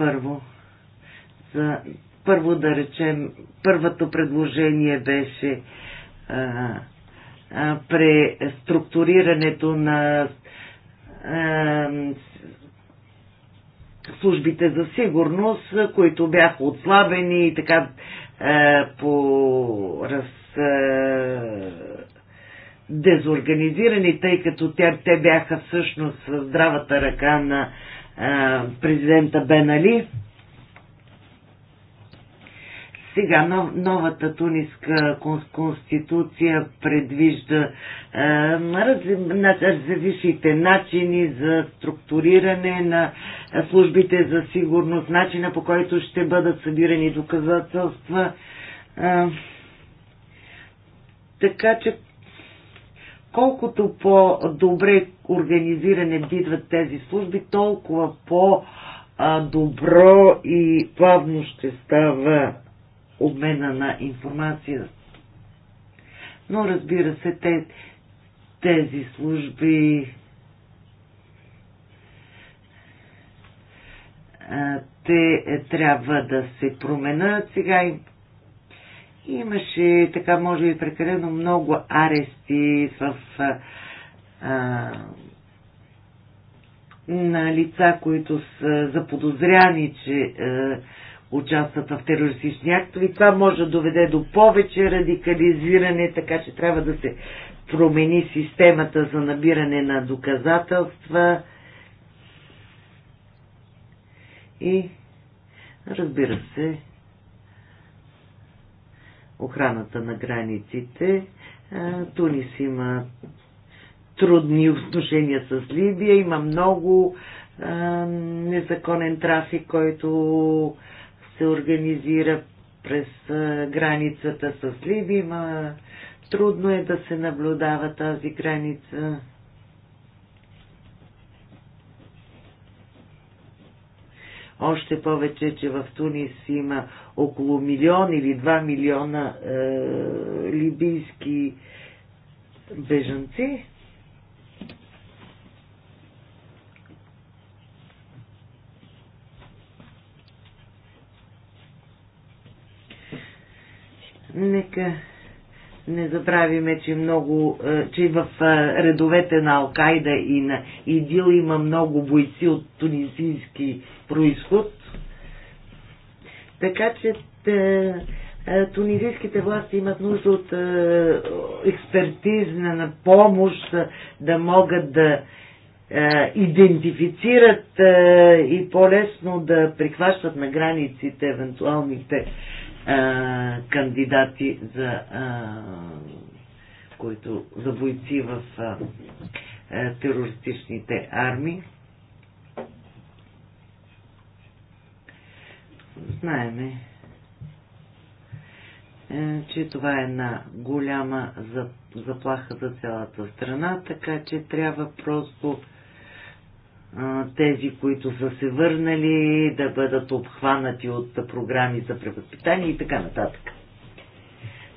първо, за, първо да речем, първото предложение беше а, а, преструктурирането на а, службите за сигурност, които бяха отслабени и така а, по раз, а, дезорганизирани, тъй като те, те бяха всъщност здравата ръка на президента Бен Али. Сега нов, новата туниска конституция предвижда е, различните начини за структуриране на службите за сигурност, начина по който ще бъдат събирани доказателства. така че колкото по-добре организиране бидват тези служби, толкова по-добро и плавно ще става обмена на информация. Но разбира се, те, тези служби те трябва да се променят. Сега им Имаше така, може би, прекалено много арести в а, на лица, които са заподозряни, че а, участват в терористични актове. Това може да доведе до повече радикализиране, така че трябва да се промени системата за набиране на доказателства и разбира се, охраната на границите. Тунис има трудни отношения с Либия, има много незаконен трафик, който се организира през границата с Либия. Има... Трудно е да се наблюдава тази граница. Още повече, че в Тунис има около милион или два милиона е, либийски бежанци. Нека не забравиме, че, много, е, че в е, редовете на Алкайда и на Идил има много бойци от тунизийски происход. Така че е, е, тунизийските власти имат нужда от е, експертизна на помощ, да могат да идентифицират и по-лесно да прихващат на границите евентуалните кандидати за които за бойци в терористичните армии. Знаеме, е, че това е една голяма заплаха за цялата страна, така че трябва просто е, тези, които са се върнали, да бъдат обхванати от програми за превъзпитание и така нататък.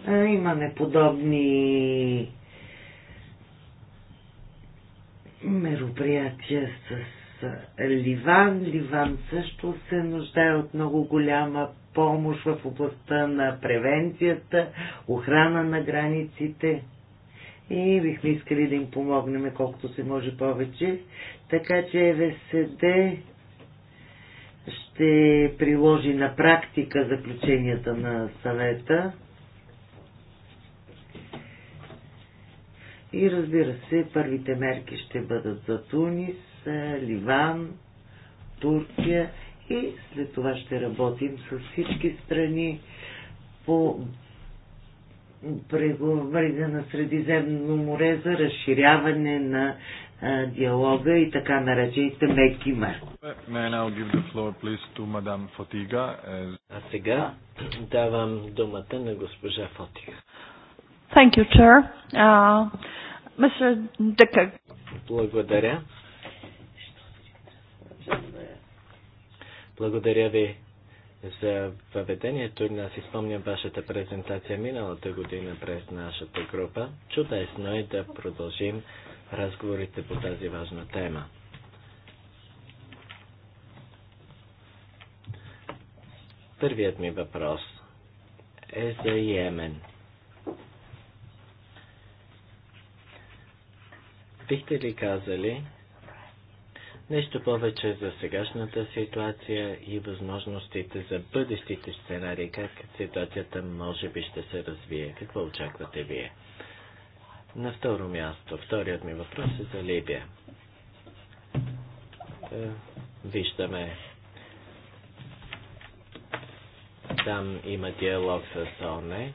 Е, имаме подобни мероприятия с е, Ливан. Ливан също се нуждае от много голяма помощ в областта на превенцията, охрана на границите. И бихме искали да им помогнем колкото се може повече. Така че ЕВСД ще приложи на практика заключенията на съвета. И разбира се, първите мерки ще бъдат за Тунис, Ливан, Турция и след това ще работим с всички страни по брега на Средиземно море за разширяване на а, диалога и така наречените меки Марки. А сега давам думата на госпожа Фотига. Thank you, Chair. Uh, Mr. Благодаря. Благодаря ви за въведението. Аз си спомням вашата презентация миналата година през нашата група. Чудесно е да продължим разговорите по тази важна тема. Първият ми въпрос е за Йемен. Бихте ли казали Нещо повече за сегашната ситуация и възможностите за бъдещите сценарии, как ситуацията може би ще се развие. Какво очаквате вие? На второ място, вторият ми въпрос е за Либия. Е, виждаме там има диалог с ОНЕ.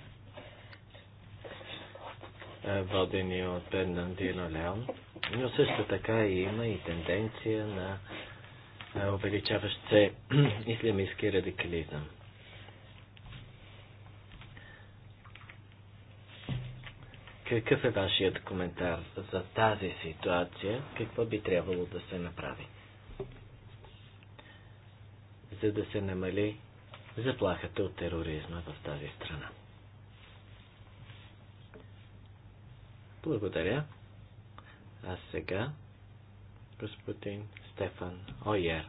Е, водени от Дино Леон, но също така и има и тенденция на е, увеличаващ се ислямистски радикализъм. Какъв е вашият коментар за тази ситуация? Какво би трябвало да се направи? За да се намали заплахата от тероризма в тази страна. Благодаря. А сега господин Стефан Ойер,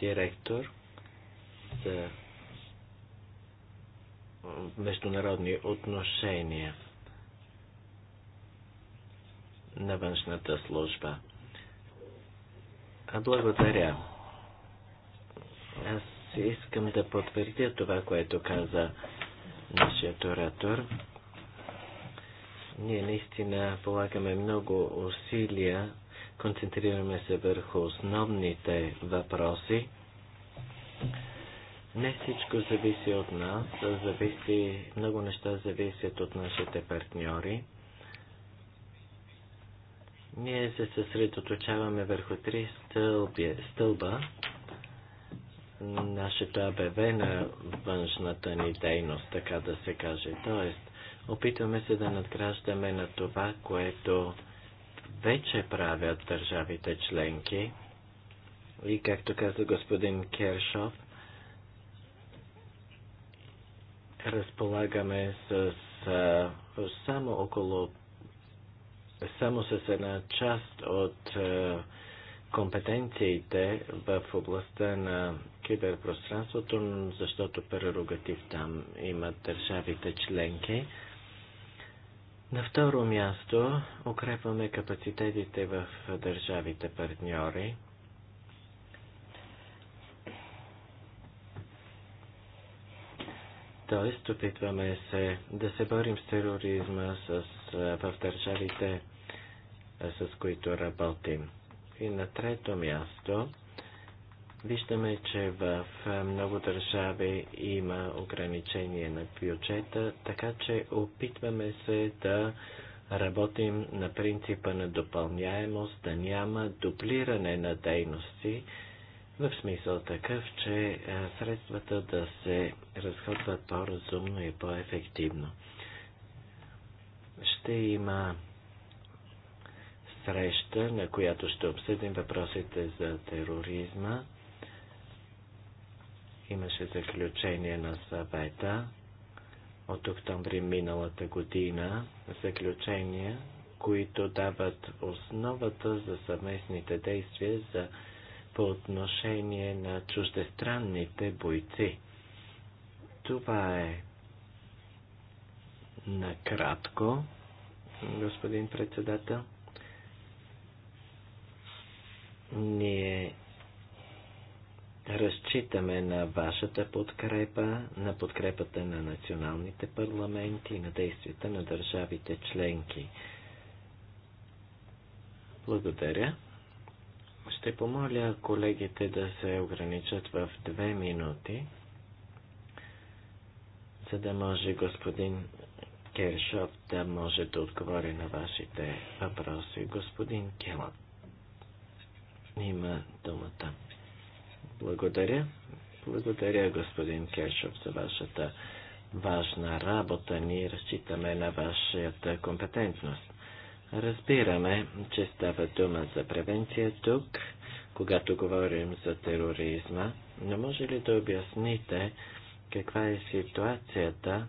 директор за международни отношения на външната служба. А благодаря. Аз искам да потвърдя това, което каза нашият оратор. Ние наистина полагаме много усилия, концентрираме се върху основните въпроси. Не всичко зависи от нас, зависи, много неща зависят от нашите партньори. Ние се съсредоточаваме върху три стълби, стълба. Нашето АБВ на външната ни дейност, така да се каже. Тоест, Опитваме се да надграждаме на това, което вече правят държавите членки. И както каза господин Кершов, разполагаме с а, само около само с една част от а, компетенциите в областта на киберпространството, защото прерогатив там имат държавите членки. На второ място укрепваме капацитетите в държавите партньори. Тоест, опитваме се да се борим с тероризма с, в държавите, с които работим. И на трето място Виждаме, че в много държави има ограничение на бюджета, така че опитваме се да работим на принципа на допълняемост, да няма дублиране на дейности, в смисъл такъв, че е, средствата да се разходват по-разумно и по-ефективно. Ще има среща, на която ще обсъдим въпросите за тероризма Имаше заключение на съвета от октомври миналата година, заключения, които дават основата за съвместните действия за, по отношение на чуждестранните бойци. Това е накратко, господин председател. Ние Разчитаме на вашата подкрепа, на подкрепата на националните парламенти и на действията на държавите членки. Благодаря. Ще помоля колегите да се ограничат в две минути, за да може господин Кершов да може да отговори на вашите въпроси. Господин Келът има думата. Благодаря. Благодаря, господин Кешов, за вашата важна работа. Ние разчитаме на вашата компетентност. Разбираме, че става дума за превенция тук, когато говорим за тероризма, но може ли да обясните каква е ситуацията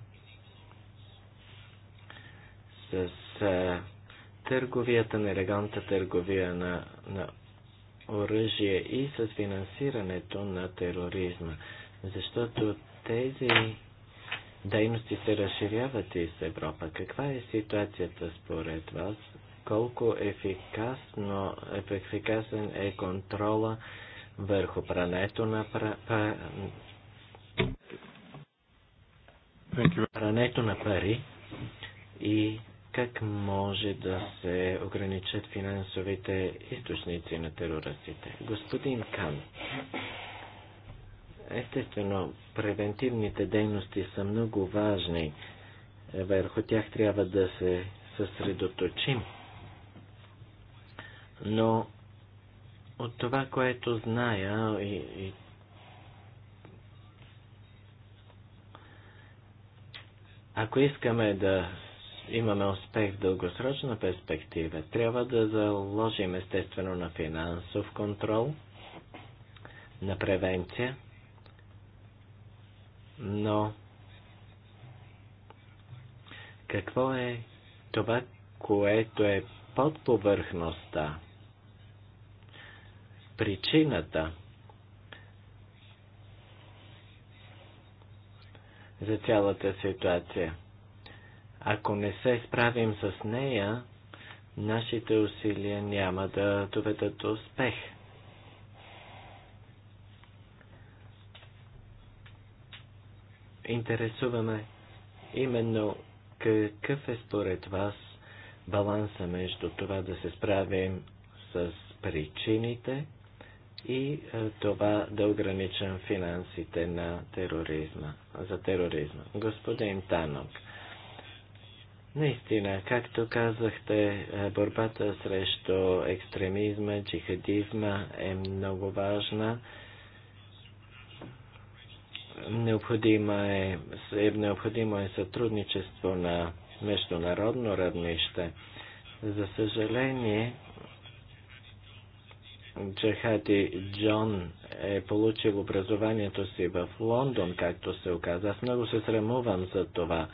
с търговията, нелегалната търговия на, на оръжие и с финансирането на тероризма, защото тези дейности се разширяват из Европа. Каква е ситуацията според вас? Колко ефикасно, ефикасен е контрола върху прането на пра... прането на пари и как може да се ограничат финансовите източници на терористите. Господин Кан, естествено, превентивните дейности са много важни. Върху тях трябва да се съсредоточим. Но от това, което зная и, и ако искаме да имаме успех в дългосрочна перспектива, трябва да заложим естествено на финансов контрол, на превенция, но какво е това, което е под повърхността? Причината за цялата ситуация – ако не се справим с нея, нашите усилия няма да доведат до успех. Интересуваме именно какъв е според вас баланса между това да се справим с причините и е, това да ограничим финансите на тероризма, за тероризма. Господин Танок, Наистина, както казахте, е, борбата срещу екстремизма, джихадизма е много важна. Необходимо е, е, необходимо е сътрудничество на международно равнище. За съжаление, Джахади Джон е получил образованието си в Лондон, както се оказа. Аз много се срамувам за това.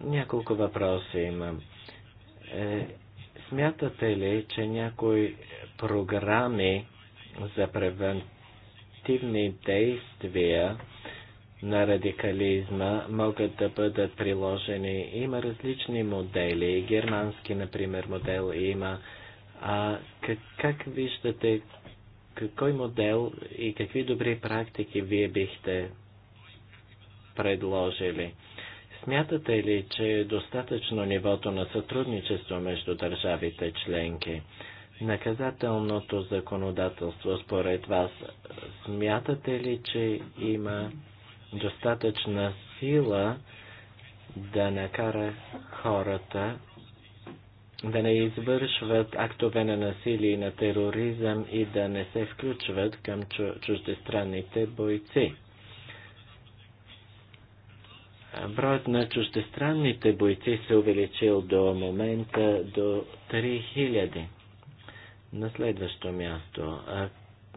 Няколко въпроса имам. Е, смятате ли, че някои програми за превентивни действия на радикализма могат да бъдат приложени. Има различни модели. Германски, например, модел има. А как, как виждате кой модел и какви добри практики вие бихте предложили? Смятате ли, че е достатъчно нивото на сътрудничество между държавите членки? Наказателното законодателство според вас, смятате ли, че има достатъчна сила да накара хората да не извършват актове на насилие и на тероризъм и да не се включват към чуждестранните бойци? Броят на чуждестранните бойци се увеличил до момента до 3000. На следващо място,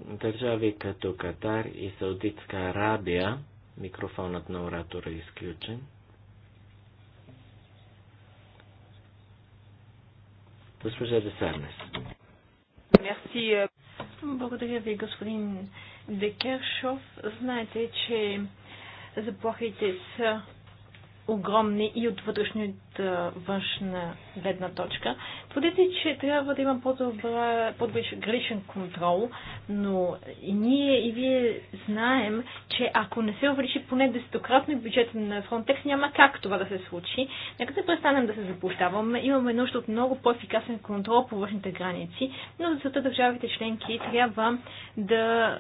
държави като Катар и Саудитска Арабия, микрофонът на оратора е изключен. Госпожа Десарнес. Мерси. Благодаря ви, господин Декершов. Знаете, че заплахите са огромни и от вътрешно и от външна гледна точка. Твърди се, че трябва да има по-добър по контрол, но и ние и вие знаем, че ако не се увеличи поне десетократно бюджета на Frontex, няма как това да се случи. Нека да престанем да се заблуждаваме. Имаме нужда от много по-ефикасен контрол по външните граници, но за целта държавите членки трябва да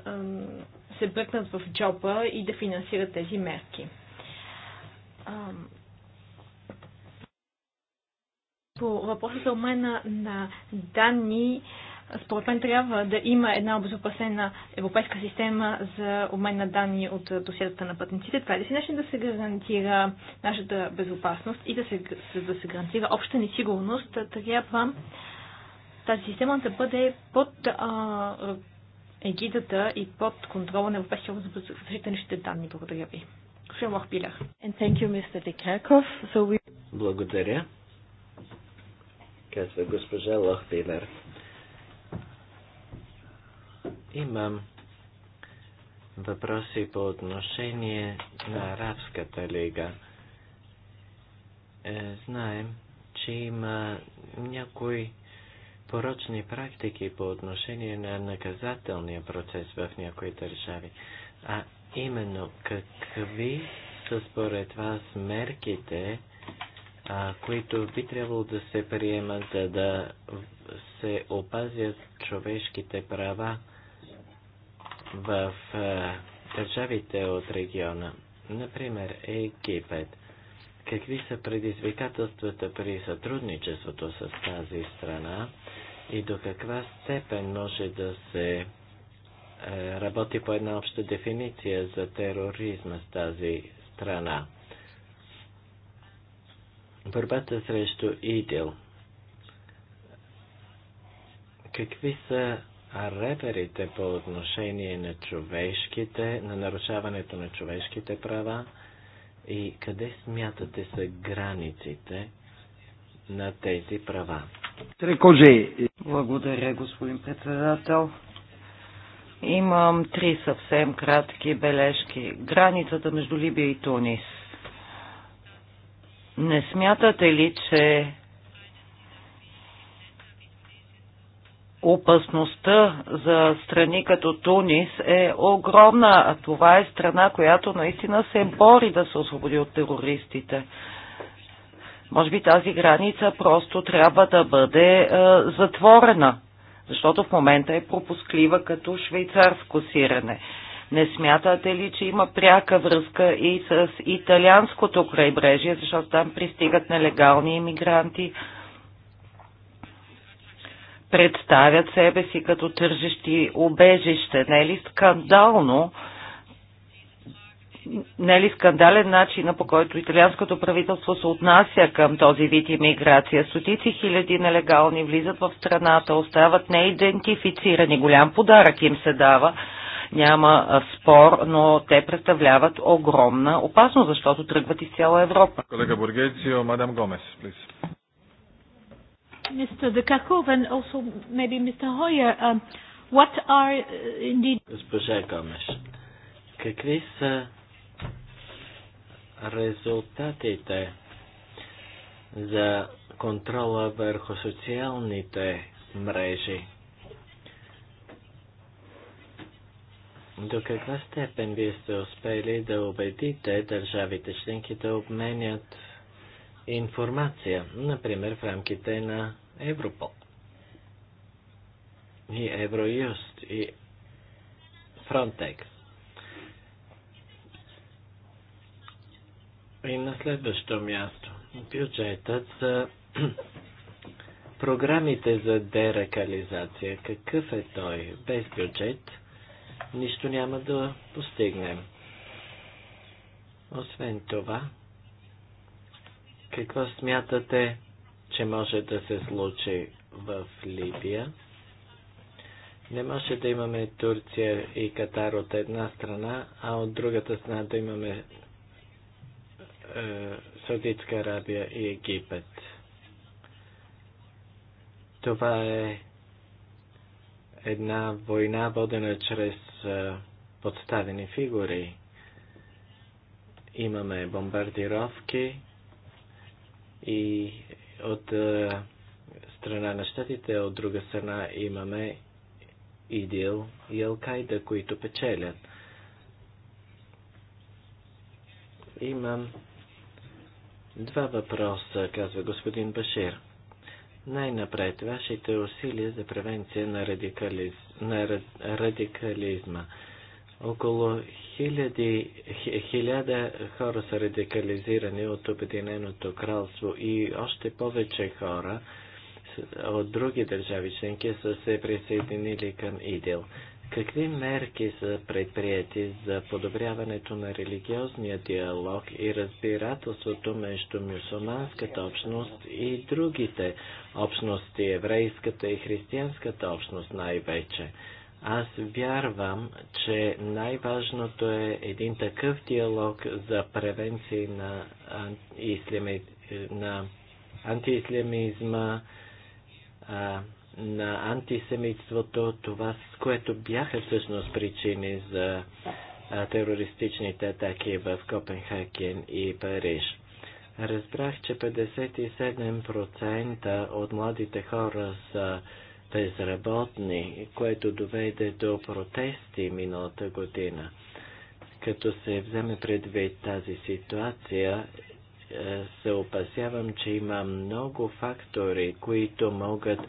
се бръкнат в джоба и да финансират тези мерки по въпроса за обмена на данни, според мен трябва да има една обезопасена европейска система за обмен на данни от досиятата на пътниците. Това е да си начин да се гарантира нашата безопасност и да се, да се гарантира обща ни сигурност. Трябва тази система да бъде под а, егидата и под контрола на Европейския за защита данни. Благодаря ви госпожа So we... Благодаря, казва госпожа Лохпилер. Имам въпроси по отношение на Арабската лига. Е, знаем, че има някои порочни практики по отношение на наказателния процес в някои държави. А Именно какви са според вас мерките, а, които би трябвало да се приемат, за да се опазят човешките права в а, държавите от региона, например Египет. Какви са предизвикателствата при сътрудничеството с тази страна и до каква степен може да се е, работи по една обща дефиниция за тероризма с тази страна. Борбата срещу ИДИЛ. Какви са реперите по отношение на човешките, на нарушаването на човешките права и къде смятате са границите на тези права? Благодаря, господин председател. Имам три съвсем кратки бележки. Границата между Либия и Тунис. Не смятате ли, че опасността за страни като Тунис е огромна, а това е страна, която наистина се бори да се освободи от терористите. Може би тази граница просто трябва да бъде е, затворена. Защото в момента е пропусклива като швейцарско сирене. Не смятате ли, че има пряка връзка и с италианското крайбрежие, защото там пристигат нелегални иммигранти, представят себе си като тържещи обежище. Не е ли скандално, не е ли скандален начина по който италианското правителство се отнася към този вид иммиграция? Стотици хиляди нелегални влизат в страната, остават неидентифицирани. Голям подарък им се дава. Няма спор, но те представляват огромна опасност, защото тръгват из цяла Европа. Колега Бургейцио, мадам Гомес, плиз. Мистер Декаков, и also maybe Mr. Hoyer, um, what are uh, indeed... Госпожа Гомес, какви са резултатите за контрола върху социалните мрежи. До каква степен вие сте успели да убедите държавите членки да обменят информация, например в рамките на Европол и Евроюст и Фронтекс? И на следващо място, бюджетът за програмите за деракализация. Какъв е той? Без бюджет нищо няма да постигнем. Освен това, какво смятате, че може да се случи в Либия? Не може да имаме Турция и Катар от една страна, а от другата страна да имаме е, Саудитска Арабия и Египет. Това е една война, водена чрез е, подставени фигури. Имаме бомбардировки и от е, страна на щатите, от друга страна имаме ИДИЛ и Алкайда, които печелят. Имам Два въпроса, казва господин Башир. Най-напред, вашите усилия за превенция на, радикализ... на радикализма. Около хиляди, хиляда хора са радикализирани от Обединеното кралство и още повече хора от други държави членки са се присъединили към ИДИЛ. Какви мерки са предприяти за подобряването на религиозния диалог и разбирателството между мюсулманската общност и другите общности, еврейската и християнската общност най-вече? Аз вярвам, че най-важното е един такъв диалог за превенции на, анти на антиислямизма, на антисемитството, това с което бяха всъщност причини за терористичните атаки в Копенхаген и Париж. Разбрах, че 57% от младите хора са безработни, което доведе до протести миналата година. Като се вземе предвид тази ситуация, е, се опасявам, че има много фактори, които могат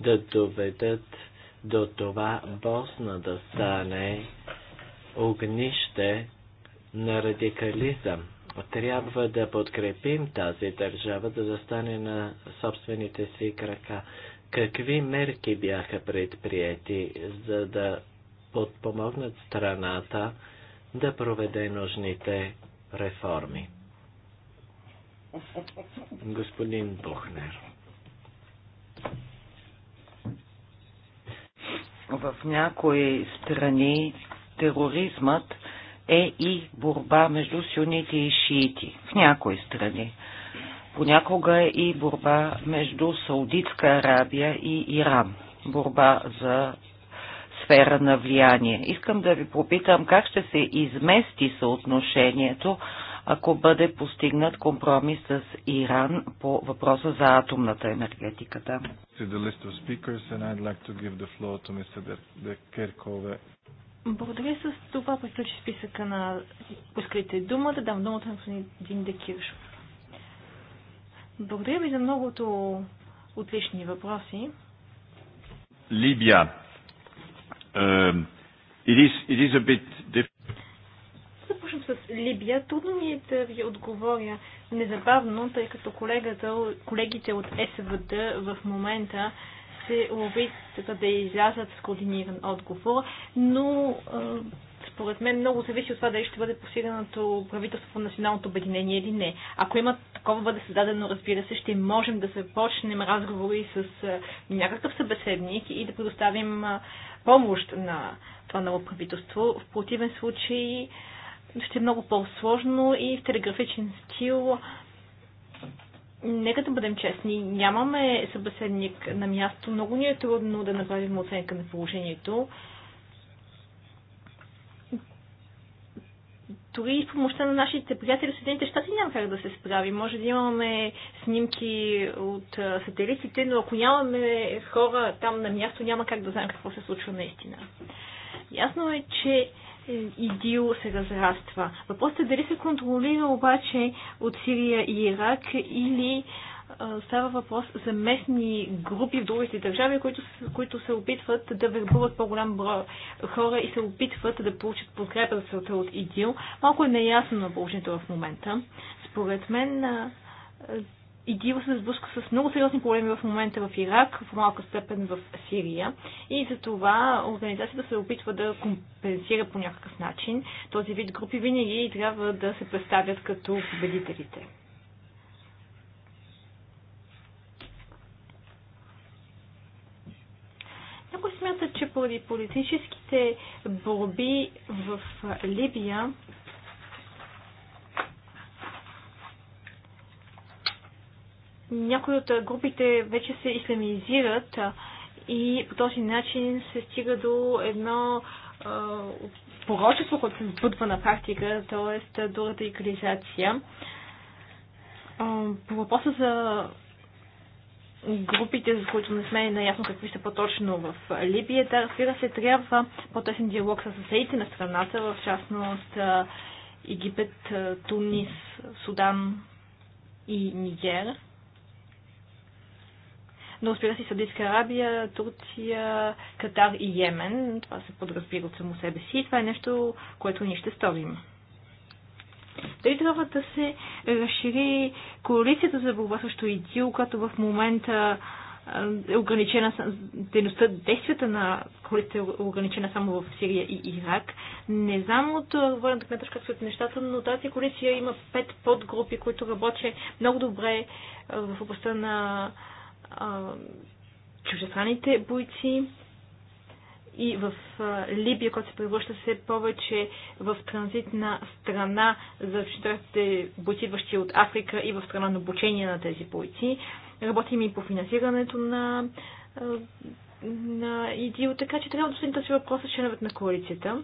да доведат до това Босна да стане огнище на радикализъм. Трябва да подкрепим тази държава, да застане на собствените си крака. Какви мерки бяха предприяти, за да подпомогнат страната да проведе нужните реформи? Господин Бухнер. В някои страни тероризмът е и борба между сюните и шиити. В някои страни. Понякога е и борба между Саудитска Арабия и Иран. Борба за сфера на влияние. Искам да ви попитам как ще се измести съотношението ако бъде постигнат компромис с Иран по въпроса за атомната енергетиката. Благодаря с това приключи списъка на пускалите дума, да дам думата на господин Декирш. Благодаря ви за многото отлични въпроси. Либия. Uh, it is, it is a bit започвам с Либия. Трудно ми е да ви отговоря незабавно, тъй като колегата, колегите от СВД в момента се ловят да излязат с координиран отговор, но според мен много зависи от това дали ще бъде постигнато правителство на националното обединение или не. Ако има такова бъде създадено, разбира се, ще можем да започнем разговори с някакъв събеседник и да предоставим помощ на това ново правителство. В противен случай ще е много по-сложно и в телеграфичен стил. Нека да бъдем честни, нямаме събеседник на място. Много ни е трудно да направим оценка на положението. дори и с помощта на нашите приятели в Съединените щати няма как да се справи. Може да имаме снимки от сателитите, но ако нямаме хора там на място, няма как да знаем какво се случва наистина. Ясно е, че ИДИЛ се разраства. Въпросът е дали се контролира обаче от Сирия и Ирак или става въпрос за местни групи в другите държави, които, които се опитват да вербуват по-голям брой хора и се опитват да получат подкрепа за целта от ИДИЛ. Малко е неясно на положението в момента. Според мен ИДИЛ се сблъска с много сериозни проблеми в момента в Ирак, в малка степен в Сирия. И за това организацията се опитва да компенсира по някакъв начин. Този вид групи винаги трябва да се представят като победителите. Някой смята, че поради политическите борби в Либия някои от групите вече се исламизират и по този начин се стига до едно порочество, което се сбъдва на практика, т.е. до радикализация. По въпроса за групите, за които не сме наясно какви са по-точно в Либия, да, разбира се, трябва по-тесен диалог с съседите на страната, в частност Египет, Тунис, Судан и Нигер но разбира се Саудитска Арабия, Турция, Катар и Йемен. Това се подразбира от само себе си и това е нещо, което ние ще сторим. Дали трябва да се разшири коалицията за борба срещу ИДИЛ, която в момента е, е ограничена дейността, действията на коалицията, е ограничена само в Сирия и Ирак. Не знам от е, военната кметъж как нещата, но тази коалиция има пет подгрупи, които работят много добре е, в областта на чужестранните бойци и в Либия, който се превръща все повече в транзитна страна за четвъртите, бойци, идващи от Африка и в страна на обучение на тези бойци. Работим и по финансирането на на ИДИО, така че трябва да следим този въпрос с членовете на коалицията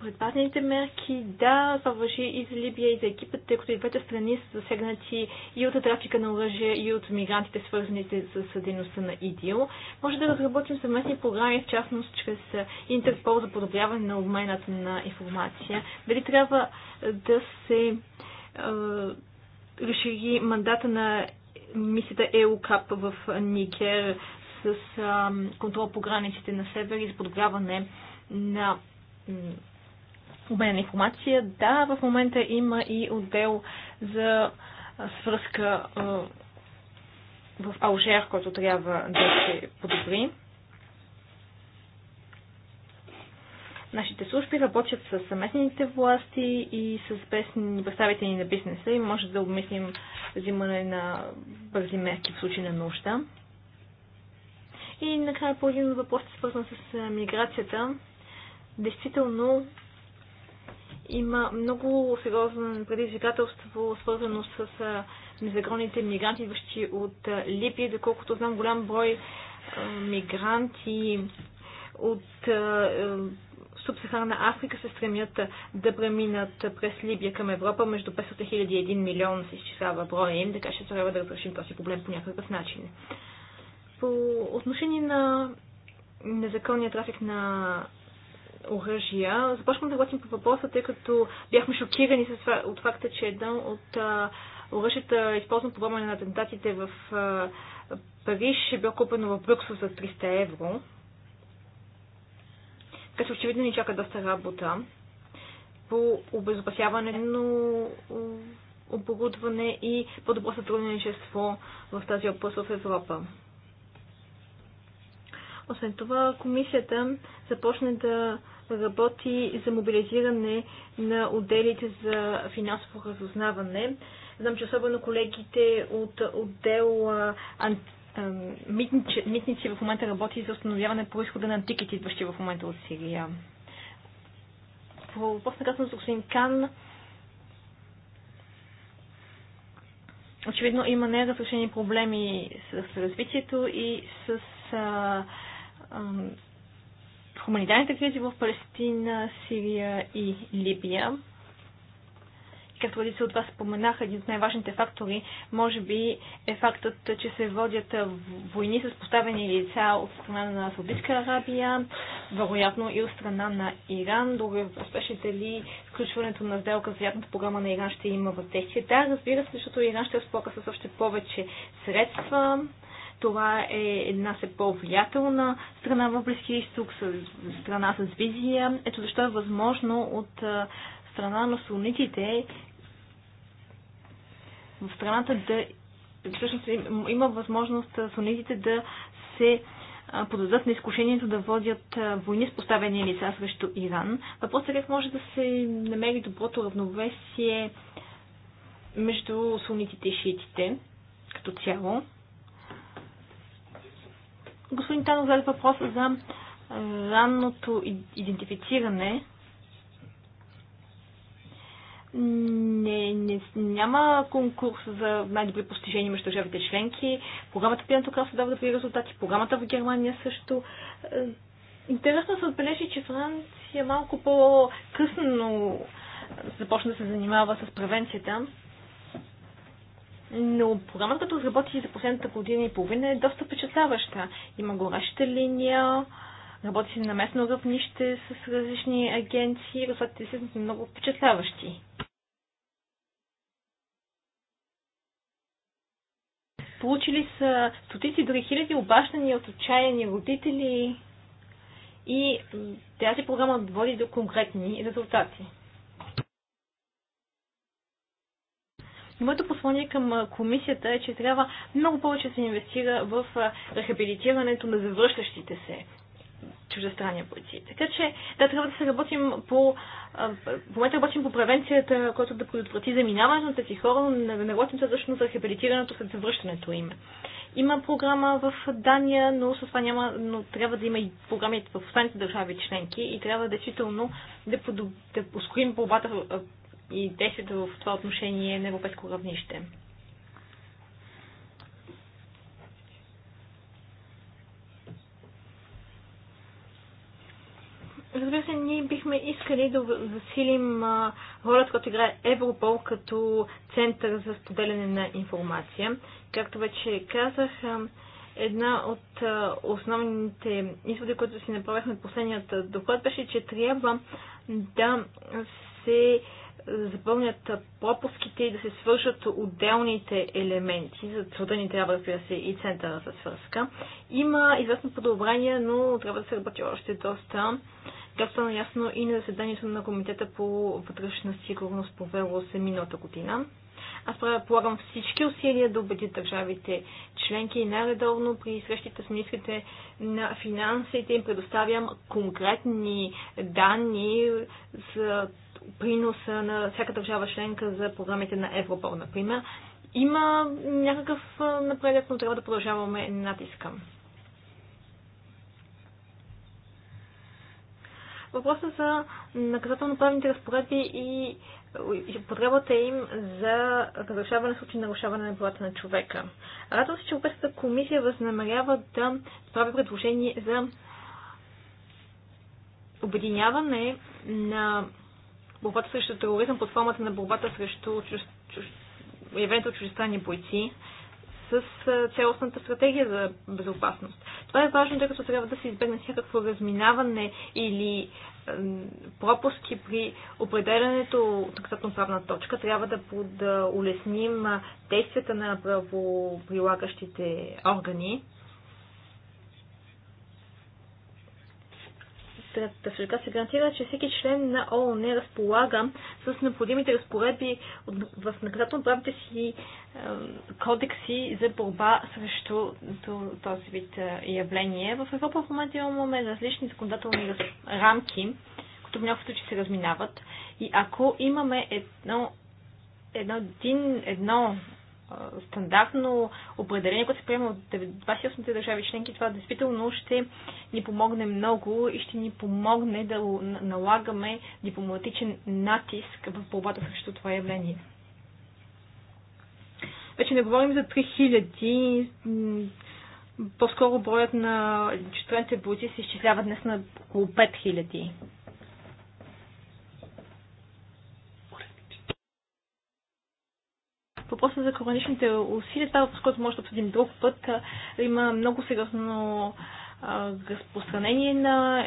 предпазните мерки, да, това въжи и за Либия, и за Египет, тъй като и двете страни са засегнати и от трафика на оръжие, и от мигрантите, свързаните с дейността на ИДИЛ. Може да разработим съвместни програми, в частност чрез Интерпол за подобряване на обменът на информация. Дали трябва да се е, разшири мандата на мисията ЕУКАП в Никер с е, контрол по границите на север и за подобряване на обмен на информация. Да, в момента има и отдел за свръзка в Алжер, който трябва да се подобри. Нашите служби работят с съместните власти и с местни представители на бизнеса и може да обмислим взимане на бързи мерки в случай на нужда. И накрая по един въпрос, свързан с миграцията. Действително има много сериозно предизвикателство, свързано с незаконните мигранти, идващи от Либия. Доколкото знам, голям брой мигранти от Субсахарна Африка се стремят да преминат през Либия към Европа. Между 500 000 и 1 милион се изчислява броя им, така че трябва да разрешим този проблем по някакъв начин. По отношение на незаконния трафик на оръжия. Започвам да гласим по въпроса, тъй като бяхме шокирани от факта, че едно от оръжията, използвано по време на атентатите в Париж, е бил купено в Брюксел за 300 евро. Така че очевидно ни чака доста работа по обезопасяване, но оборудване и по-добро сътрудничество в тази област в Европа. Освен това, комисията започне да работи за мобилизиране на отделите за финансово разузнаване. Знам, че особено колегите от отдел митници, митници в момента работи за установяване по изхода на антиките, идващи в момента от Сирия. По въпрос на с господин Кан, очевидно има неразрешени проблеми с развитието и с а, а, хуманитарните кризи в Палестина, Сирия и Либия. Както ли се от вас споменаха, един от най-важните фактори, може би, е фактът, че се водят войни с поставени лица от страна на Саудитска Арабия, вероятно и от страна на Иран. Дори е, успешните ли включването на сделка за ядната програма на Иран ще има въздействие? Да, разбира се, защото Иран ще разполага с още повече средства това е една все по-влиятелна страна в Близкия изток, страна с визия. Ето защо е възможно от страна на слоните в страната да всъщност има възможност слонитите да се подадат на изкушението да водят войни с поставени лица срещу Иран. Въпросът е как може да се намери доброто равновесие между сунитите и шиитите като цяло. Господин Танов зададе въпроса за е, ранното идентифициране. Не, не, няма конкурс за най-добри постижения между държавите членки. Програмата Пиенто Кралство дава добри резултати. Програмата в Германия също. Е, интересно се отбележи, че Франция малко по-късно започна да се занимава с превенцията но програмата, като работи за последната година и половина, е доста впечатляваща. Има гореща линия, работи се на местно равнище с различни агенции, резултатите са много впечатляващи. Получили са стотици, дори хиляди обаждания от отчаяни родители и тази програма води до конкретни резултати. И моето послание към комисията е, че трябва много повече да се инвестира в рехабилитирането на завръщащите се чуждестранни бойци. Така че, да, трябва да се работим по... В момента работим по превенцията, която да предотврати заминаването на тези хора, но не работим също за рехабилитирането след завръщането им. Има програма в Дания, но с това няма, но трябва да има и програми в останалите държави членки и трябва действително да, подоб... да ускорим борбата и действието в това отношение на европейско равнище. Разбира се, ние бихме искали да засилим ролята, която играе Европол като център за споделяне на информация. Както вече казах, една от основните изводи, които си направихме в последният доклад, беше, че трябва да се запълнят пропуските и да се свършат отделните елементи. За труда ни трябва, разбира се, и центъра за свързка. Има известно подобрение, но трябва да се работи още доста. Това стана ясно и на заседанието на Комитета по вътрешна сигурност по вело се миналата година. Аз правя, полагам всички усилия да убедят държавите членки и най-редовно при срещите с министрите на финансите им предоставям конкретни данни за приноса на всяка държава членка за програмите на Европол, например. Има някакъв напредък, но трябва да продължаваме натиска. Въпросът за наказателно-правните разпоредби и потребата им за разрешаване в случай нарушаване на правата на човека. Радвам се, че Европейската комисия възнамерява да прави предложение за обединяване на борбата срещу тероризъм под формата на борбата срещу чуж... чуж... от чуждестранни бойци с цялостната стратегия за безопасност. Това е важно, тъй като трябва да се избегне всякакво разминаване или пропуски при определенето на наказателно-правна точка. Трябва да, да улесним действията на правоприлагащите органи. така се гарантира, че всеки член на ООН е разполага с необходимите разпоредби в наказателно-правните си кодекси за борба срещу този вид е, явление. В Европа в момента имаме различни законодателни рамки, които в някои случаи се разминават. И ако имаме едно, едно, един, едно стандартно определение, което се приема от 28-те държави членки, това действително ще ни помогне много и ще ни помогне да налагаме дипломатичен натиск в борбата срещу това явление. Вече не говорим за 3000, по-скоро броят на четвърните бойци се изчислява днес на около 5000. въпроса за хроничните усилия, това е въпрос, който може да обсъдим друг път, има много сериозно разпространение на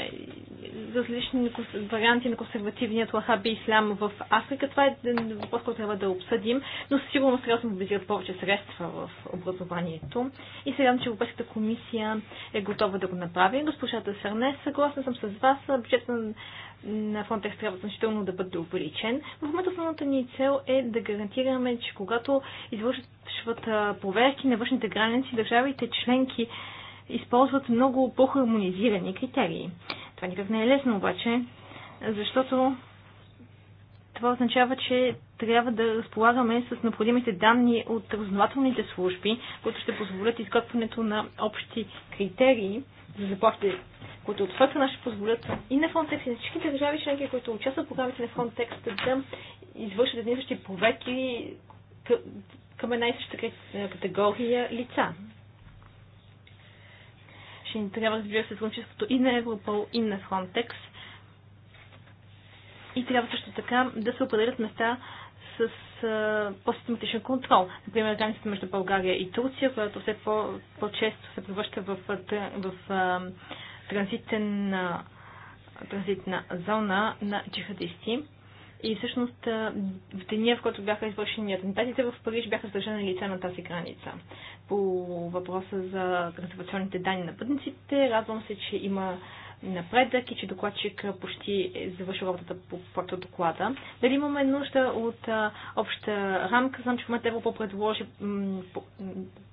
различни варианти на консервативният лахаби ислям в Африка. Това е въпрос, който трябва да обсъдим, но със сигурност трябва да мобилизират повече средства в образованието. И се радвам, че Европейската комисия е готова да го направи. Госпожата Сърне, съгласна съм с вас, бюджетът на Frontex трябва значително да бъде увеличен. В момента основната ни цел е да гарантираме, че когато извършват проверки на външните граници, държавите членки използват много по-хармонизирани критерии. Това никак не е лесно обаче, защото това означава, че трябва да разполагаме с необходимите данни от разнователните служби, които ще позволят изготвянето на общи критерии за заплатите, които от своя ще позволят и на Фронтекс, и на всички държави членки, които участват в програмите на Фронтекс, да извършат едни същи проверки към една и съща категория лица. Ще ни трябва, разбира се, сътрудничеството и на Европол, и на Фронтекс. И трябва също така да се определят места с по-систематичен контрол. Например, границата между България и Турция, която все по-често -по се превръща в, в, в транзитен, транзитна зона на джихадисти. И всъщност в деня, в който бяха извършени атентатите в Париж, бяха задържани лица на тази граница. По въпроса за консервационните данни на пътниците, радвам се, че има напредък и че докладчик почти е завършил работата по проекта доклада. Дали имаме нужда от а, обща рамка? Знам, че в момента Европа предложи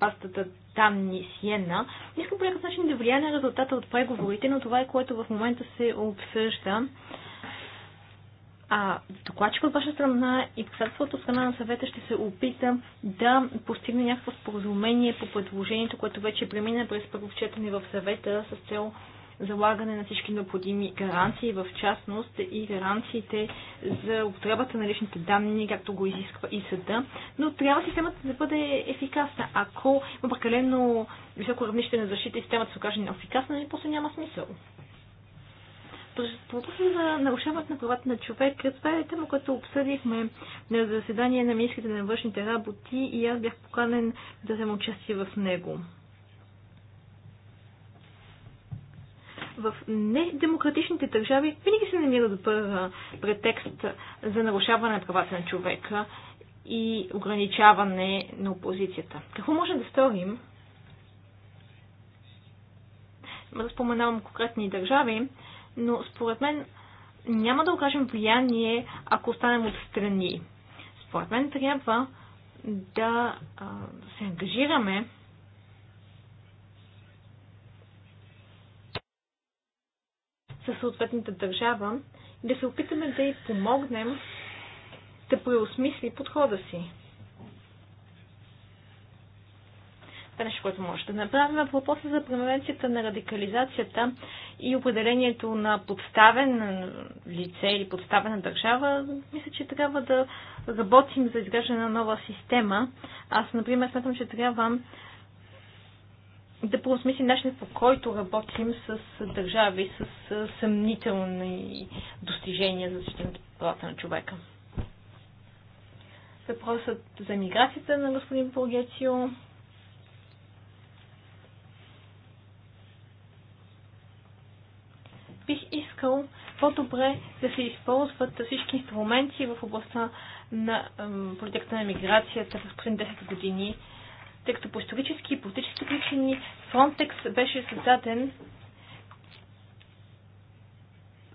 пастата данни Сиена. Искам по някакъв начин да влияе на резултата от преговорите, но това е което в момента се обсъжда. А докладчик от ваша страна и председателството от страна на съвета ще се опита да постигне някакво споразумение по предложението, което вече премина през първо четене в съвета с цел залагане на всички необходими гаранции, в частност и гаранциите за употребата на личните данни, както го изисква и съда. Но трябва системата да бъде ефикасна. Ако има прекалено високо равнище на защита и системата се окаже неефикасна, нали, после няма смисъл. По за нарушаването на правата на човека, това е тема, която обсъдихме на заседание на министрите на външните работи и аз бях поканен да взема участие в него. в недемократичните държави винаги се намира добър претекст за нарушаване на правата на човека и ограничаване на опозицията. Какво можем да сторим? Да споменавам конкретни държави, но според мен няма да окажем влияние, ако останем отстрани. Според мен трябва да се ангажираме със съответната държава и да се опитаме да й помогнем да преосмисли подхода си. Това е нещо, което може да направим. Въпроса за превенцията на радикализацията и определението на подставен лице или подставена държава, мисля, че трябва да работим за изграждане на нова система. Аз, например, смятам, че трябва да поосмислим начинът по който работим с държави с съмнителни достижения за на правата на човека. Въпросът за миграцията на господин Пългецио. Бих искал по-добре да се използват всички инструменти в областта на политиката на миграцията в последните 10 години, тъй като по исторически и политически причини Frontex беше създаден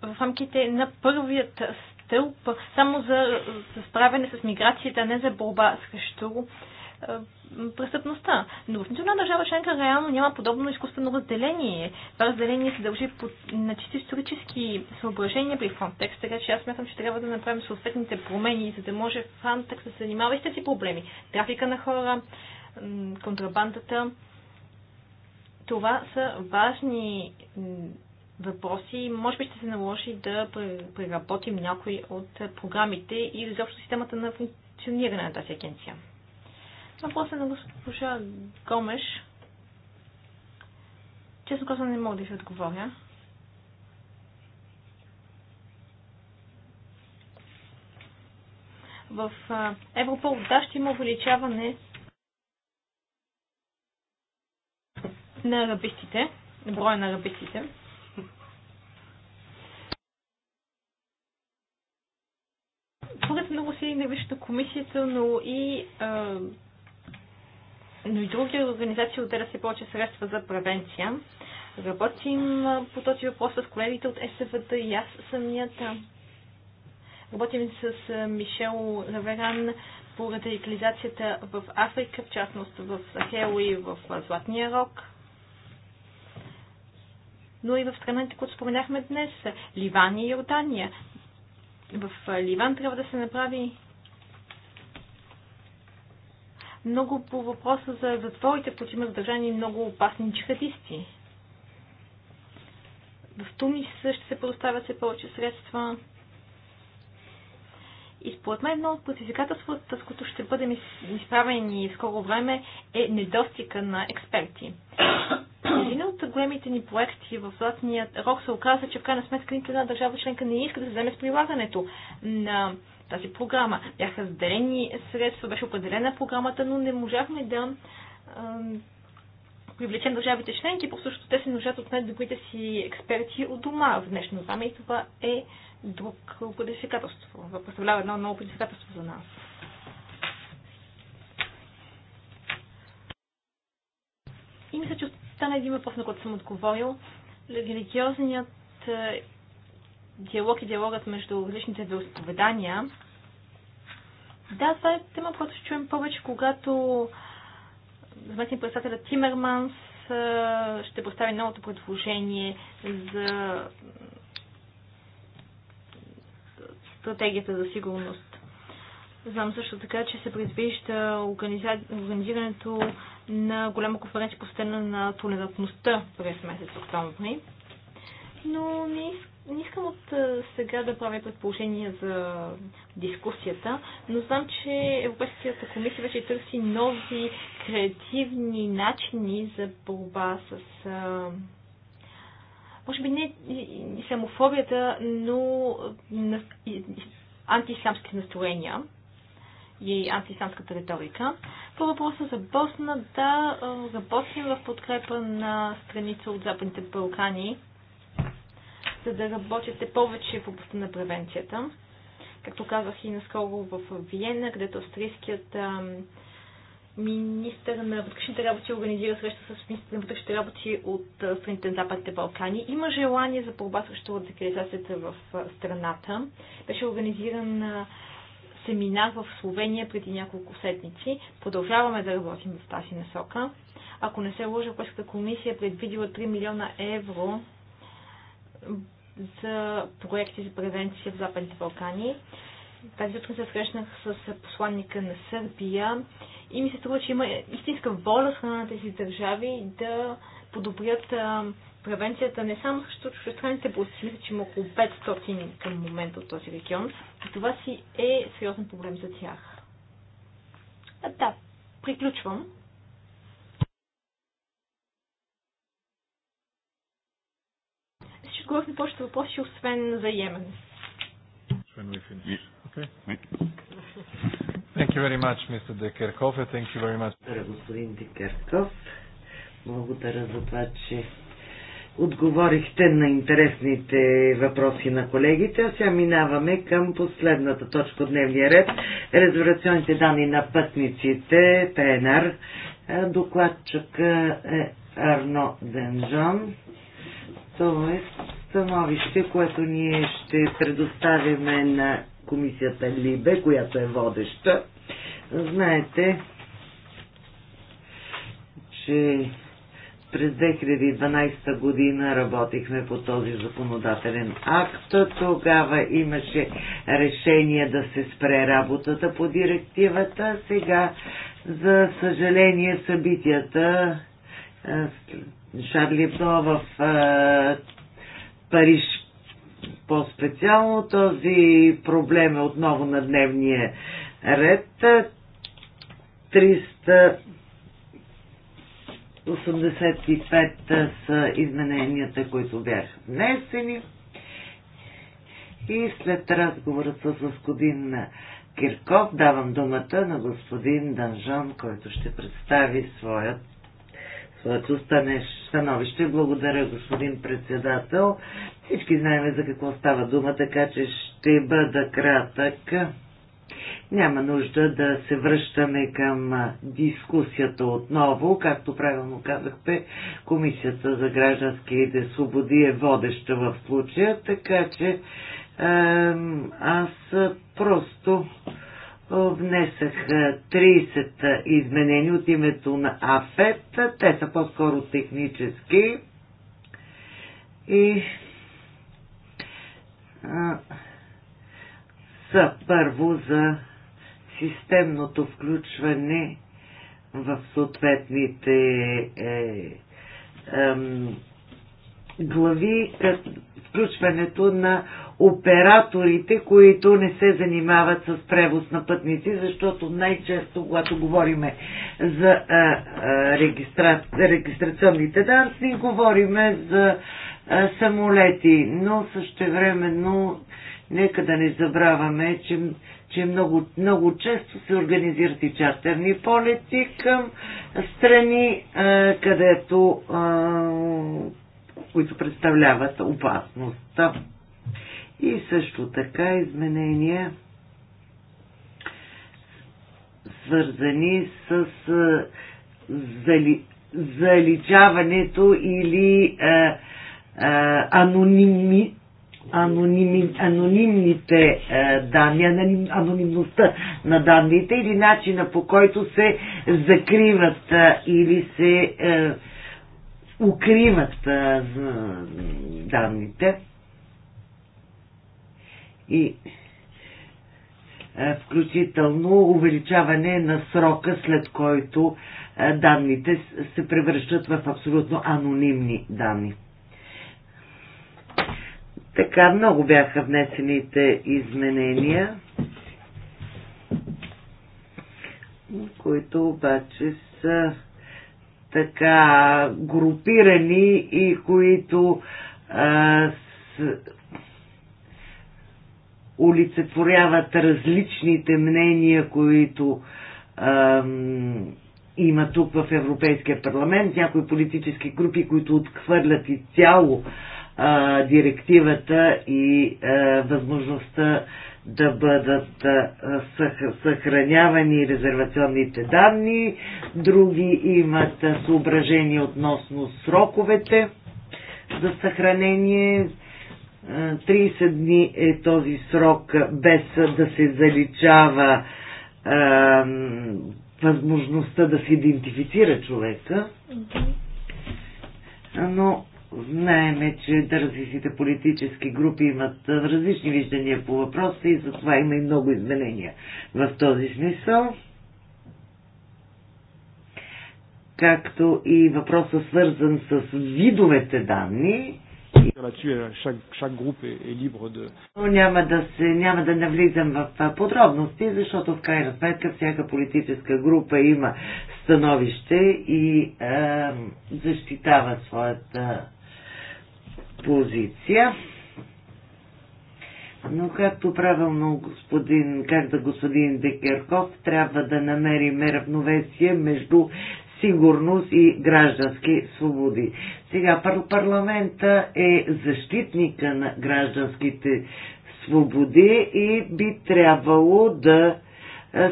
в рамките на първият стълб, само за, за справяне с миграцията, а не за борба срещу е, престъпността. Но в нито една държава членка реално няма подобно изкуствено разделение. Това разделение се дължи под, на чисто исторически съображения при Frontex, така че аз смятам, че трябва да направим съответните промени, за да може Frontex да се занимава и с тези проблеми. Трафика на хора, контрабандата. Това са важни въпроси. Може би ще се наложи да преработим някои от програмите и изобщо системата на функциониране на тази агенция. Въпросът е на госпожа Гомеш. Честно казвам, не мога да ви отговоря. В Европол да ще има увеличаване на арабистите, на броя на арабистите. Според много сили на Висшата комисията, но и, а, но и други организации отделят се повече средства за превенция. Работим по този въпрос с колегите от СВД и аз самият. Работим с Мишел Раверан по радикализацията в Африка, в частност в Сахел и в Златния рок но и в страните, които споменахме днес Ливан и Йордания. В Ливан трябва да се направи много по въпроса за затворите, в които има задържани много опасни джихадисти. В Тунис ще се предоставят все повече средства. И според мен едно от предизвикателствата, с които ще бъдем изправени в скоро време, е недостига на експерти. Един от големите ни проекти в Златният рок се оказа, че в крайна сметка нито една държава членка не иска да се вземе с прилагането на тази програма. Бяха сделени средства, беше определена програмата, но не можахме да привлечем държавите членки, просто защото те се нуждат от най-добрите си експерти от дома в днешно време и това е друг предизвикателство. Представлява едно ново предизвикателство за нас. И мисля, че остане един въпрос, на който съм отговорил. Религиозният е, диалог и диалогът между различните вероисповедания. Да, това е тема, която ще чуем повече, когато заместник председателя Тимерманс е, ще постави новото предложение за стратегията за сигурност Знам също така, че се предвижда организирането на голяма конференция посветена на толерантността през месец октомври. Но не, искам от сега да правя предположения за дискусията, но знам, че Европейската комисия вече търси нови креативни начини за борба с. А, може би не самофобията, но антиисламски настроения и антисамската риторика. По въпроса за Босна, да, е, работим в подкрепа на страница от Западните Балкани, за да работите повече в областта на превенцията. Както казах и наскоро в Виена, където австрийският е, министър на вътрешните работи организира среща с министър на вътрешните работи от е, страните на Западните Балкани. Има желание за борба срещу радикализацията в страната. Беше организиран семинар в Словения преди няколко седмици. Продължаваме да работим в тази насока. Ако не се лъжа, Европейската комисия е предвидила 3 милиона евро за проекти за превенция в Западните Балкани. Тази сутрин се срещнах с посланника на Сърбия и ми се струва, че има истинска воля страна на тези държави да подобрят превенцията не само срещу чужестранните болести, мисля, че има около 500 към момента от този регион. И това си е сериозен проблем за тях. А, да, приключвам. Ще отговорих на повечето въпроси, освен за Йемен. Okay. Thank you very much, Mr. Декерков. Thank you very much. Благодаря, господин Декерков. Благодаря за това, че отговорихте на интересните въпроси на колегите. А сега минаваме към последната точка от дневния ред. Резервационните данни на пътниците, ПНР. Е, докладчик е Арно Денжон. Това е становище, което ние ще предоставиме на комисията Либе, която е водеща. Знаете, че през 2012 година работихме по този законодателен акт. Тогава имаше решение да се спре работата по директивата. Сега, за съжаление, събитията Шарли Бно в Париж по-специално. Този проблем е отново на дневния ред. 300 85 са измененията, които бяха внесени. И след разговора с господин Кирков давам думата на господин Данжон, който ще представи своят своето становище. Благодаря, господин председател. Всички знаем за какво става дума, така че ще бъда кратък. Няма нужда да се връщаме към дискусията отново. Както правилно казахте, Комисията за гражданските свободи е водеща в случая, така че е, аз просто внесах 30 изменения от името на АФЕТ. Те са по-скоро технически. И са първо за системното включване в съответните е, е, глави, включването на операторите, които не се занимават с превоз на пътници, защото най-често, когато говориме за е, е, регистра... регистрационните данни, говориме за е, самолети, но същевременно нека да не забравяме, че че много, много често се организират и чартерни полети към страни, е, където, е, които представляват опасността. И също така изменения свързани с е, зали, заличаването или анонимит аноними, анонимните е, данни, аноним, анонимността на данните или начина по който се закриват е, или се е, укриват е, данните. И е, включително увеличаване на срока, след който е, данните се превръщат в абсолютно анонимни данни. Така, много бяха внесените изменения, които обаче са така групирани и които а, с, олицетворяват различните мнения, които а, има тук в Европейския парламент, някои политически групи, които отхвърлят изцяло а, директивата и а, възможността да бъдат а, съх, съхранявани резервационните данни, други имат а, съображения относно сроковете за съхранение. 30 дни е този срок без да се заличава а, възможността да се идентифицира човека. Но Знаеме, че държавите политически групи имат различни виждания по въпроса и затова има и много изменения в този смисъл. Както и въпроса свързан с видовете данни. Е, е, е Но няма да, се, няма да навлизам в подробности, защото в крайна сметка всяка политическа група има становище и е, защитава своята позиция. Но както правилно господин, както да господин Декерков, трябва да намерим равновесие между сигурност и граждански свободи. Сега пар- парламента е защитника на гражданските свободи и би трябвало да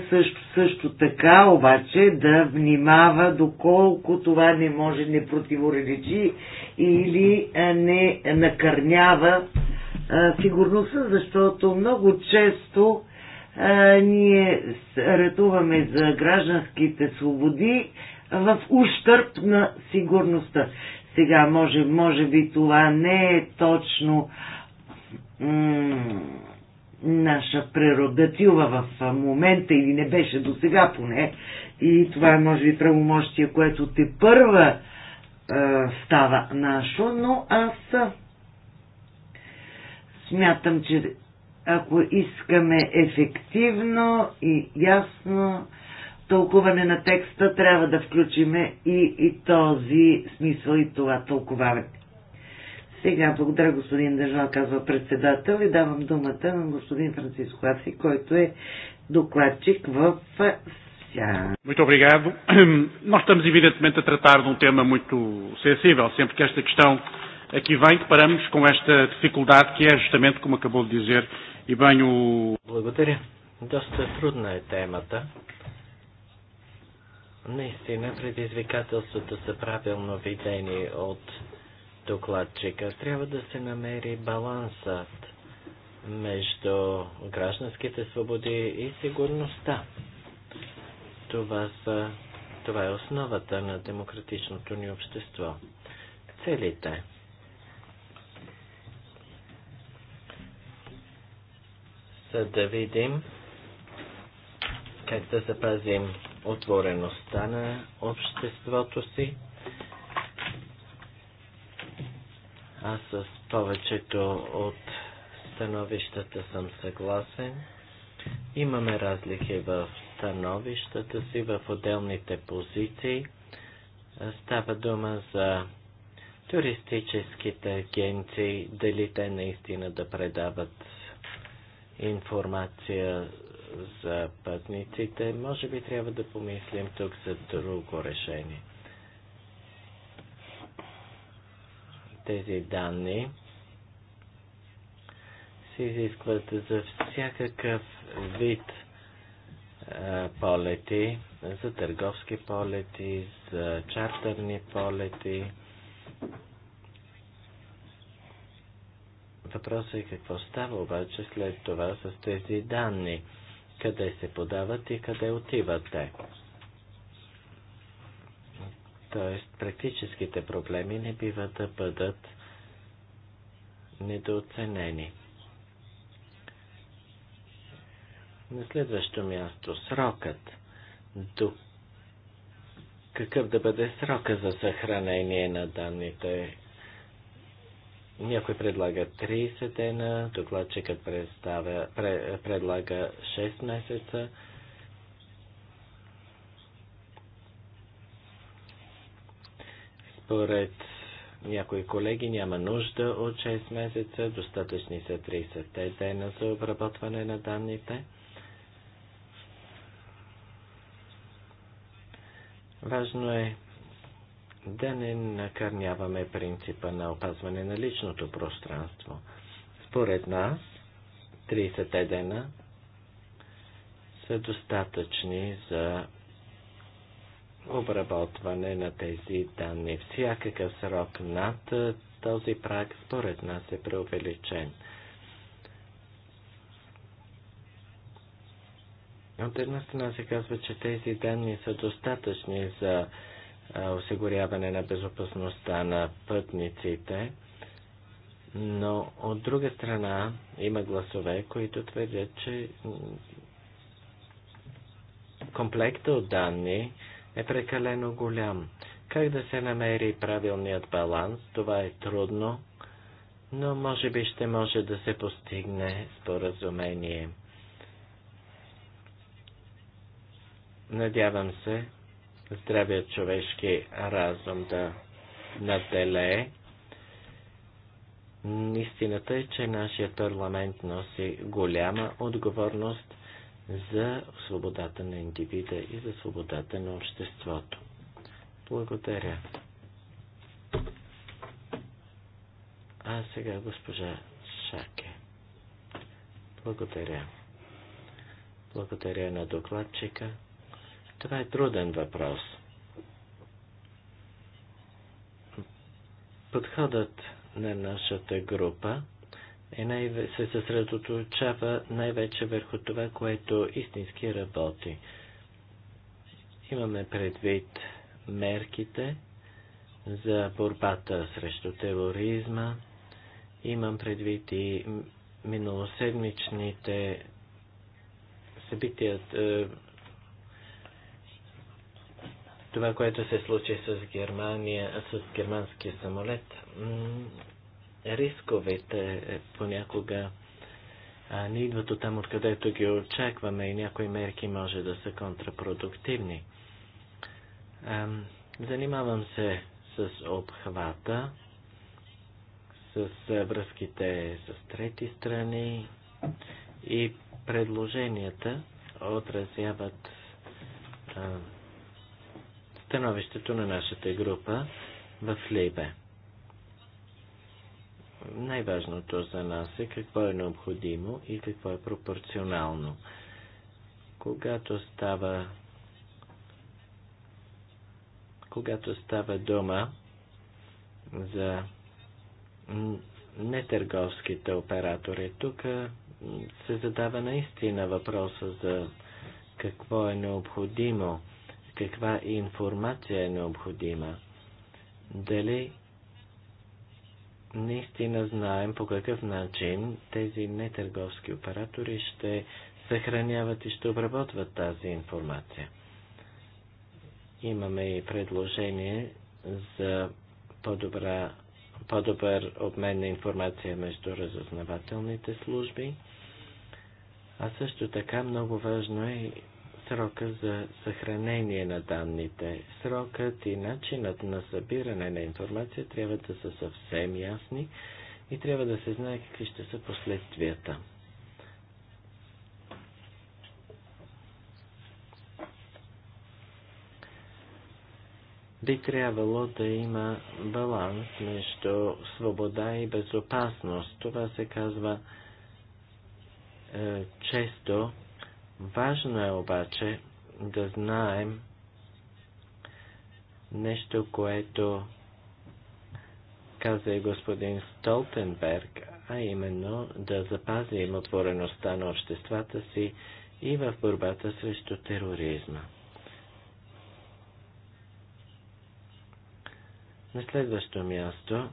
също, също така обаче да внимава доколко това не може не противоречи или не накърнява сигурността, защото много често а, ние ретуваме за гражданските свободи в ущърп на сигурността. Сега, може, може би това не е точно наша прерогатива в момента или не беше до сега поне. И това е може би правомощие, което те първа е, става нашо, но аз смятам, че ако искаме ефективно и ясно тълкуване на текста, трябва да включиме и, и този смисъл и това тълкуване. Сега, благодаря господин Държан, казва председател и давам думата на господин Франциско Афи, който е докладчик в Ся. Muito obrigado. Nós estamos evidentemente a tratar de um tema muito sensível. Sempre que esta questão aqui vem, paramos com esta dificuldade que é justamente, como acabou de dizer, e bem o... Благодаря. Доста трудна е темата. Наистина предизвикателствата са правилно видени от докладчика. Трябва да се намери балансът между гражданските свободи и сигурността. Това, са, това е основата на демократичното ни общество. Целите. За да видим как да запазим отвореността на обществото си, Аз с повечето от становищата съм съгласен. Имаме разлики в становищата си, в отделните позиции. Става дума за туристическите агенции, дали те наистина да предават информация за пътниците. Може би трябва да помислим тук за друго решение. тези данни се изискват за всякакъв вид полети, за търговски полети, за чартерни полети. Въпросът е какво става обаче след това с тези данни, къде се подават и къде отиват те. Т.е. практическите проблеми не бива да бъдат недооценени. На следващо място, срокът. До какъв да бъде срока за съхранение на данните? Някой предлага 30 дена, докладчикът представя, пре, предлага 6 месеца. Според някои колеги няма нужда от 6 месеца, достатъчни са 30-те дена за обработване на данните. Важно е да не накърняваме принципа на опазване на личното пространство. Според нас, 30-те дена са достатъчни за обработване на тези данни. Всякакъв срок над този праг според нас е преувеличен. От една страна се казва, че тези данни са достатъчни за осигуряване на безопасността на пътниците, но от друга страна има гласове, които твърдят, че комплекта от данни е прекалено голям. Как да се намери правилният баланс, това е трудно, но може би ще може да се постигне споразумение. Надявам се, здравият човешки разум да наделее. Истината е, че нашият парламент носи голяма отговорност за свободата на индивида и за свободата на обществото. Благодаря. А сега госпожа Шаке. Благодаря. Благодаря на докладчика. Това е труден въпрос. Подходът на нашата група е най- се съсредоточава най-вече върху това, което истински работи. Имаме предвид мерките за борбата срещу тероризма. Имам предвид и миналоседмичните събития, е, това, което се случи с Германия, с германския самолет рисковете е, понякога не идват от там, откъдето ги очакваме и някои мерки може да са контрапродуктивни. Занимавам се с обхвата, с връзките с трети страни и предложенията отразяват становището на нашата група в Либе най-важното за нас е какво е необходимо и какво е пропорционално. Когато става когато става дума за нетърговските оператори, тук се задава наистина въпроса за какво е необходимо, каква информация е необходима, дали наистина знаем по какъв начин тези нетърговски оператори ще съхраняват и ще обработват тази информация. Имаме и предложение за по-добра, по-добър обмен на информация между разузнавателните служби. А също така много важно е срока за съхранение на данните. Срокът и начинът на събиране на информация трябва да са съвсем ясни и трябва да се знае какви ще са последствията. Би трябвало да има баланс между свобода и безопасност. Това се казва е, често Важно е обаче да знаем нещо, което каза и господин Столтенберг, а именно да запазим отвореността на обществата си и в борбата срещу тероризма. На следващо място,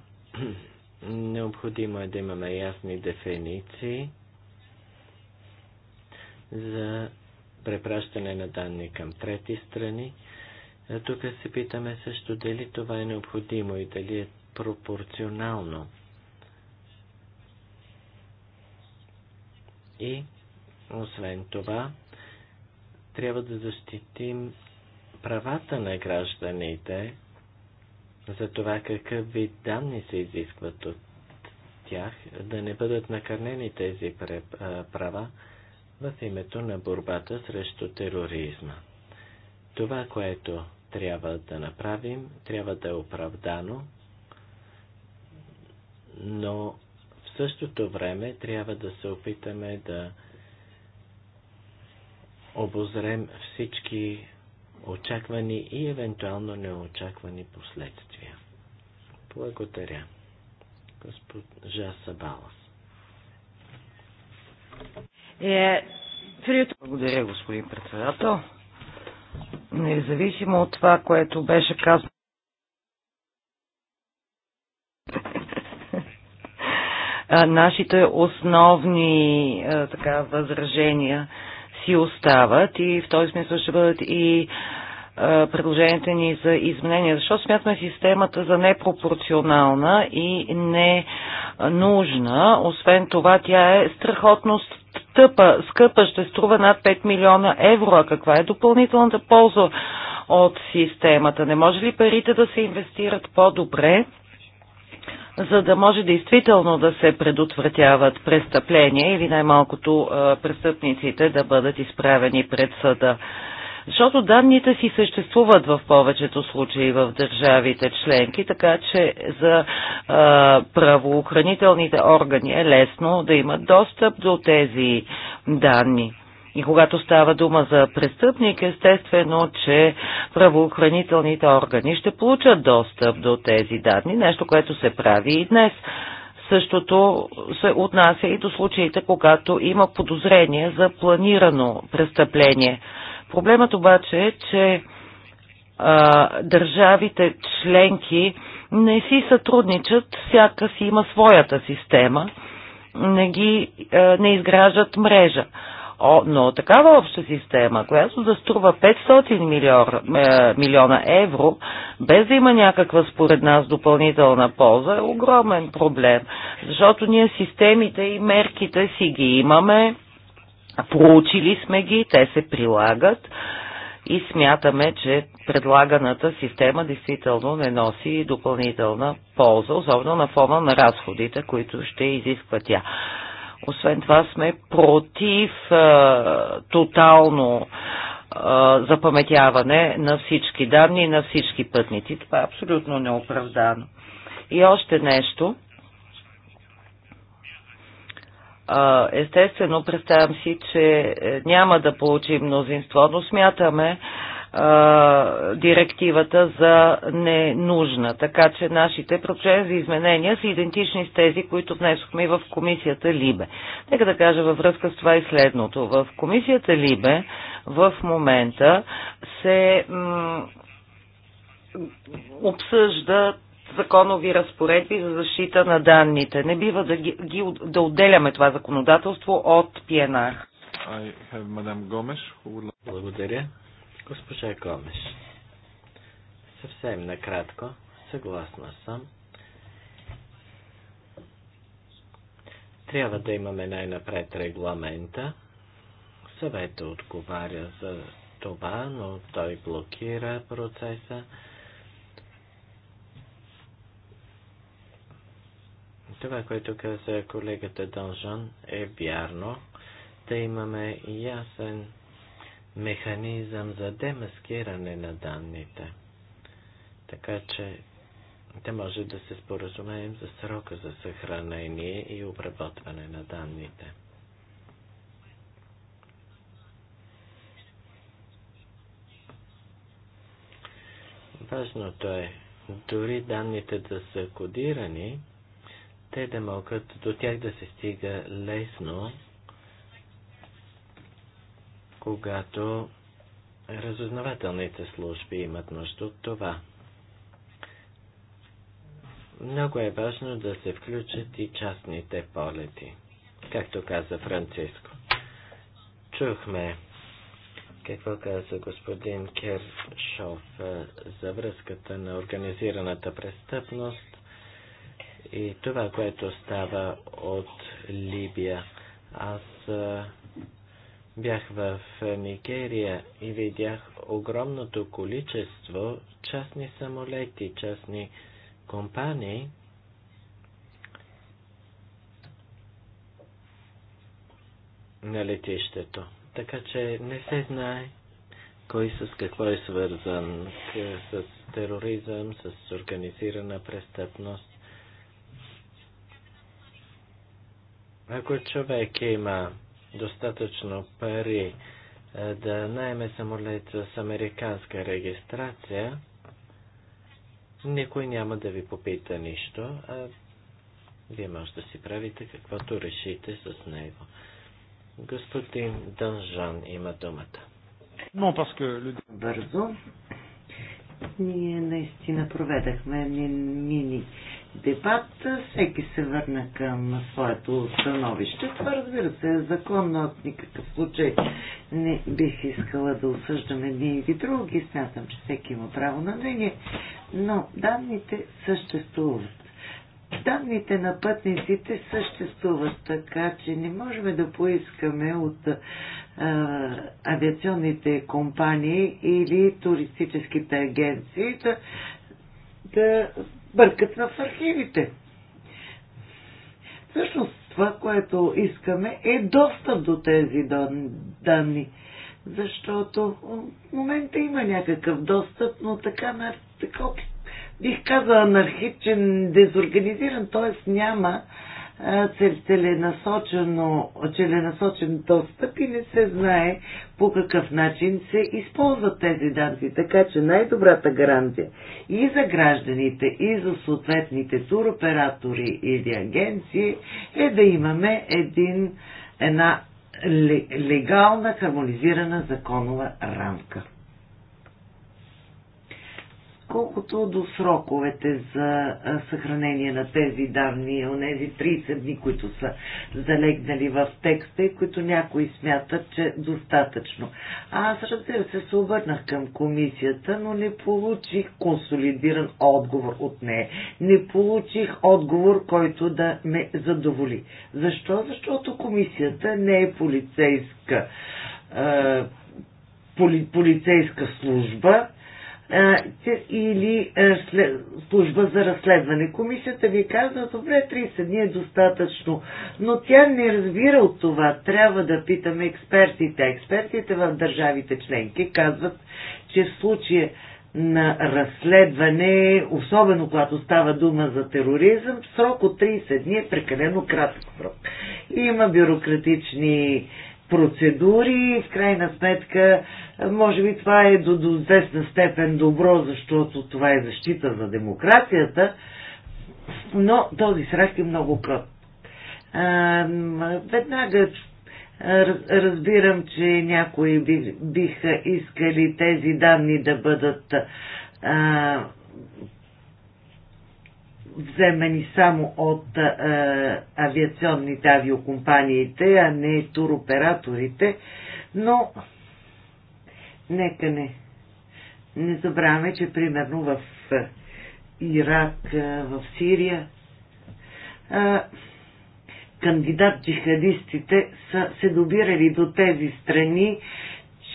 необходимо е да имаме ясни дефиниции за препращане на данни към трети страни. Тук се питаме също дали това е необходимо и дали е пропорционално. И, освен това, трябва да защитим правата на гражданите за това какъв вид данни се изискват от тях, да не бъдат накърнени тези права в името на борбата срещу тероризма. Това, което трябва да направим, трябва да е оправдано, но в същото време трябва да се опитаме да обозрем всички очаквани и евентуално неочаквани последствия. Благодаря. Госпожа Сабалас. Е, Благодаря, господин председател. Независимо от това, което беше казано, нашите основни така, възражения си остават и в този смисъл ще бъдат и предложенията ни за изменения, Защо смятаме системата за непропорционална и ненужна. Освен това, тя е страхотно скъпа, скъпа ще струва над 5 милиона евро. А каква е допълнителната полза от системата? Не може ли парите да се инвестират по-добре? за да може действително да се предотвратяват престъпления или най-малкото престъпниците да бъдат изправени пред съда. Защото данните си съществуват в повечето случаи в държавите членки, така че за а, правоохранителните органи е лесно да имат достъп до тези данни. И когато става дума за престъпник, естествено, че правоохранителните органи ще получат достъп до тези данни, нещо, което се прави и днес. Същото се отнася и до случаите, когато има подозрение за планирано престъпление. Проблемът обаче е, че а, държавите членки не си сътрудничат, всяка си има своята система, не, ги, а, не изграждат мрежа. О, но такава обща система, която да струва 500 милиор, е, милиона евро, без да има някаква според нас допълнителна полза, е огромен проблем. Защото ние системите и мерките си ги имаме, Проучили сме ги, те се прилагат и смятаме, че предлаганата система действително не носи допълнителна полза, особено на фона на разходите, които ще изисква тя. Освен това сме против е, тотално е, запаметяване на всички данни и на всички пътници. Това е абсолютно неоправдано. И още нещо – Естествено, представям си, че е, няма да получи мнозинство, но смятаме директивата за ненужна. Така че нашите предложения за изменения са идентични с тези, които внесохме и в комисията Либе. Нека да кажа във връзка с това и следното. В комисията Либе в момента се обсъждат законови разпоредби за защита на данните. Не бива да, ги, да отделяме това законодателство от ПНР. Благодаря. Госпожа Гомеш, съвсем накратко, съгласна съм. Трябва да имаме най-напред регламента. Съвета отговаря за това, но той блокира процеса. Това, което каза колегата Дължан, е вярно. Да имаме ясен механизъм за демаскиране на данните. Така че да може да се споразумеем за срока за съхранение и обработване на данните. Важното е, дори данните да са кодирани, те да могат до тях да се стига лесно, когато разузнавателните служби имат нужда от това. Много е важно да се включат и частните полети, както каза Франциско. Чухме какво каза господин Кершов за връзката на организираната престъпност и това, което става от Либия. Аз а, бях в Нигерия и видях огромното количество частни самолети, частни компании, на летището. Така че не се знае кой с какво е свързан с тероризъм, с организирана престъпност. Ако човек има достатъчно пари е, да найме самолет с американска регистрация, никой няма да ви попита нищо, а вие може да си правите каквото решите с него. Господин Дънжан има думата. Но, паска, Бързо. Ние наистина проведахме мини дебат, всеки се върна към своето становище. Това разбира се е законно, от никакъв случай не бих искала да осъждам едни или други, смятам, че всеки има право на мнение, но данните съществуват. Данните на пътниците съществуват, така че не можем да поискаме от а, авиационните компании или туристическите агенции да, да бъркат в архивите. Всъщност това, което искаме е достъп до тези данни, защото в момента има някакъв достъп, но така на така, бих казал анархичен, дезорганизиран, т.е. няма целенасочено, целенасочен достъп и не се знае по какъв начин се използват тези данци. Така че най-добрата гарантия и за гражданите, и за съответните туроператори или агенции е да имаме един, една легална, хармонизирана законова рамка. Колкото до сроковете за съхранение на тези данни, онези 30 дни, които са залегнали в текста и които някои смятат, че достатъчно. Аз разбира се, се обърнах към комисията, но не получих консолидиран отговор от нея. Не получих отговор, който да ме задоволи. Защо? Защото комисията не е полицейска. Е, поли, полицейска служба, или служба за разследване. Комисията ви казва, добре, 30 дни е достатъчно, но тя не разбира от това. Трябва да питаме експертите. Експертите в държавите членки казват, че в случая на разследване, особено когато става дума за тероризъм, срок от 30 дни е прекалено кратък срок. Има бюрократични процедури. В крайна сметка, може би това е до, до известна степен добро, защото това е защита за демокрацията, но този срак е много крот. веднага разбирам, че някои биха искали тези данни да бъдат а, вземани само от а, авиационните авиокомпаниите, а не туроператорите, но нека не. Не забравяме, че примерно в Ирак, в Сирия, а, кандидат джихадистите са се добирали до тези страни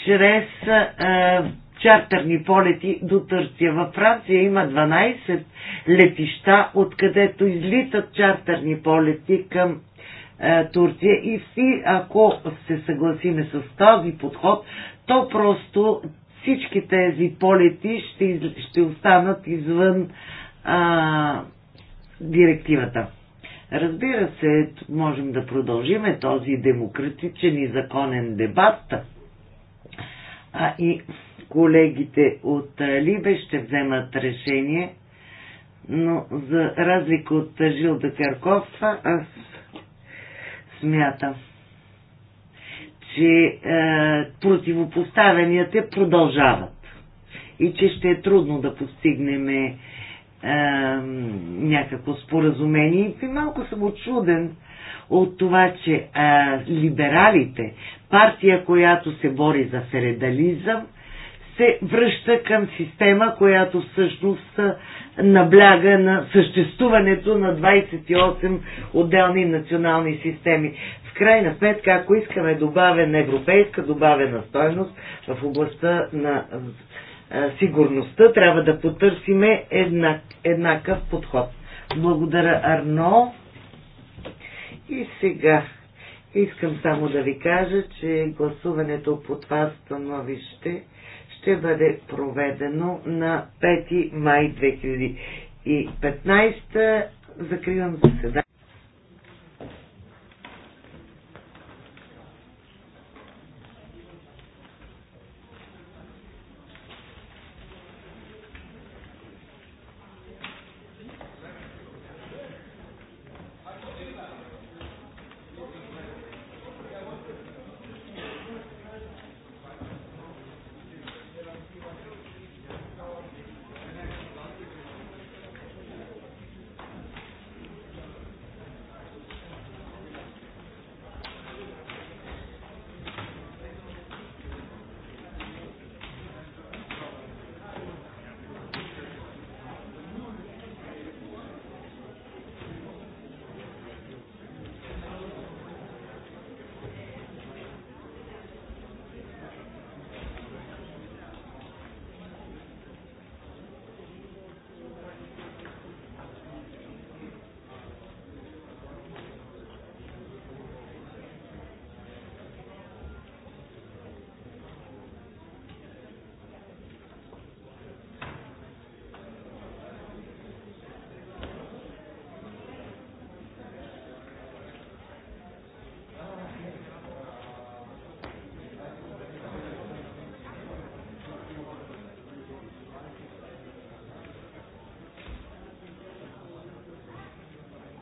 чрез а, чартерни полети до Турция. Във Франция има 12 летища, откъдето излитат чартерни полети към е, Турция и си, ако се съгласиме с този подход, то просто всички тези полети ще, ще останат извън а, директивата. Разбира се, можем да продължиме този демократичен и законен дебат. А, и колегите от Либе ще вземат решение, но за разлика от Жилда Карковства, аз смятам, че е, противопоставянията продължават и че ще е трудно да постигнем е, някакво споразумение. И малко съм очуден от това, че е, либералите, партия, която се бори за фередализъм, се връща към система, която всъщност набляга на съществуването на 28 отделни национални системи. В крайна сметка, ако искаме добавена европейска добавена стойност в областта на сигурността, трябва да потърсиме еднак, еднакъв подход. Благодаря, Арно. И сега искам само да ви кажа, че гласуването по това становище ще бъде проведено на 5 май 2015. Закривам заседанието.